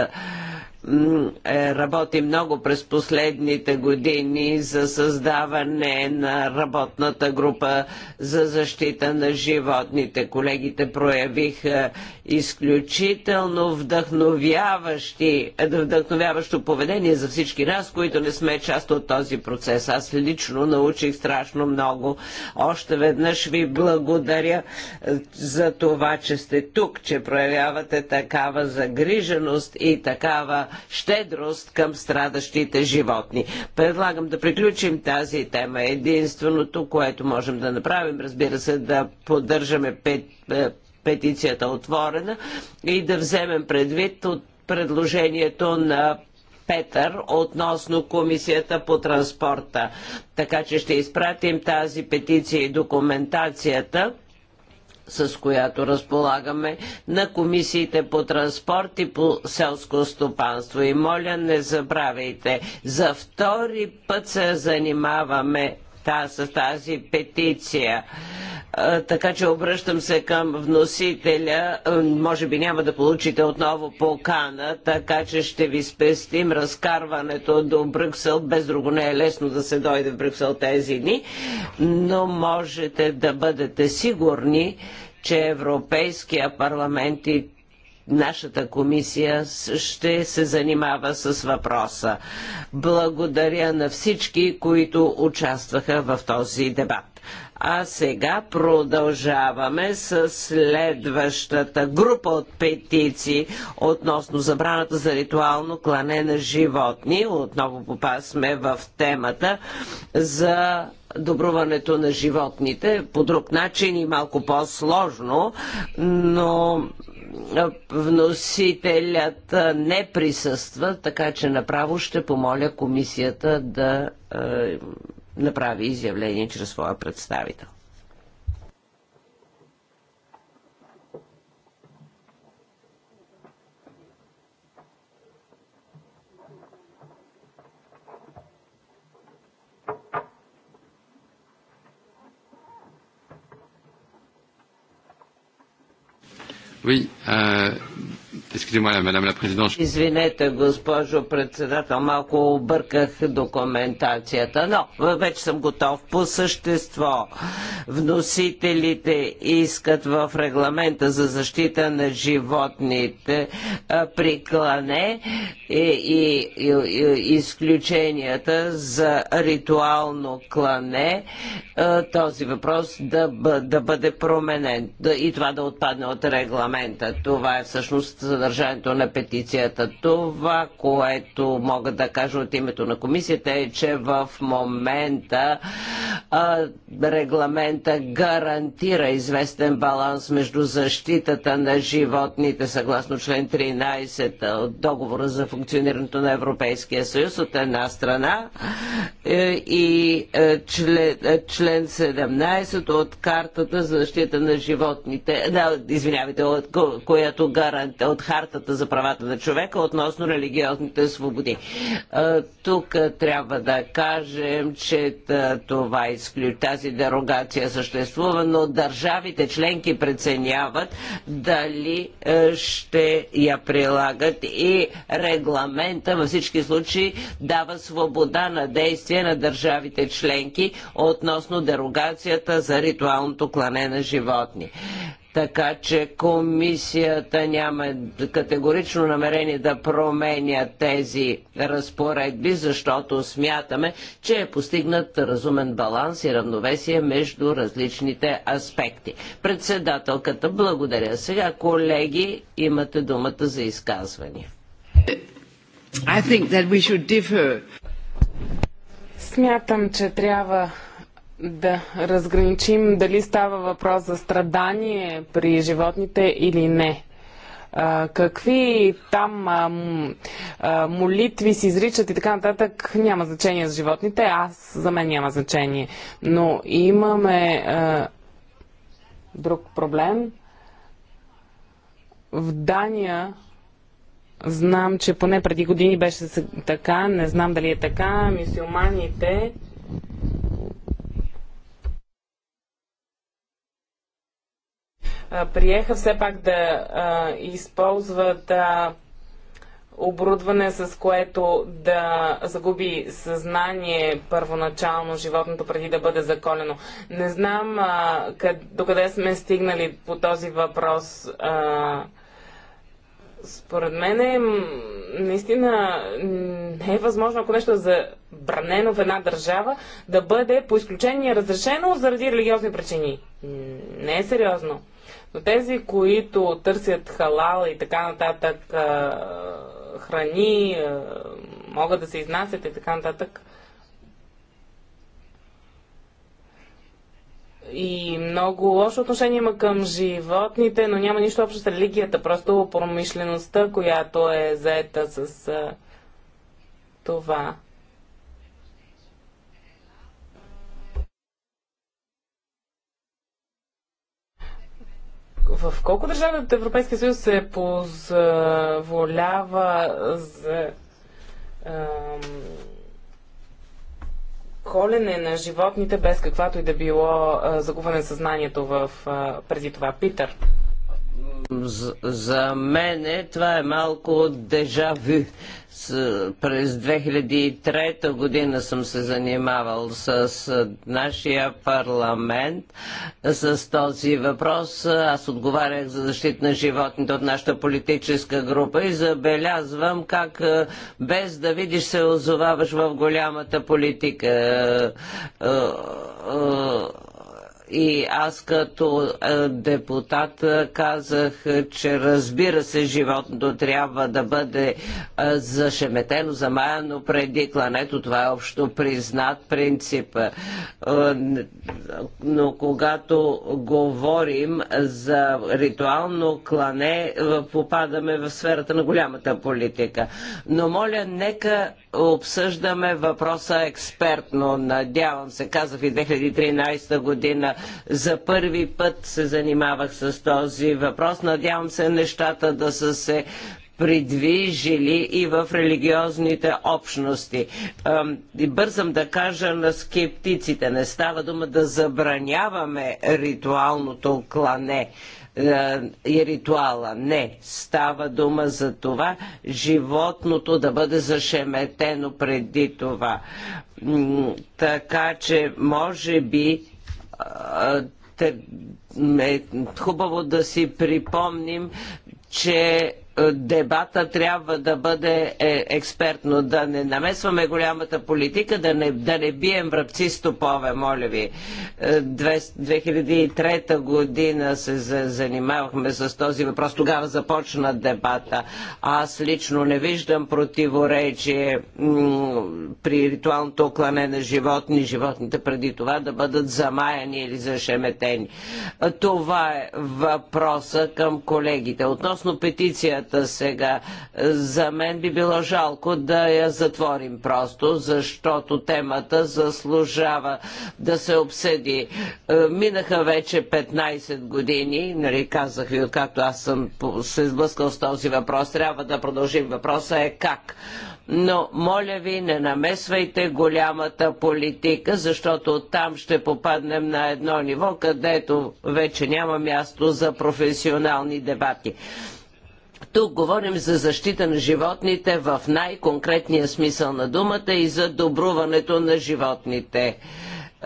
е, работи много през последните години за създаване на работната група за защита на животните. Колегите проявиха изключително вдъхновяващо поведение за всички нас, които не сме част от този процес. Аз лично научих страшно много. Още веднъж ви благодаря е, за това, че сте тук, че проявявате такава загриженост и такава щедрост към страдащите животни. Предлагам да приключим тази тема. Единственото, което можем да направим, разбира се, да поддържаме пет, е, петицията отворена и да вземем предвид от предложението на Петър относно комисията по транспорта. Така че ще изпратим тази петиция и документацията с която разполагаме на комисиите по транспорт и по селско стопанство. И моля, не забравяйте, за втори път се занимаваме с тази петиция. Така че обръщам се към вносителя. Може би няма да получите отново покана, така че ще ви спестим разкарването до Брюксел. Без друго не е лесно да се дойде в Брюксел тези дни, но можете да бъдете сигурни, че Европейския парламент и нашата комисия ще се занимава с въпроса. Благодаря на всички, които участваха в този дебат. А сега продължаваме с следващата група от петиции относно забраната за ритуално клане на животни. Отново попасме в темата за добруването на животните. По друг начин и малко по-сложно, но вносителят не присъства, така че направо ще помоля комисията да е, направи изявление чрез своя представител. Oui, euh, Извинете, госпожо председател, малко обърках документацията, но вече съм готов по същество. Вносителите искат в регламента за защита на животните приклане е, и, и, и изключенията за ритуално клане, този въпрос да, да бъде променен и това да отпадне от регламента. Това е всъщност съдържанието на петицията. Това, което мога да кажа от името на комисията е, че в момента а, регламента гарантира известен баланс между защитата на животните съгласно член 13 от договора за функционирането на Европейския съюз от една страна е, и е, е, член, член 17 от картата за защита на животните, да, извинявайте, от, която от Хартата за правата на човека относно религиозните свободи. Тук трябва да кажем, че това е изклю... тази дерогация съществува, но държавите членки преценяват дали е, ще я прилагат и регламента във всички случаи дава свобода на действие на държавите членки относно дерогацията за ритуалното клане на животни. Така че комисията няма категорично намерение да променя тези разпоредби, защото смятаме, че е постигнат разумен баланс и равновесие между различните аспекти. Председателката, благодаря. Сега, колеги, имате думата за изказвания. Смятам, че трябва да разграничим дали става въпрос за страдание при животните или не. А, какви там а, а, молитви си изричат и така нататък, няма значение за животните. Аз, за мен няма значение. Но имаме а, друг проблем. В Дания знам, че поне преди години беше така, не знам дали е така, мисиоманите приеха все пак да а, използват а, оборудване, с което да загуби съзнание първоначално животното преди да бъде заколено. Не знам а, къд, докъде сме стигнали по този въпрос. А, според мен е, наистина не е възможно, ако нещо е забранено в една държава, да бъде по изключение разрешено заради религиозни причини. Не е сериозно. Но тези, които търсят халал и така нататък храни, могат да се изнасят и така нататък, и много лошо отношение има към животните, но няма нищо общо с религията, просто промишлеността, която е заета с това. в колко държави от Европейския съюз се позволява за ам, колене на животните без каквато и да било а, загубване съзнанието в, а, преди това? Питър. За, мен това е малко дежавю. През 2003 година съм се занимавал с нашия парламент с този въпрос. Аз отговарях за защита на животните от нашата политическа група и забелязвам как е, без да видиш се озоваваш в голямата политика е, е, и аз като е, депутат е, казах, е, че разбира се, животното трябва да бъде зашеметено, замаяно преди клането. Това е общо признат принцип. Но когато говорим за ритуално клане, попадаме в сферата на голямата политика. Но моля, нека обсъждаме въпроса експертно. Надявам се, казах и 2013 година за първи път се занимавах с този въпрос. Надявам се нещата да са се придвижили и в религиозните общности. Бързам да кажа на скептиците, не става дума да забраняваме ритуалното клане е, и ритуала. Не, става дума за това животното да бъде зашеметено преди това. Така че, може би, е хубаво да си припомним, че дебата трябва да бъде е, експертно, да не намесваме голямата политика, да не, да не бием връбци стопове, моля ви. 2003 е, година се занимавахме с този въпрос, тогава започна дебата. Аз лично не виждам противоречие при ритуалното оклане на животни, животните преди това да бъдат замаяни или зашеметени. Е, това е въпроса към колегите. Относно петицията, комисията сега. За мен би било жалко да я затворим просто, защото темата заслужава да се обсъди. Е, минаха вече 15 години, нали, казах ви, откакто аз съм се сблъскал с този въпрос. Трябва да продължим. Въпроса е как но моля ви не намесвайте голямата политика, защото там ще попаднем на едно ниво, където вече няма място за професионални дебати. Тук говорим за защита на животните в най-конкретния смисъл на думата и за добруването на животните е,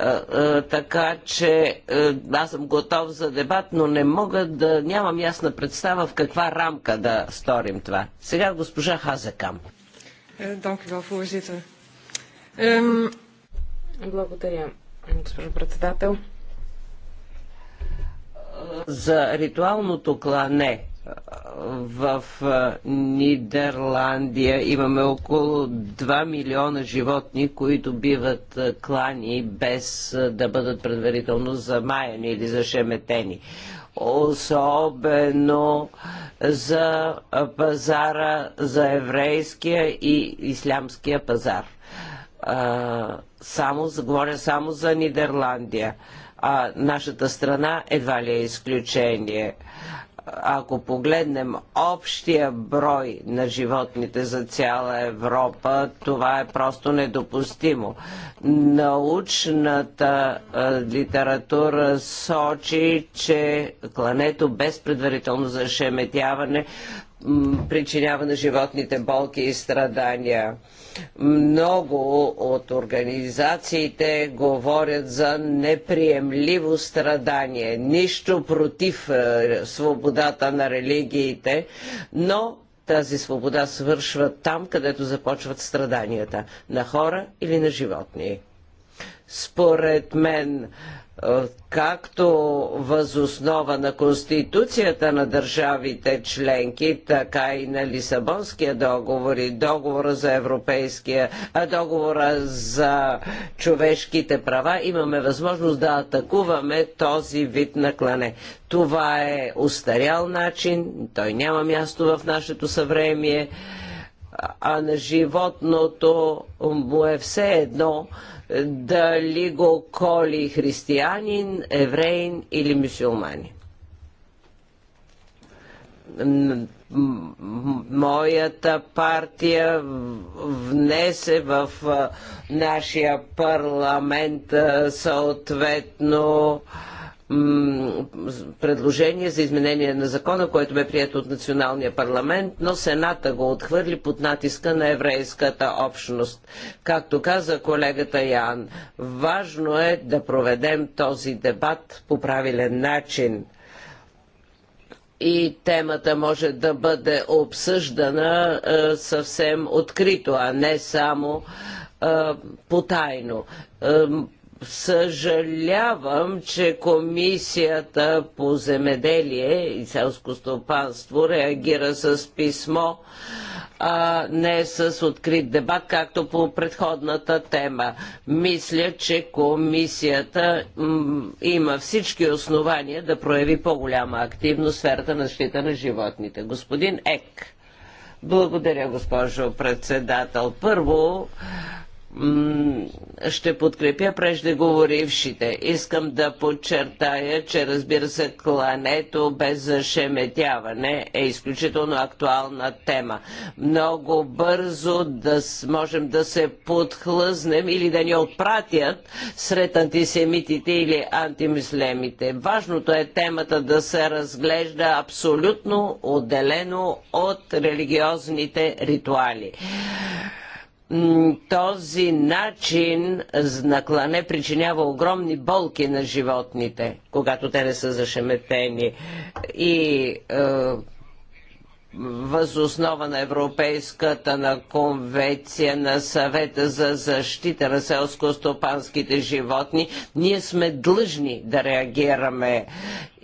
е, така че е, аз съм готов за дебат, но не мога да нямам ясна представа в каква рамка да сторим това. Сега госпожа Хазекам. Благодаря, госпожо председател. За ритуалното клане в Нидерландия имаме около 2 милиона животни, които биват клани без да бъдат предварително замаяни или зашеметени. Особено за пазара, за еврейския и ислямския пазар. Само, говоря само за Нидерландия. А нашата страна едва ли е изключение ако погледнем общия брой на животните за цяла Европа, това е просто недопустимо. Научната литература сочи, че клането без предварително зашеметяване причинява на животните болки и страдания. Много от организациите говорят за неприемливо страдание. Нищо против е, свободата на религиите, но тази свобода свършва там, където започват страданията на хора или на животни. Според мен е, както възоснова на Конституцията на държавите членки, така и на Лисабонския договор и договора за Европейския, а е, договора за човешките права, имаме възможност да атакуваме този вид наклане. Това е устарял начин, той няма място в нашето съвремие а на животното му е все едно дали го коли християнин, евреин или мусулманин моята партия внесе в нашия парламент съответно предложение за изменение на закона, което бе прието от Националния парламент, но Сената го отхвърли под натиска на еврейската общност. Както каза колегата Ян, важно е да проведем този дебат по правилен начин и темата може да бъде обсъждана е, съвсем открито, а не само е, потайно. Е, Съжалявам, че Комисията по земеделие и селско стопанство реагира с писмо, а не с открит дебат, както по предходната тема. Мисля, че Комисията има всички основания да прояви по-голяма активност в сферата на защита на животните. Господин Ек. Благодаря, госпожо председател. Първо, ще подкрепя преждеговорившите. Искам да подчертая, че разбира се, клането без зашеметяване е изключително актуална тема. Много бързо да можем да се подхлъзнем или да ни отпратят сред антисемитите или антимислемите. Важното е темата да се разглежда абсолютно отделено от религиозните ритуали този начин на клане причинява огромни болки на животните, когато те не са зашеметени. И е, възоснова на Европейската на конвенция на съвета за защита на селско-стопанските животни, ние сме длъжни да реагираме.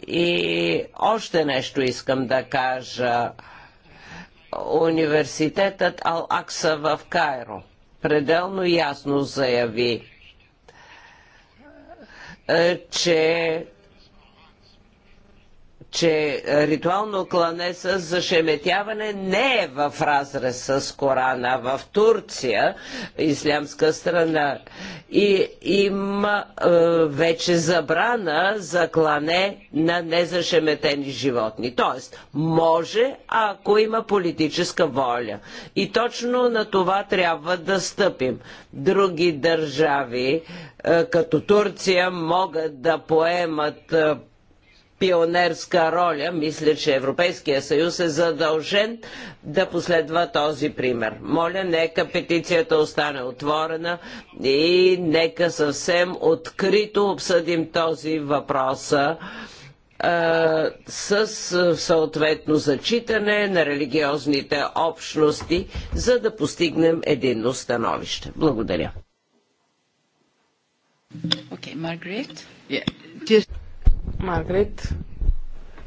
И още нещо искам да кажа университетът Ал-Акса в Кайро пределно ясно заяви, е, че че ритуално клане с зашеметяване не е в разрез с Корана. В Турция, ислямска страна, и има е, вече забрана за клане на незашеметени животни. Тоест, може, ако има политическа воля. И точно на това трябва да стъпим. Други държави, е, като Турция, могат да поемат е, пионерска роля, мисля, че Европейския съюз е задължен да последва този пример. Моля, нека петицията остане отворена и нека съвсем открито обсъдим този въпрос с съответно зачитане на религиозните общности, за да постигнем единно становище. Благодаря. Okay, Margaret. Yeah. Маргарит,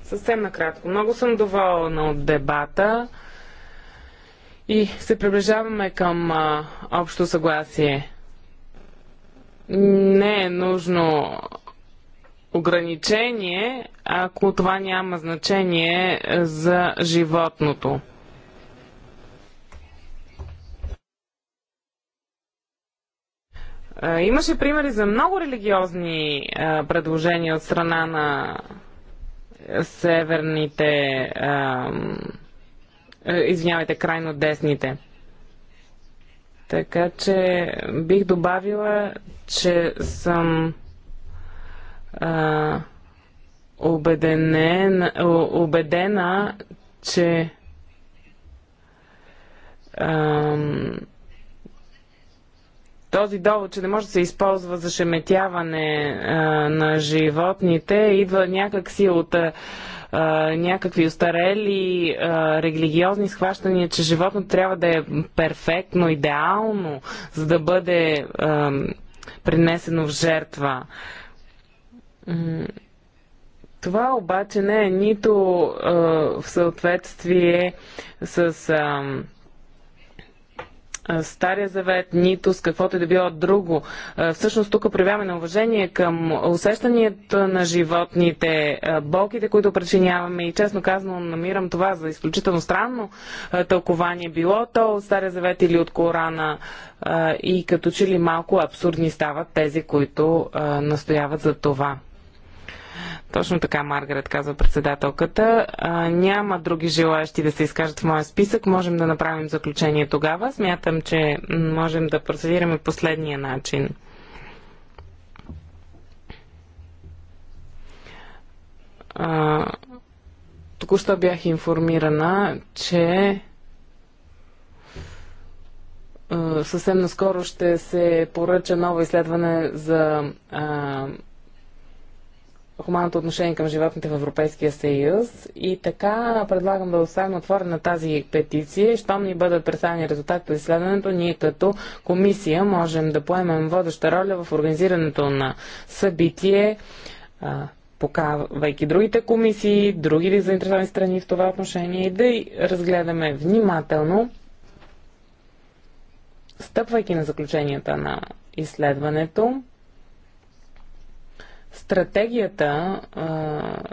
съвсем накратко. Много съм доволна от дебата и се приближаваме към а, общо съгласие. Не е нужно ограничение, ако това няма значение за животното. Имаше примери за много религиозни предложения от страна на северните, е, извинявайте, крайно десните. Така че бих добавила, че съм а, убедена, че този довод, че не може да се използва за шеметяване а, на животните, идва някакси от а, някакви устарели а, религиозни схващания, че животното трябва да е перфектно, идеално, за да бъде а, принесено в жертва. Това обаче не е нито а, в съответствие с. А, Стария завет, нито с каквото и е да било друго. Всъщност тук проявяваме на уважение към усещанията на животните, болките, които причиняваме и честно казано намирам това за изключително странно тълкование, било то от Стария завет или от Корана и като че ли малко абсурдни стават тези, които настояват за това. Точно така, Маргарет, казва председателката. А, няма други желаящи да се изкажат в моя списък. Можем да направим заключение тогава. Смятам, че можем да процедираме последния начин. А, току-що бях информирана, че съвсем наскоро ще се поръча ново изследване за а, хуманното отношение към животните в Европейския съюз. И така предлагам да оставим отворена тази петиция. Щом ни бъдат представени резултатите от изследването, ние като комисия можем да поемем водеща роля в организирането на събитие, покавайки другите комисии, други заинтересовани страни в това отношение и да разгледаме внимателно, стъпвайки на заключенията на изследването, стратегията а,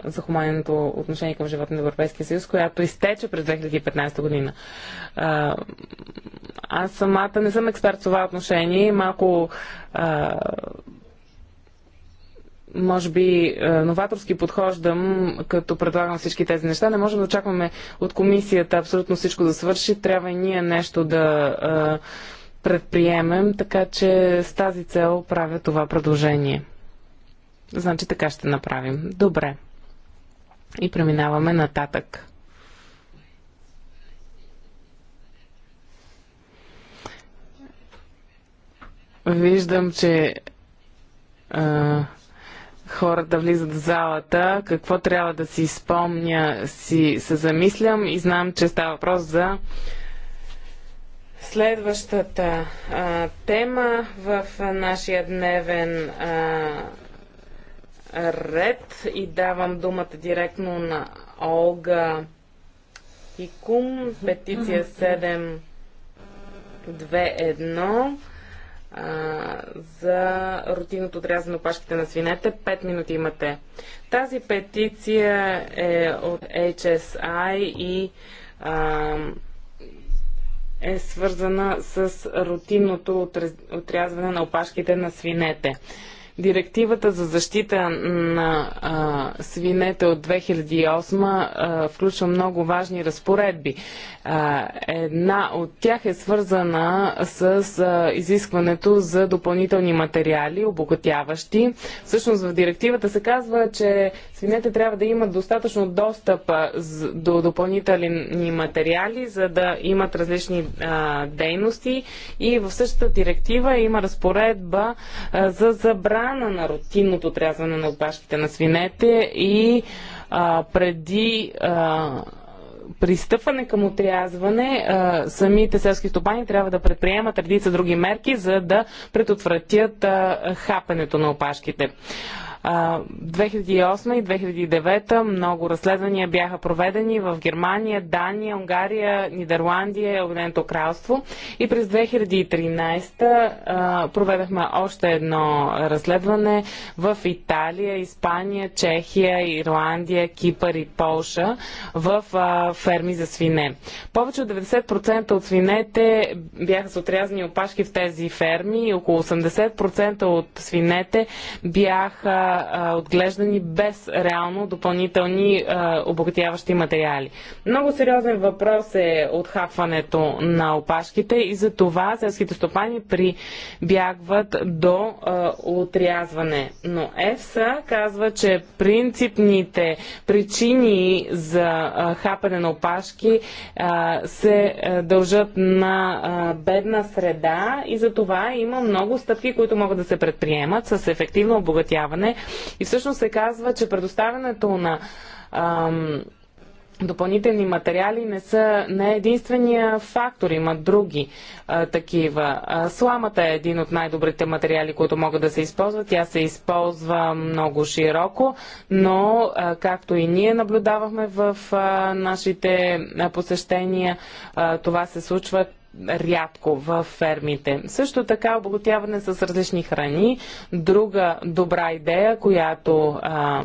за хуманното отношение към живота на Европейския съюз, която изтече през 2015 година. А, аз самата не съм експерт в това отношение. Малко а, може би новаторски подхождам, като предлагам всички тези неща. Не можем да очакваме от комисията абсолютно всичко да свърши. Трябва и ние нещо да а, предприемем, така че с тази цел правя това предложение. Значи така ще направим. Добре. И преминаваме нататък. Виждам, че а, хората влизат в залата. Какво трябва да си спомня, си се замислям и знам, че става въпрос за следващата а, тема в нашия дневен а, ред и давам думата директно на Олга Пикум, петиция 721 за рутинното отрязане на опашките на свинете. 5 минути имате. Тази петиция е от HSI и а, е свързана с рутинното отрязване на опашките на свинете. Директивата за защита на а, свинете от 2008 а, включва много важни разпоредби. Една от тях е свързана с изискването за допълнителни материали, обогатяващи. Всъщност в директивата се казва, че свинете трябва да имат достатъчно достъп до допълнителни материали, за да имат различни дейности. И в същата директива има разпоредба за забрана на рутинното трязване на опашките на свинете и преди а, пристъпване към отрязване, самите селски стопани трябва да предприемат редица други мерки, за да предотвратят хапането на опашките. 2008 и 2009 много разследвания бяха проведени в Германия, Дания, Унгария, Нидерландия и Обединеното кралство. И през 2013 проведахме още едно разследване в Италия, Испания, Чехия, Ирландия, Кипър и Полша в ферми за свине. Повече от 90% от свинете бяха с отрязани опашки в тези ферми и около 80% от свинете бяха а, отглеждани без реално допълнителни а, обогатяващи материали. Много сериозен въпрос е отхапването на опашките и за това селските стопани прибягват до а, отрязване. Но ЕФСА казва, че принципните причини за а, хапане на опашки а, се а, дължат на а, бедна среда и за това има много стъпки, които могат да се предприемат с ефективно обогатяване и всъщност се казва, че предоставянето на ам, допълнителни материали не са не е единствения фактор, има други а, такива. А, сламата е един от най-добрите материали, които могат да се използват. Тя се използва много широко, но а, както и ние наблюдавахме в а, нашите а, посещения, а, това се случва рядко в фермите. Също така обогатяване с различни храни. Друга добра идея, която а,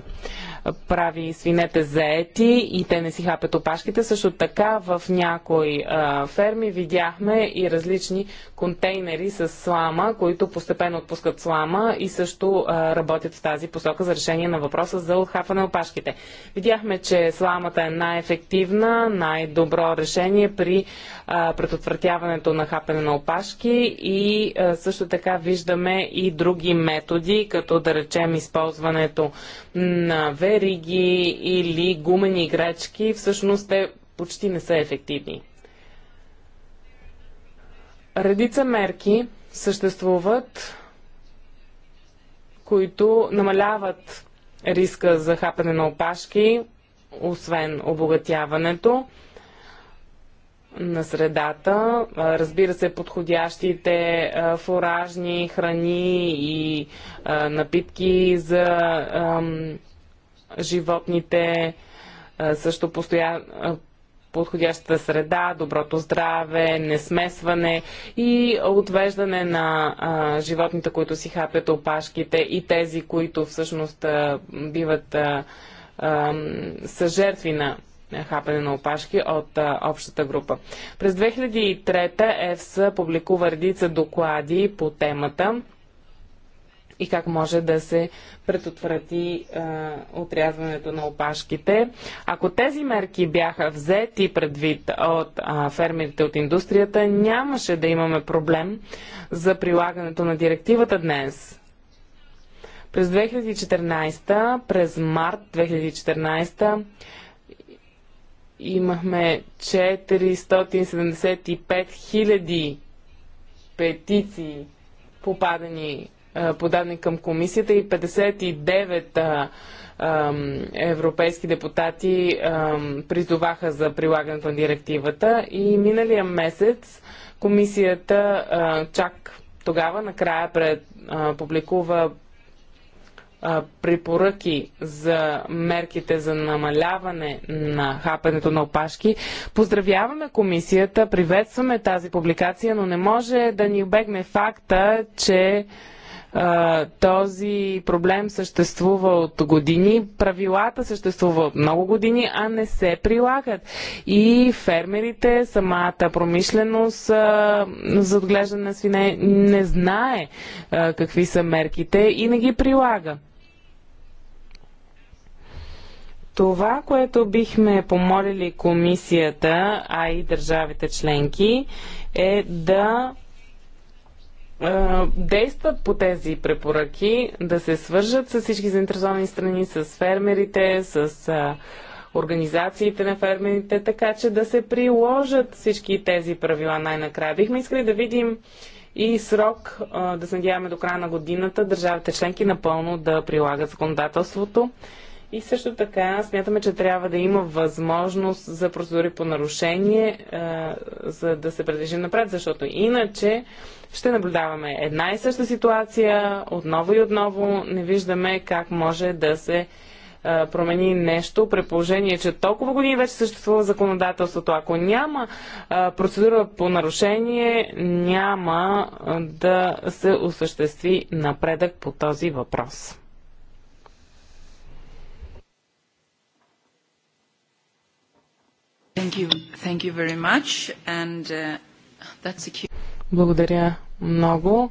прави свинете заети и те не си хапят опашките. Също така в някои а, ферми видяхме и различни контейнери с слама, които постепенно отпускат слама и също а, работят в тази посока за решение на въпроса за отхапване на опашките. Видяхме, че сламата е най-ефективна, най-добро решение при а, предотвратяването на хапане на опашки и а, също така виждаме и други методи, като да речем използването на ве вериги или гумени играчки, всъщност те почти не са ефективни. Редица мерки съществуват, които намаляват риска за хапане на опашки, освен обогатяването на средата. Разбира се, подходящите фуражни храни и напитки за животните, също постоян, подходящата среда, доброто здраве, несмесване и отвеждане на а, животните, които си хапят опашките и тези, които всъщност а, биват а, а, са жертви на хапане на опашки от а, общата група. През 2003 ЕФСА публикува редица доклади по темата и как може да се предотврати а, отрязването на опашките. Ако тези мерки бяха взети предвид от а, фермерите от индустрията, нямаше да имаме проблем за прилагането на директивата днес. През 2014, през март 2014, имахме 475 хиляди петиции, попадани е, подадени към комисията и 59 е, е, европейски депутати призоваха за прилагането на директивата и миналия месец комисията чак тогава накрая пред, публикува препоръки за мерките за намаляване на хапането на опашки. Поздравяваме комисията, приветстваме тази публикация, но не може да ни обегне факта, че този проблем съществува от години, правилата съществува от много години, а не се прилагат. И фермерите, самата промишленост за отглеждане на свине не знае какви са мерките и не ги прилага. Това, което бихме помолили комисията, а и държавите членки, е да е, действат по тези препоръки, да се свържат с всички заинтересовани страни, с фермерите, с а, организациите на фермерите, така че да се приложат всички тези правила най-накрая. Бихме искали да видим и срок, а, да се надяваме до края на годината, държавите членки напълно да прилагат законодателството. И също така смятаме, че трябва да има възможност за процедури по нарушение, а, за да се предвижим напред, защото иначе ще наблюдаваме една и съща ситуация, отново и отново. Не виждаме как може да се е, промени нещо, при положение, че толкова години вече съществува законодателството. Ако няма е, процедура по нарушение, няма е, да се осъществи напредък по този въпрос. Thank you. Thank you very much. And uh, that's a cute... Благодаря много.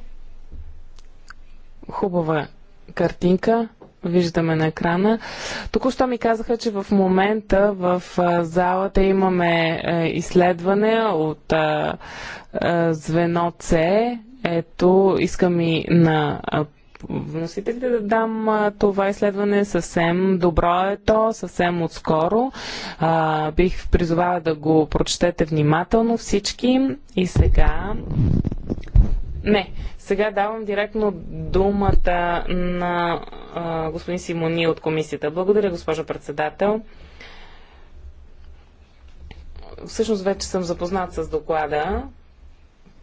Хубава картинка. Виждаме на екрана. Току-що ми казаха, че в момента в залата имаме е, изследване от звено С. Ето, искам и на вносителите да дам това изследване. Съвсем добро е то, съвсем отскоро. А, бих призовала да го прочетете внимателно всички. И сега. Не, сега давам директно думата на а, господин Симони от комисията. Благодаря, госпожо председател. Всъщност вече съм запознат с доклада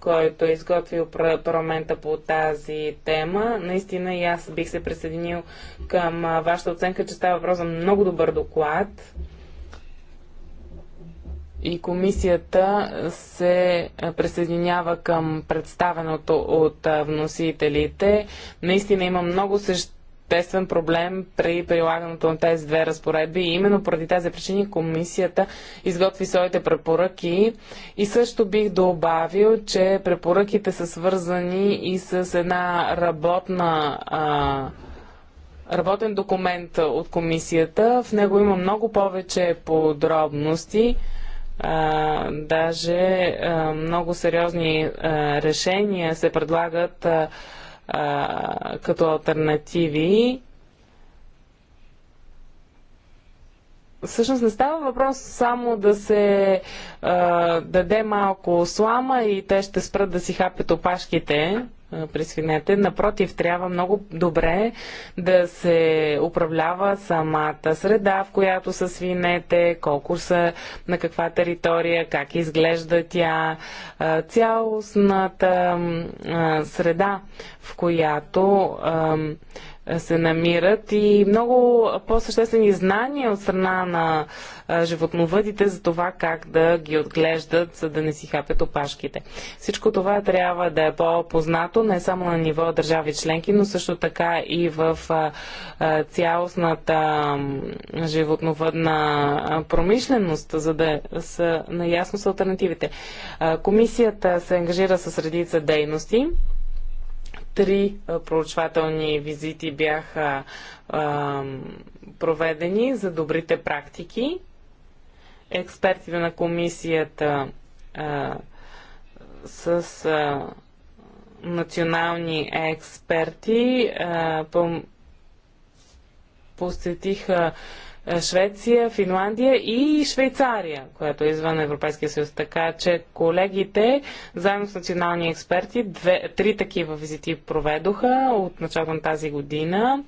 който е изготвил парламента по тази тема. Наистина и аз бих се присъединил към вашата оценка, че става въпрос за много добър доклад. И комисията се присъединява към представеното от вносителите. Наистина има много същ съществен проблем при прилагането на тези две разпоредби и именно поради тази причини комисията изготви своите препоръки и също бих добавил, че препоръките са свързани и с една работна а, работен документ от комисията. В него има много повече подробности, а, даже а, много сериозни а, решения се предлагат като альтернативи. Всъщност не става въпрос само да се а, даде малко слама и те ще спрат да си хапят опашките свинете. Напротив, трябва много добре да се управлява самата среда, в която са свинете, колко са, на каква територия, как изглежда тя, цялостната среда, в която е, се намират и много по-съществени знания от страна на е, животновъдите за това как да ги отглеждат, за да не си хапят опашките. Всичко това трябва да е по-познато не само на ниво държави членки, но също така и в е, цялостната животновъдна промишленост, за да са наясно с альтернативите. Комисията се ангажира с редица дейности три проучвателни визити бяха проведени за добрите практики. Експертите на комисията а, с а, национални експерти посетиха е, Швеция, Финландия и Швейцария, която е извън Европейския съюз. Така че колегите, заедно с национални експерти, две, три такива визити проведоха от началото на тази година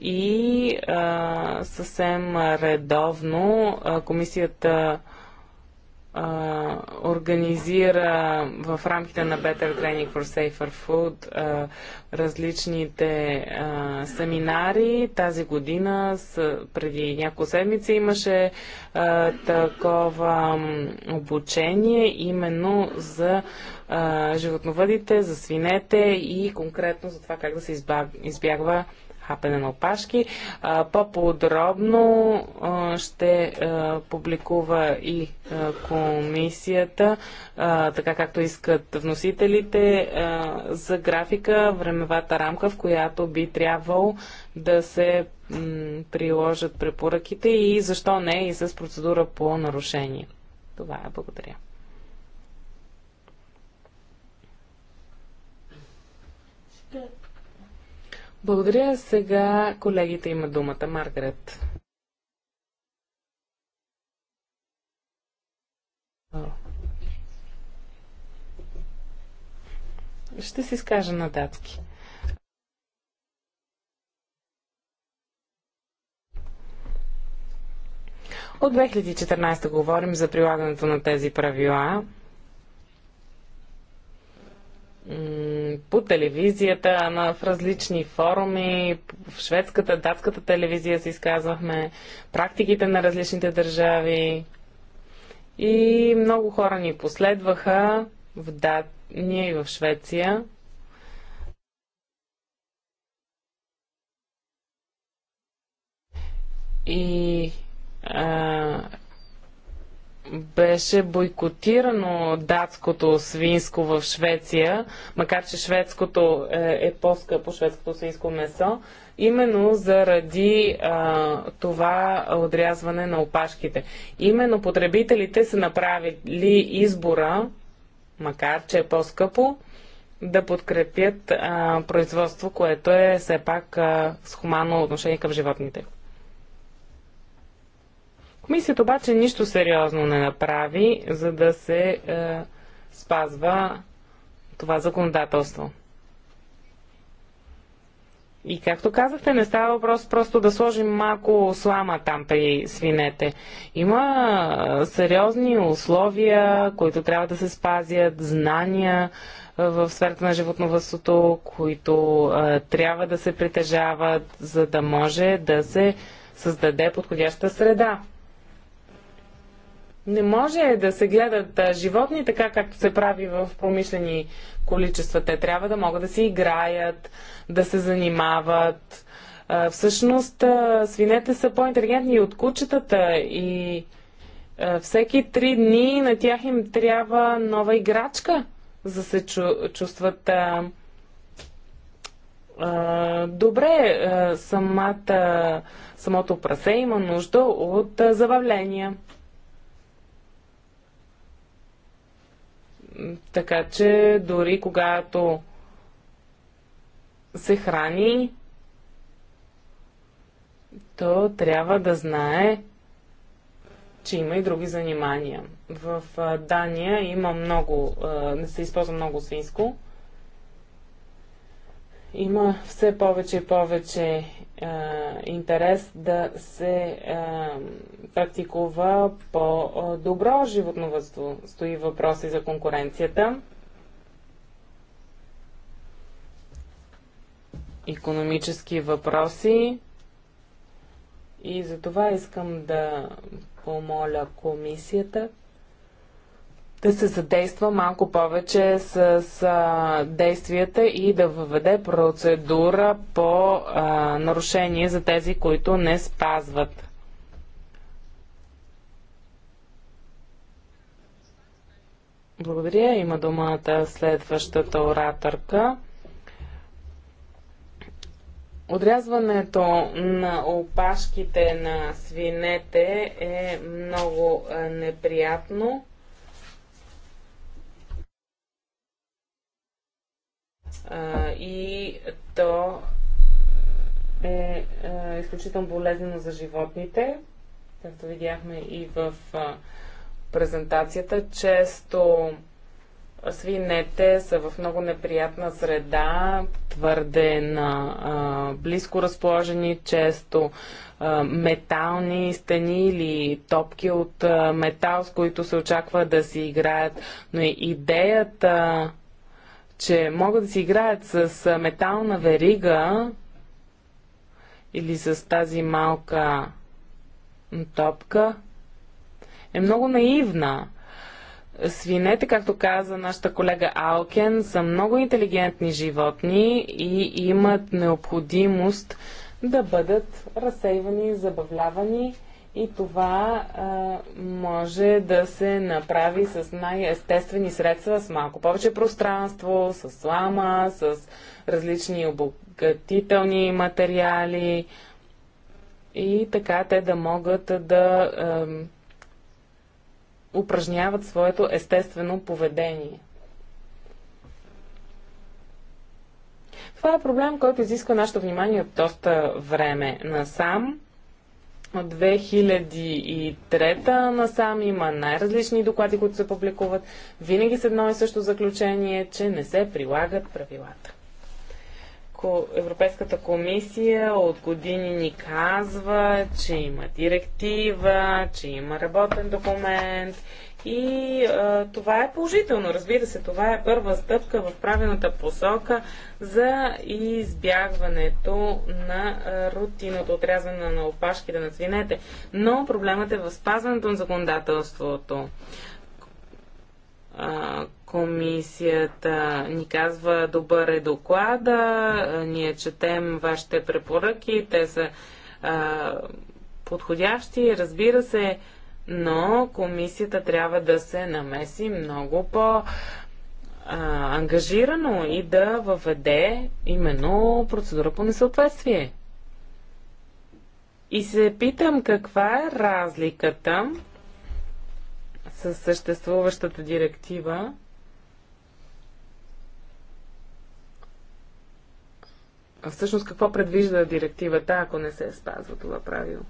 и а, съвсем редовно а, комисията организира в рамките на Better Training for Safer Food а, различните а, семинари. Тази година, с, преди няколко седмици, имаше а, такова обучение именно за а, животновъдите, за свинете и конкретно за това как да се избягва хапене на опашки. По-подробно ще публикува и комисията, така както искат вносителите, за графика, времевата рамка, в която би трябвало да се приложат препоръките и защо не и с процедура по нарушение. Това е. Благодаря. Благодаря. Сега колегите имат думата. Маргарет. Ще си скажа на датски. От 2014 говорим за прилагането на тези правила по телевизията, на, в различни форуми, в шведската, датската телевизия се изказвахме, практиките на различните държави. И много хора ни последваха в Дания и в Швеция. И а, беше бойкотирано датското свинско в Швеция, макар че шведското е, е по-скъпо, шведското свинско месо, именно заради а, това отрязване на опашките. Именно потребителите са направили избора, макар че е по-скъпо, да подкрепят а, производство, което е все пак а, с хуманно отношение към животните. Комисията обаче нищо сериозно не направи, за да се е, спазва това законодателство. И както казахте, не става въпрос просто да сложим малко слама там при свинете. Има е, сериозни условия, които трябва да се спазят, знания е, в сферата на животновъдството, които е, трябва да се притежават, за да може да се създаде подходяща среда. Не може да се гледат животни така, както се прави в промишлени количества. Те трябва да могат да си играят, да се занимават. Всъщност, свинете са по-интелигентни от кучетата и всеки три дни на тях им трябва нова играчка, за да се чу- чувстват а, а, добре. А, самата, самото прасе има нужда от а, забавления. Така че дори когато се храни, то трябва да знае, че има и други занимания. В Дания има много, не се използва много свинско. Има все повече и повече интерес да се практикува по-добро животновътство. Стои въпроси за конкуренцията. економически въпроси. И за това искам да помоля комисията да се задейства малко повече с, с действията и да въведе процедура по а, нарушение за тези, които не спазват. Благодаря. Има думата следващата ораторка. Отрязването на опашките на свинете е много неприятно. А, и то е а, изключително болезнено за животните, както видяхме и в а, презентацията. Често свинете са в много неприятна среда, твърде на а, близко разположени, често а, метални стени или топки от а, метал, с които се очаква да си играят. Но и идеята че могат да си играят с метална верига или с тази малка топка, е много наивна. Свинете, както каза нашата колега Алкен, са много интелигентни животни и имат необходимост да бъдат разсейвани, забавлявани и това а, може да се направи с най-естествени средства, с малко повече пространство, с слама, с различни обогатителни материали и така те да могат да а, упражняват своето естествено поведение. Това е проблем, който изисква нашето внимание от доста време насам от 2003 насам има най-различни доклади, които се публикуват. Винаги с едно и също заключение, че не се прилагат правилата. Европейската комисия от години ни казва, че има директива, че има работен документ и а, това е положително. Разбира се, това е първа стъпка в правилната посока за избягването на а, рутиното отрязване на опашките на свинете. Но проблемът е в спазването на законодателството. А, комисията ни казва добър е доклада, ние четем вашите препоръки, те са а, подходящи. Разбира се, но комисията трябва да се намеси много по- ангажирано и да въведе именно процедура по несъответствие. И се питам каква е разликата с съществуващата директива всъщност какво предвижда директивата, ако не се е спазва това правило?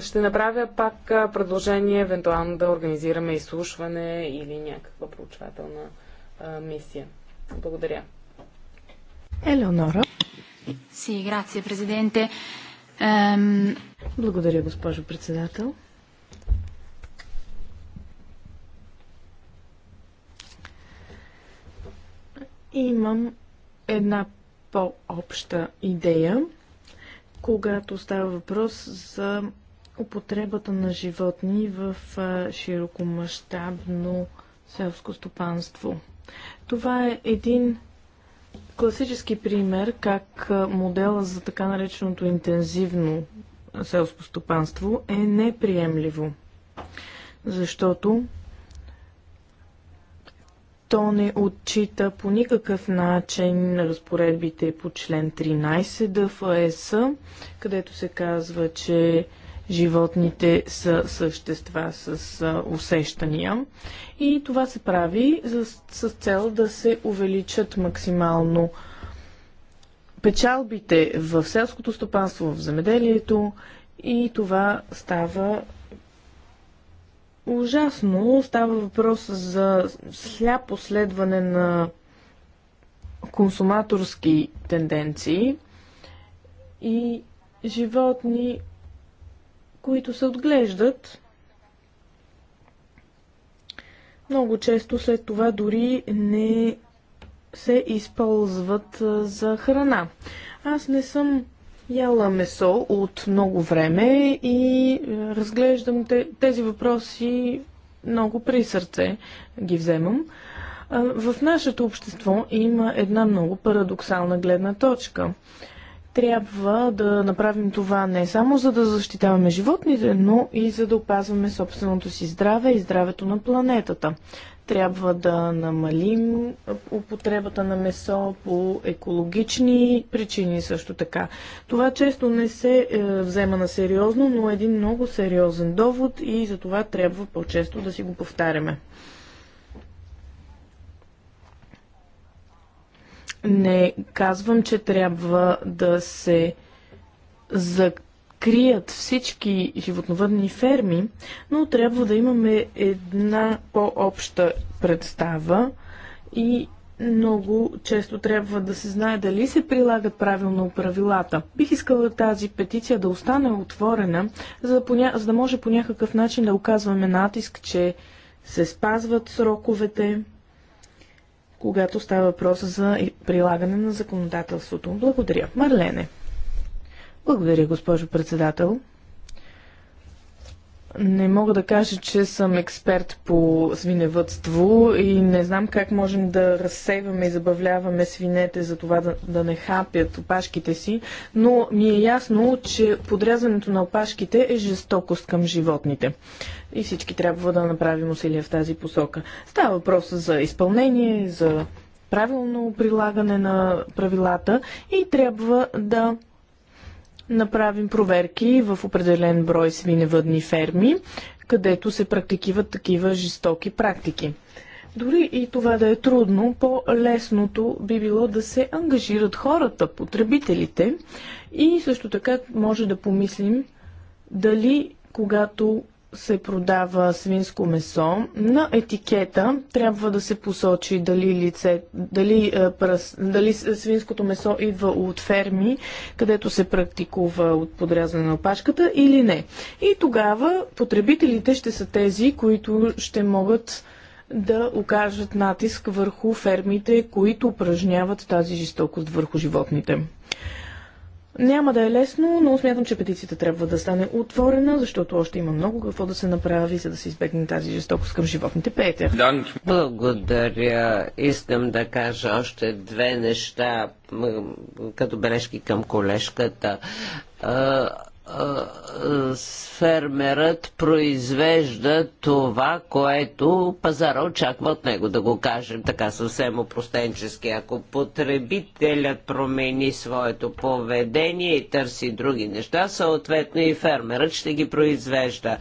ще направя пак предложение, евентуално да организираме изслушване или някаква проучвателна а, мисия. Благодаря. Елеонора. Си, грация, президенте. Ем... Благодаря, госпожо председател. Имам една по-обща идея, когато става въпрос за употребата на животни в широкомащабно селско стопанство. Това е един класически пример как модела за така нареченото интензивно селско стопанство е неприемливо, защото то не отчита по никакъв начин разпоредбите по член 13 ДФС, е където се казва, че Животните са същества с усещания и това се прави с, с цел да се увеличат максимално печалбите в селското стопанство, в земеделието и това става ужасно. Става въпрос за сляпо следване на консуматорски тенденции и животни които се отглеждат. Много често след това дори не се използват за храна. Аз не съм яла месо от много време и разглеждам тези въпроси много при сърце ги вземам. В нашето общество има една много парадоксална гледна точка. Трябва да направим това не само за да защитаваме животните, но и за да опазваме собственото си здраве и здравето на планетата. Трябва да намалим употребата на месо по екологични причини също така. Това често не се е, взема на сериозно, но е един много сериозен довод и за това трябва по-често да си го повтаряме. Не казвам, че трябва да се закрият всички животновъдни ферми, но трябва да имаме една по-обща представа и много често трябва да се знае дали се прилагат правилно правилата. Бих искала тази петиция да остане отворена, за да, поня... за да може по някакъв начин да оказваме натиск, че се спазват сроковете когато става въпрос за прилагане на законодателството. Благодаря. Марлене. Благодаря, госпожо председател. Не мога да кажа, че съм експерт по свиневътство и не знам как можем да разсейваме и забавляваме свинете за това да, да не хапят опашките си, но ми е ясно, че подрязването на опашките е жестокост към животните. И всички трябва да направим усилия в тази посока. Става въпрос за изпълнение, за правилно прилагане на правилата и трябва да направим проверки в определен брой свиневъдни ферми, където се практикиват такива жестоки практики. Дори и това да е трудно, по-лесното би било да се ангажират хората, потребителите и също така може да помислим дали когато се продава свинско месо, на етикета трябва да се посочи дали, лице, дали, е, пръс, дали свинското месо идва от ферми, където се практикува от подрязване на опашката или не. И тогава потребителите ще са тези, които ще могат да окажат натиск върху фермите, които упражняват тази жестокост върху животните. Няма да е лесно, но смятам, че петицията трябва да стане отворена, защото още има много какво да се направи, за да се избегне тази жестокост към животните. Пейте. Благодаря. Искам да кажа още две неща като бележки към колежката фермерът произвежда това, което пазара очаква от него, да го кажем така съвсем опростенчески. Ако потребителят промени своето поведение и търси други неща, съответно и фермерът ще ги произвежда.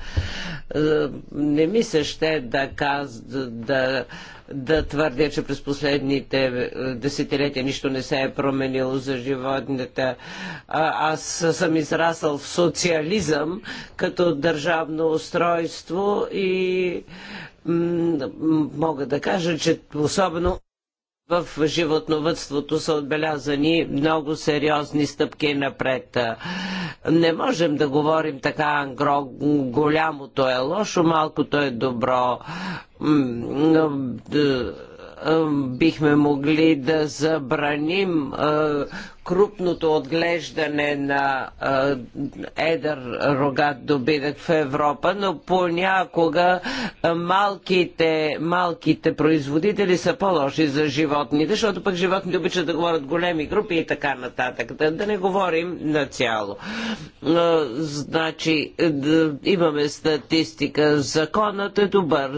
Не ми се ще да, каз, да да твърдя, че през последните е, десетилетия нищо не се е променило за животните. Аз съм израсъл в социализъм като държавно устройство и мога да кажа, че особено в животновътството са отбелязани много сериозни стъпки напред. Не можем да говорим така голямото е лошо, малкото е добро бихме могли да забраним крупното отглеждане на а, едър рогат добитък в Европа, но понякога малките, малките производители са по-лоши за животните, защото пък животните обичат да говорят големи групи и така нататък. Да, да не говорим на цяло. А, значи, да, имаме статистика. Законът е добър.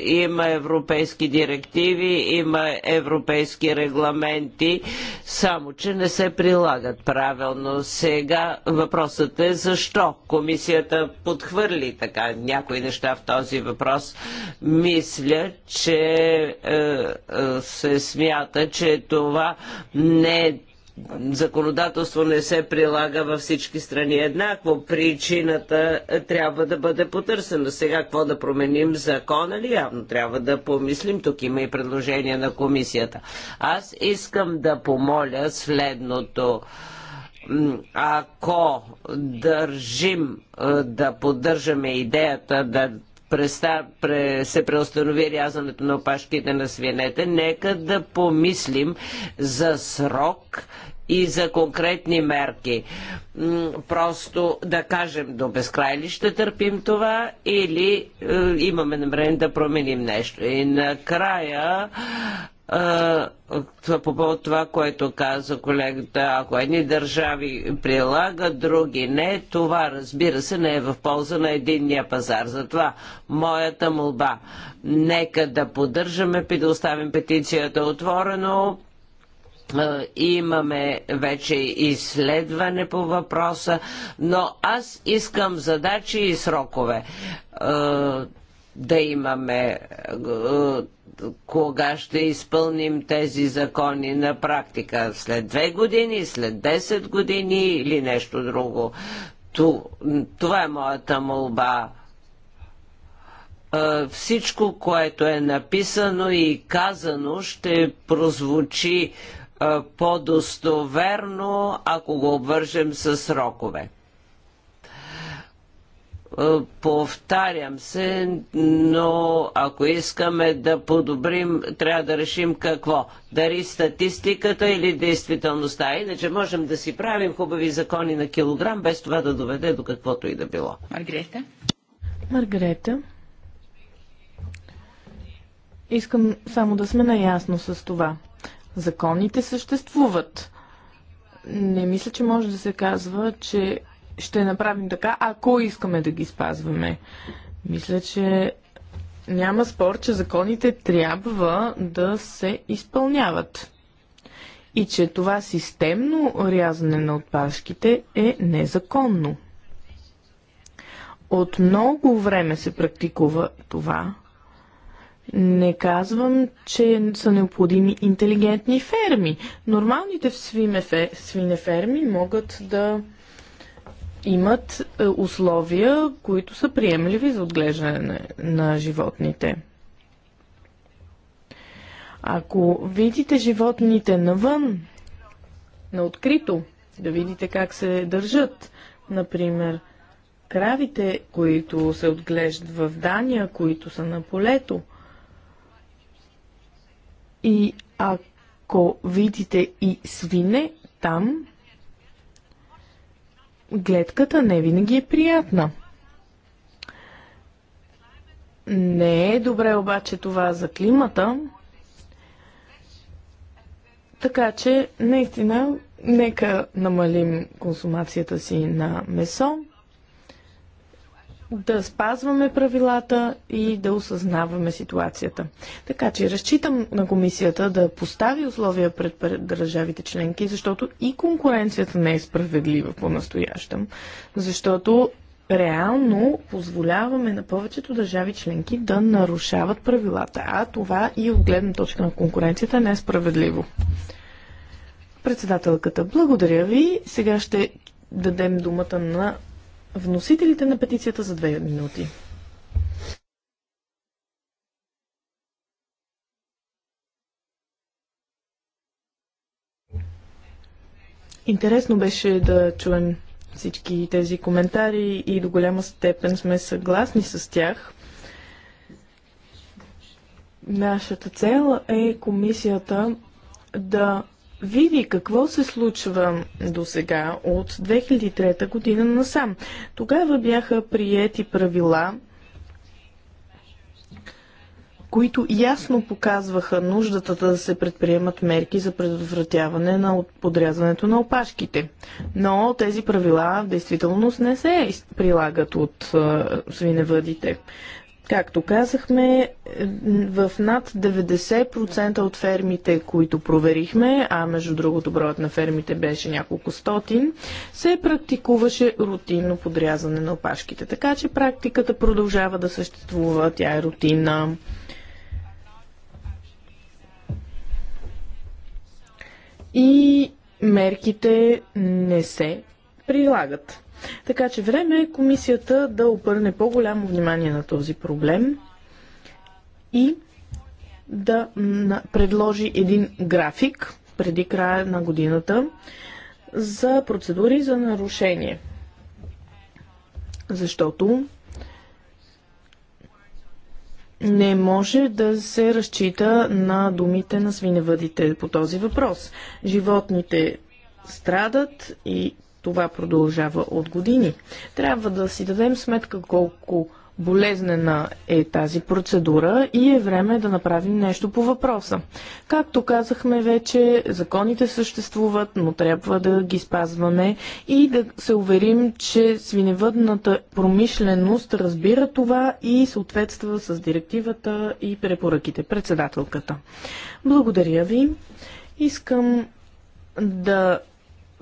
Има европейски директиви, има европейски регламенти, само че не се прилагат правилно. Сега въпросът е защо комисията подхвърли така някои неща в този въпрос. Мисля, че е, е, се смята, че това не е законодателство не се прилага във всички страни еднакво. Причината трябва да бъде потърсена. Сега какво да променим закона ли? Явно трябва да помислим. Тук има и предложение на комисията. Аз искам да помоля следното ако държим да поддържаме идеята да преста, пре, се преустанови рязането на опашките на свинете, нека да помислим за срок и за конкретни мерки. Просто да кажем до безкрай ли ще търпим това или е, имаме намерение да променим нещо. И накрая по повод това, което каза колегата, ако едни държави прилагат, други не, това разбира се не е в полза на единния пазар. Затова моята молба, нека да поддържаме, да оставим петицията отворено, имаме вече изследване по въпроса, но аз искам задачи и срокове. Да имаме кога ще изпълним тези закони на практика. След две години, след 10 години или нещо друго. Това е моята молба всичко, което е написано и казано, ще прозвучи по-достоверно, ако го обвържем с срокове. Е, повтарям се, но ако искаме да подобрим, трябва да решим какво. Дари статистиката или действителността. Иначе можем да си правим хубави закони на килограм, без това да доведе до каквото и да било. Маргрета? Маргарета, искам само да сме наясно с това. Законите съществуват. Не мисля, че може да се казва, че ще направим така, ако искаме да ги спазваме. Мисля, че няма спор, че законите трябва да се изпълняват. И че това системно рязане на отпашките е незаконно. От много време се практикува това. Не казвам, че са необходими интелигентни ферми. Нормалните свинеферми могат да имат е, условия, които са приемливи за отглеждане на животните. Ако видите животните навън, на открито, да видите как се държат, например, кравите, които се отглеждат в Дания, които са на полето. И ако видите и свине там, гледката не винаги е приятна. Не е добре обаче това за климата, така че наистина нека намалим консумацията си на месо, да спазваме правилата и да осъзнаваме ситуацията. Така че разчитам на комисията да постави условия пред държавите членки, защото и конкуренцията не е справедлива по-настоящем, защото реално позволяваме на повечето държави членки да нарушават правилата, а това и от гледна точка на конкуренцията не е справедливо. Председателката, благодаря ви. Сега ще дадем думата на вносителите на петицията за две минути. Интересно беше да чуем всички тези коментари и до голяма степен сме съгласни с тях. Нашата цел е комисията да види какво се случва до сега от 2003 година насам. Тогава бяха приети правила, които ясно показваха нуждата да се предприемат мерки за предотвратяване на подрязването на опашките. Но тези правила в действителност не се прилагат от свиневъдите. Както казахме, в над 90% от фермите, които проверихме, а между другото броят на фермите беше няколко стотин, се практикуваше рутинно подрязане на опашките. Така че практиката продължава да съществува, тя е рутинна. И мерките не се прилагат. Така че време е комисията да обърне по-голямо внимание на този проблем и да предложи един график преди края на годината за процедури за нарушение. Защото не може да се разчита на думите на свиневъдите по този въпрос. Животните страдат и това продължава от години. Трябва да си дадем сметка колко болезнена е тази процедура и е време да направим нещо по въпроса. Както казахме вече, законите съществуват, но трябва да ги спазваме и да се уверим, че свиневъдната промишленост разбира това и съответства с директивата и препоръките. Председателката. Благодаря ви. Искам да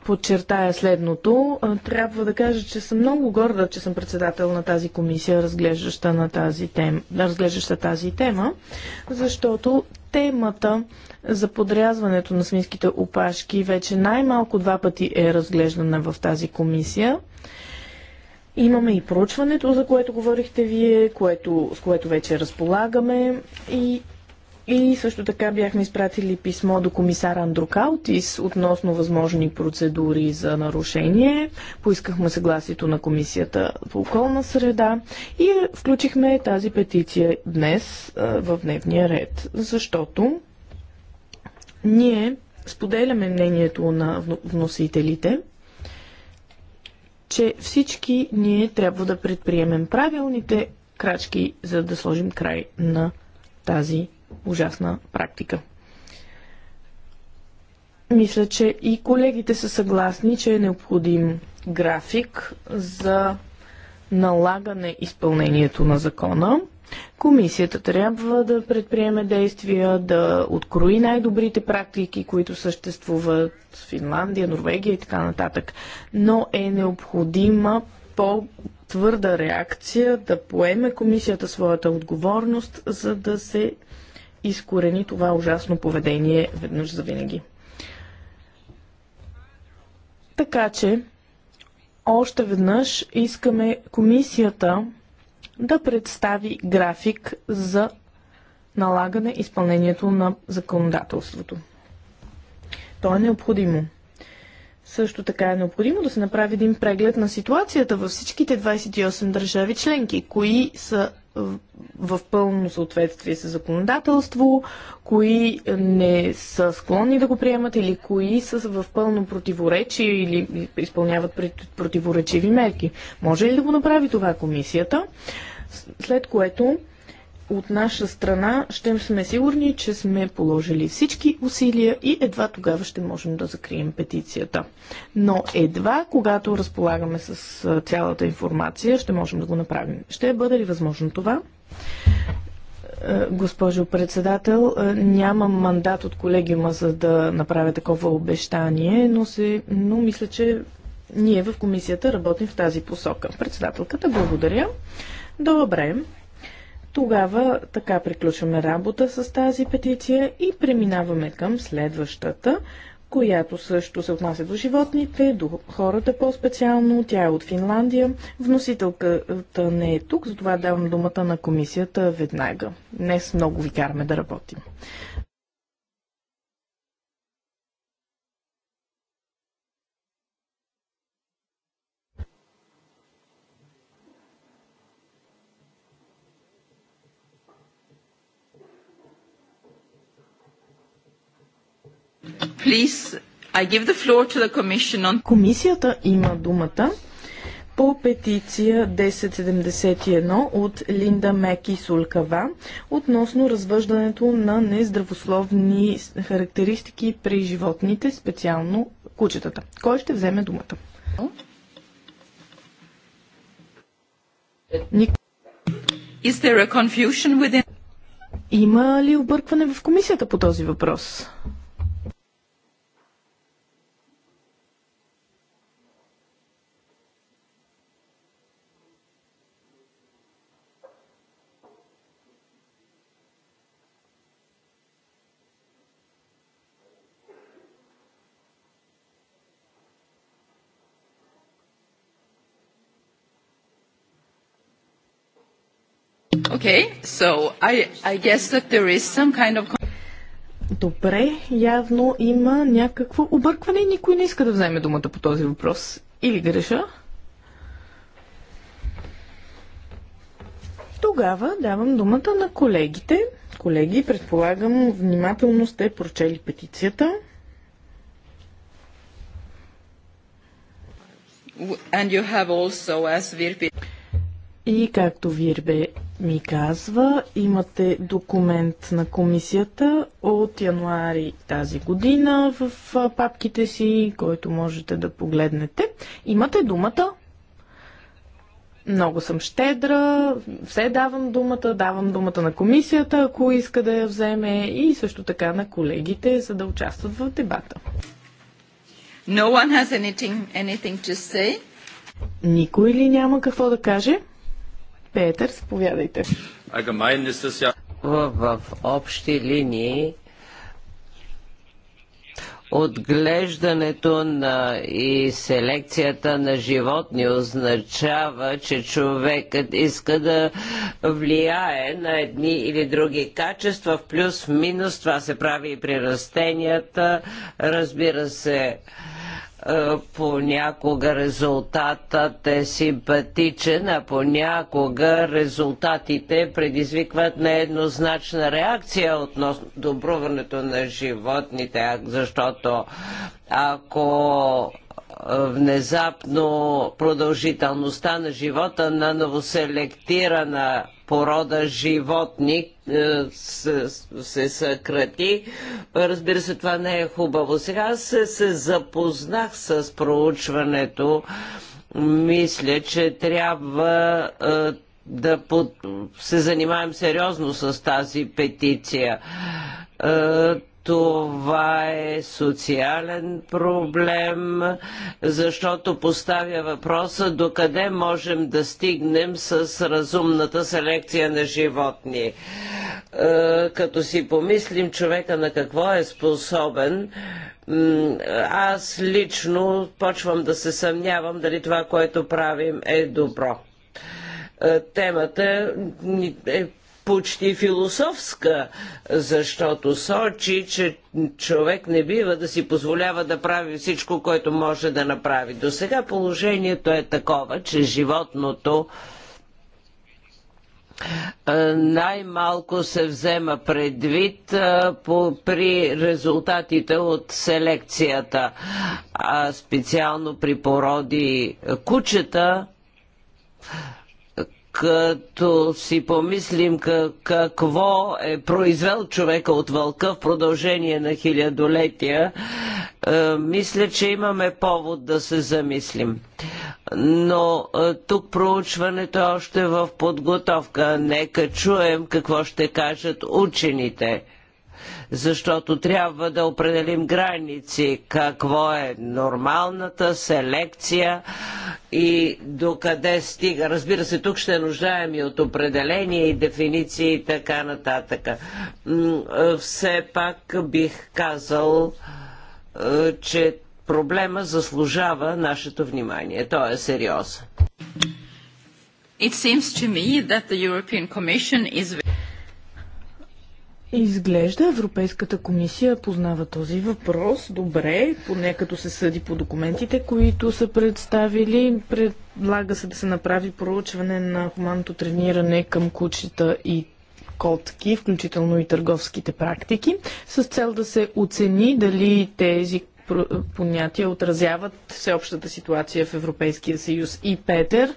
подчертая следното. Трябва да кажа, че съм много горда, че съм председател на тази комисия, разглеждаща, на тази тем, разглеждаща тази тема, защото темата за подрязването на свинските опашки вече най-малко два пъти е разглеждана в тази комисия. Имаме и проучването, за което говорихте вие, което, с което вече разполагаме и и също така бяхме изпратили писмо до комисар Андрокаутис относно възможни процедури за нарушение. Поискахме съгласието на комисията по околна среда и включихме тази петиция днес в дневния ред, защото ние споделяме мнението на вносителите, че всички ние трябва да предприемем правилните крачки, за да сложим край на тази ужасна практика. Мисля, че и колегите са съгласни, че е необходим график за налагане изпълнението на закона. Комисията трябва да предприеме действия, да открои най-добрите практики, които съществуват в Финландия, Норвегия и така нататък. Но е необходима по-твърда реакция да поеме комисията своята отговорност, за да се изкорени това ужасно поведение веднъж за винаги. Така че, още веднъж искаме комисията да представи график за налагане изпълнението на законодателството. То е необходимо. Също така е необходимо да се направи един преглед на ситуацията във всичките 28 държави членки, кои са в пълно съответствие с законодателство, кои не са склонни да го приемат или кои са в пълно противоречие или изпълняват противоречиви мерки. Може ли да го направи това комисията? След което от наша страна ще сме сигурни, че сме положили всички усилия и едва тогава ще можем да закрием петицията. Но едва когато разполагаме с цялата информация, ще можем да го направим. Ще бъде ли възможно това? Госпожо председател, нямам мандат от колегиума за да направя такова обещание, но, се, но мисля, че ние в комисията работим в тази посока. Председателката, благодаря. Добре. Тогава така приключваме работа с тази петиция и преминаваме към следващата, която също се отнася до животните, до хората по-специално. Тя е от Финландия. Вносителката не е тук, затова давам думата на комисията веднага. Днес много ви караме да работим. Please, I give the floor to the commission on... Комисията има думата по петиция 1071 от Линда Меки Сулкава относно развъждането на нездравословни характеристики при животните, специално кучетата. Кой ще вземе думата? Is there a confusion within... Има ли объркване в комисията по този въпрос? Okay, so I, I guess that there is some kind of... Добре, явно има някакво объркване и никой не иска да вземе думата по този въпрос. Или греша? Тогава давам думата на колегите. Колеги, предполагам, внимателно сте прочели петицията. And you have also, as Virpi... И както Вирбе ми казва, имате документ на комисията от януари тази година в папките си, който можете да погледнете. Имате думата. Много съм щедра, все давам думата, давам думата на комисията, ако иска да я вземе и също така на колегите, за да участват в дебата. No one has anything, anything to say. Никой ли няма какво да каже? Петър, заповядайте. В общи линии Отглеждането на и селекцията на животни означава, че човекът иска да влияе на едни или други качества, в плюс, в минус. Това се прави и при растенията. Разбира се, е, понякога резултатът е симпатичен, а понякога резултатите предизвикват нееднозначна реакция относно добруването на животните, защото ако е, внезапно продължителността на живота на новоселектирана порода животни се, се съкрати. Разбира се, това не е хубаво. Сега се, се запознах с проучването. Мисля, че трябва е, да под... се занимаем сериозно с тази петиция. Е, това е социален проблем, защото поставя въпроса докъде можем да стигнем с разумната селекция на животни. Е, като си помислим човека на какво е способен, аз лично почвам да се съмнявам дали това, което правим е добро е, темата е почти философска, защото сочи, че човек не бива да си позволява да прави всичко, което може да направи. До сега положението е такова, че животното най-малко се взема предвид а, по, при резултатите от селекцията, а специално при породи кучета като си помислим какво е произвел човека от вълка в продължение на хилядолетия, е, мисля, че имаме повод да се замислим. Но е, тук проучването е още в подготовка. Нека чуем какво ще кажат учените защото трябва да определим граници, какво е нормалната селекция и докъде стига. Разбира се, тук ще нуждаем и от определения и дефиниции и така нататък. Все пак бих казал, че проблема заслужава нашето внимание. Той е сериозен. Is... Изглежда Европейската комисия познава този въпрос добре, поне като се съди по документите, които са представили. Предлага се да се направи проучване на хуманното трениране към кучета и котки, включително и търговските практики, с цел да се оцени дали тези понятия отразяват всеобщата ситуация в Европейския съюз. И Петър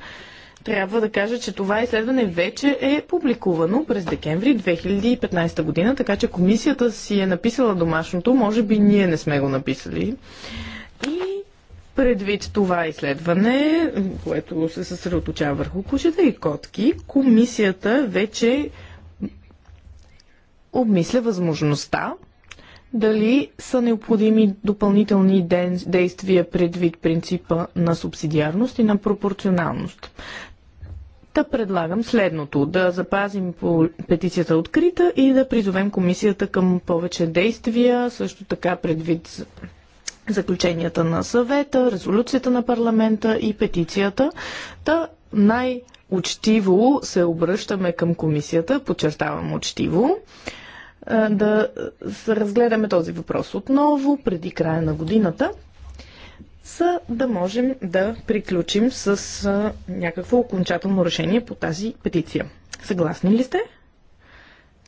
трябва да кажа, че това изследване вече е публикувано през декември 2015 година, така че комисията си е написала домашното, може би ние не сме го написали. И предвид това изследване, което се съсредоточава върху кучета и котки, комисията вече обмисля възможността дали са необходими допълнителни действия предвид принципа на субсидиарност и на пропорционалност. Та предлагам следното. Да запазим по петицията открита и да призовем комисията към повече действия, също така предвид заключенията на съвета, резолюцията на парламента и петицията. Та най- Учтиво се обръщаме към комисията, подчертавам учтиво, е, да разгледаме този въпрос отново преди края на годината са да можем да приключим с някакво окончателно решение по тази петиция. Съгласни ли сте?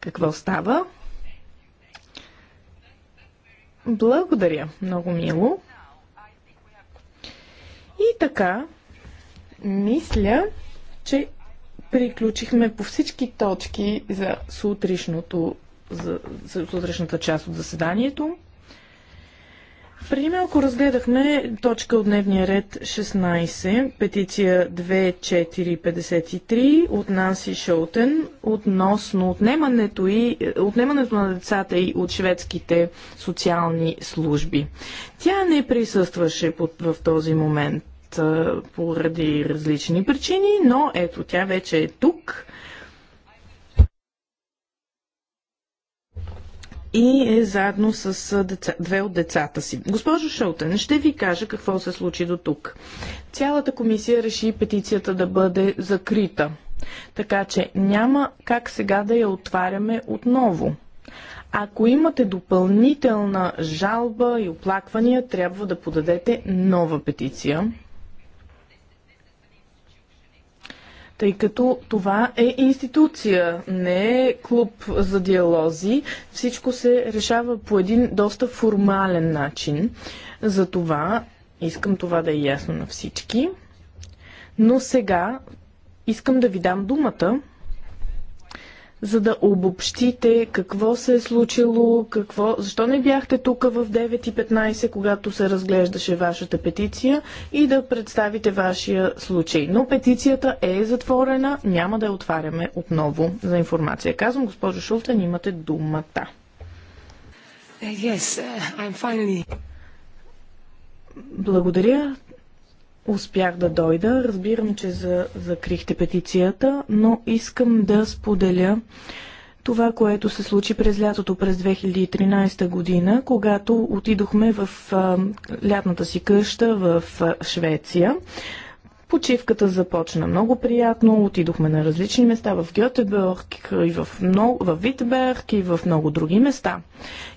Какво става? Благодаря. Много мило. И така, мисля, че приключихме по всички точки за сутрешното за, за сутрешната част от заседанието. Преди малко разгледахме точка от дневния ред 16, петиция 2453 от Нанси Шоутен, относно отнемането, и, отнемането на децата и от шведските социални служби. Тя не присъстваше под, в този момент поради различни причини, но ето тя вече е тук и е заедно с деца, две от децата си. Госпожо не ще ви кажа какво се случи до тук. Цялата комисия реши петицията да бъде закрита. Така че няма как сега да я отваряме отново. Ако имате допълнителна жалба и оплаквания, трябва да подадете нова петиция. тъй като това е институция, не е клуб за диалози. Всичко се решава по един доста формален начин. За това искам това да е ясно на всички. Но сега искам да ви дам думата, за да обобщите какво се е случило, какво... защо не бяхте тук в 9.15, когато се разглеждаше вашата петиция и да представите вашия случай. Но петицията е затворена, няма да я отваряме отново за информация. Казвам, госпожо Шултен, имате думата. Е, yes, е, I'm finally... Благодаря успях да дойда. Разбирам, че за, закрихте петицията, но искам да споделя това, което се случи през лятото през 2013 година, когато отидохме в а, лятната си къща в а, Швеция. Почивката започна много приятно. Отидохме на различни места в Гьотебърг, и в, много, в Витберг, и в много други места.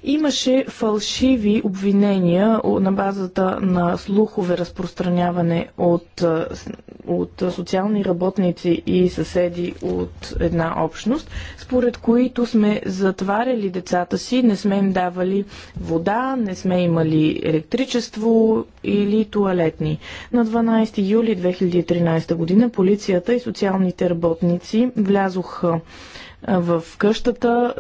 Имаше фалшиви обвинения на базата на слухове, разпространяване от, от социални работници и съседи от една общност, според които сме затваряли децата си, не сме им давали вода, не сме имали електричество или туалетни. На 12 юли 2000 2013 година полицията и социалните работници влязоха в къщата.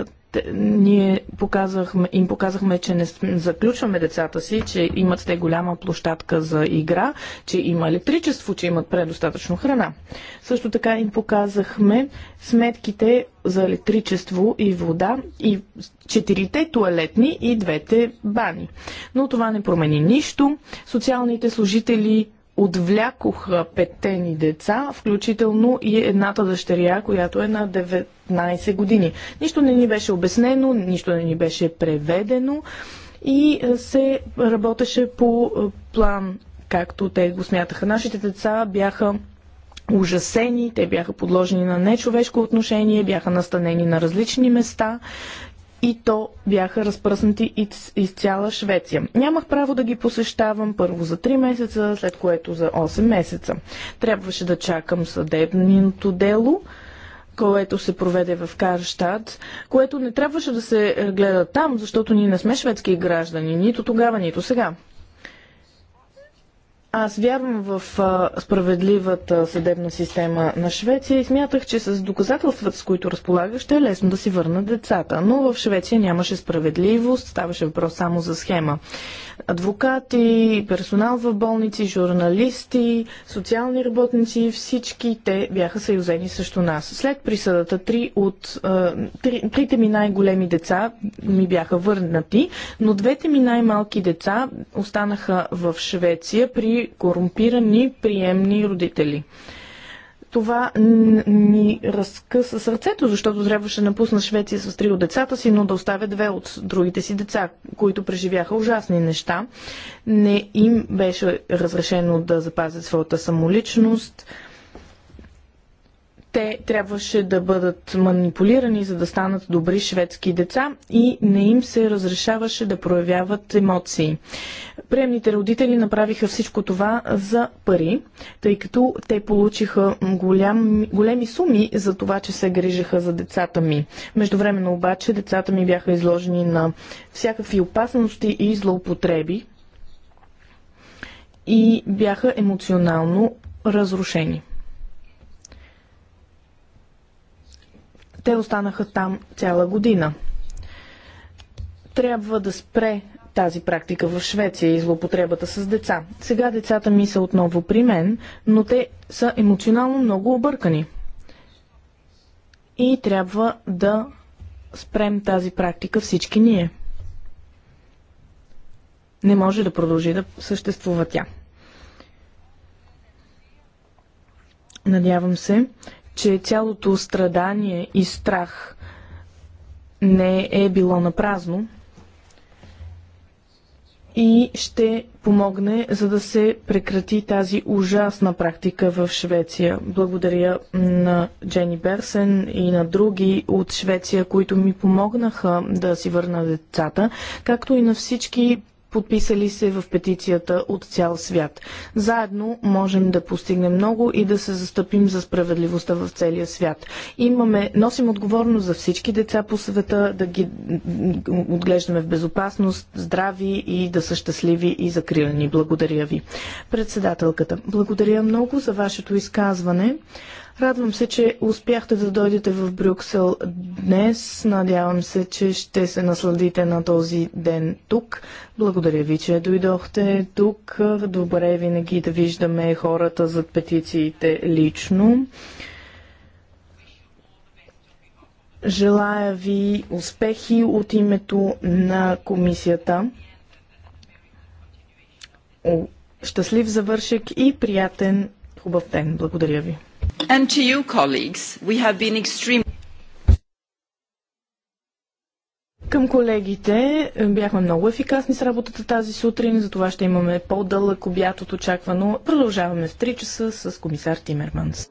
Ние показахме, им показахме, че не заключваме децата си, че имат те голяма площадка за игра, че има електричество, че имат предостатъчно храна. Също така им показахме сметките за електричество и вода и четирите туалетни и двете бани. Но това не промени нищо. Социалните служители отвлякоха петте ни деца, включително и едната дъщеря, която е на 19 години. Нищо не ни беше обяснено, нищо не ни беше преведено и е, се работеше по е, план, както те го смятаха. Нашите деца бяха ужасени, те бяха подложени на нечовешко отношение, бяха настанени на различни места и то бяха разпръснати из, из цяла Швеция. Нямах право да ги посещавам първо за 3 месеца, след което за 8 месеца. Трябваше да чакам съдебното дело което се проведе в Карштад, което не трябваше да се е, гледа там, защото ние не сме шведски граждани, нито тогава, нито сега. Аз вярвам в справедливата съдебна система на Швеция и смятах, че с доказателствата, с които разполага, ще е лесно да си върна децата. Но в Швеция нямаше справедливост, ставаше въпрос само за схема. Адвокати, персонал в болници, журналисти, социални работници, всички те бяха съюзени срещу нас. След присъдата три от три, трите ми най-големи деца ми бяха върнати, но двете ми най-малки деца останаха в Швеция при корумпирани приемни родители това ни разкъса сърцето, защото трябваше да напусна Швеция с три от децата си, но да оставя две от другите си деца, които преживяха ужасни неща. Не им беше разрешено да запазят своята самоличност те трябваше да бъдат манипулирани, за да станат добри шведски деца и не им се разрешаваше да проявяват емоции. Приемните родители направиха всичко това за пари, тъй като те получиха голям, големи суми за това, че се грижаха за децата ми. Междувременно обаче децата ми бяха изложени на всякакви опасности и злоупотреби и бяха емоционално разрушени. Те останаха там цяла година. Трябва да спре тази практика в Швеция и злоупотребата с деца. Сега децата ми са отново при мен, но те са емоционално много объркани. И трябва да спрем тази практика всички ние. Не може да продължи да съществува тя. Надявам се, че цялото страдание и страх не е било на празно и ще помогне, за да се прекрати тази ужасна практика в Швеция. Благодаря на Джени Берсен и на други от Швеция, които ми помогнаха да си върна децата, както и на всички подписали се в петицията от цял свят. Заедно можем да постигнем много и да се застъпим за справедливостта в целия свят. Имаме, носим отговорност за всички деца по света, да ги отглеждаме в безопасност, здрави и да са щастливи и закрилени. Благодаря ви. Председателката, благодаря много за вашето изказване. Радвам се, че успяхте да дойдете в Брюксел днес. Надявам се, че ще се насладите на този ден тук. Благодаря ви, че дойдохте тук. Добре е винаги да виждаме хората зад петициите лично. Желая ви успехи от името на комисията. Щастлив завършек и приятен хубав ден. Благодаря ви. And to you, colleagues, we have been extremely Към колегите е, бяхме много ефикасни с работата тази сутрин, затова ще имаме по-дълъг обяд от очаквано. Продължаваме в 3 часа с комисар Тимерманс.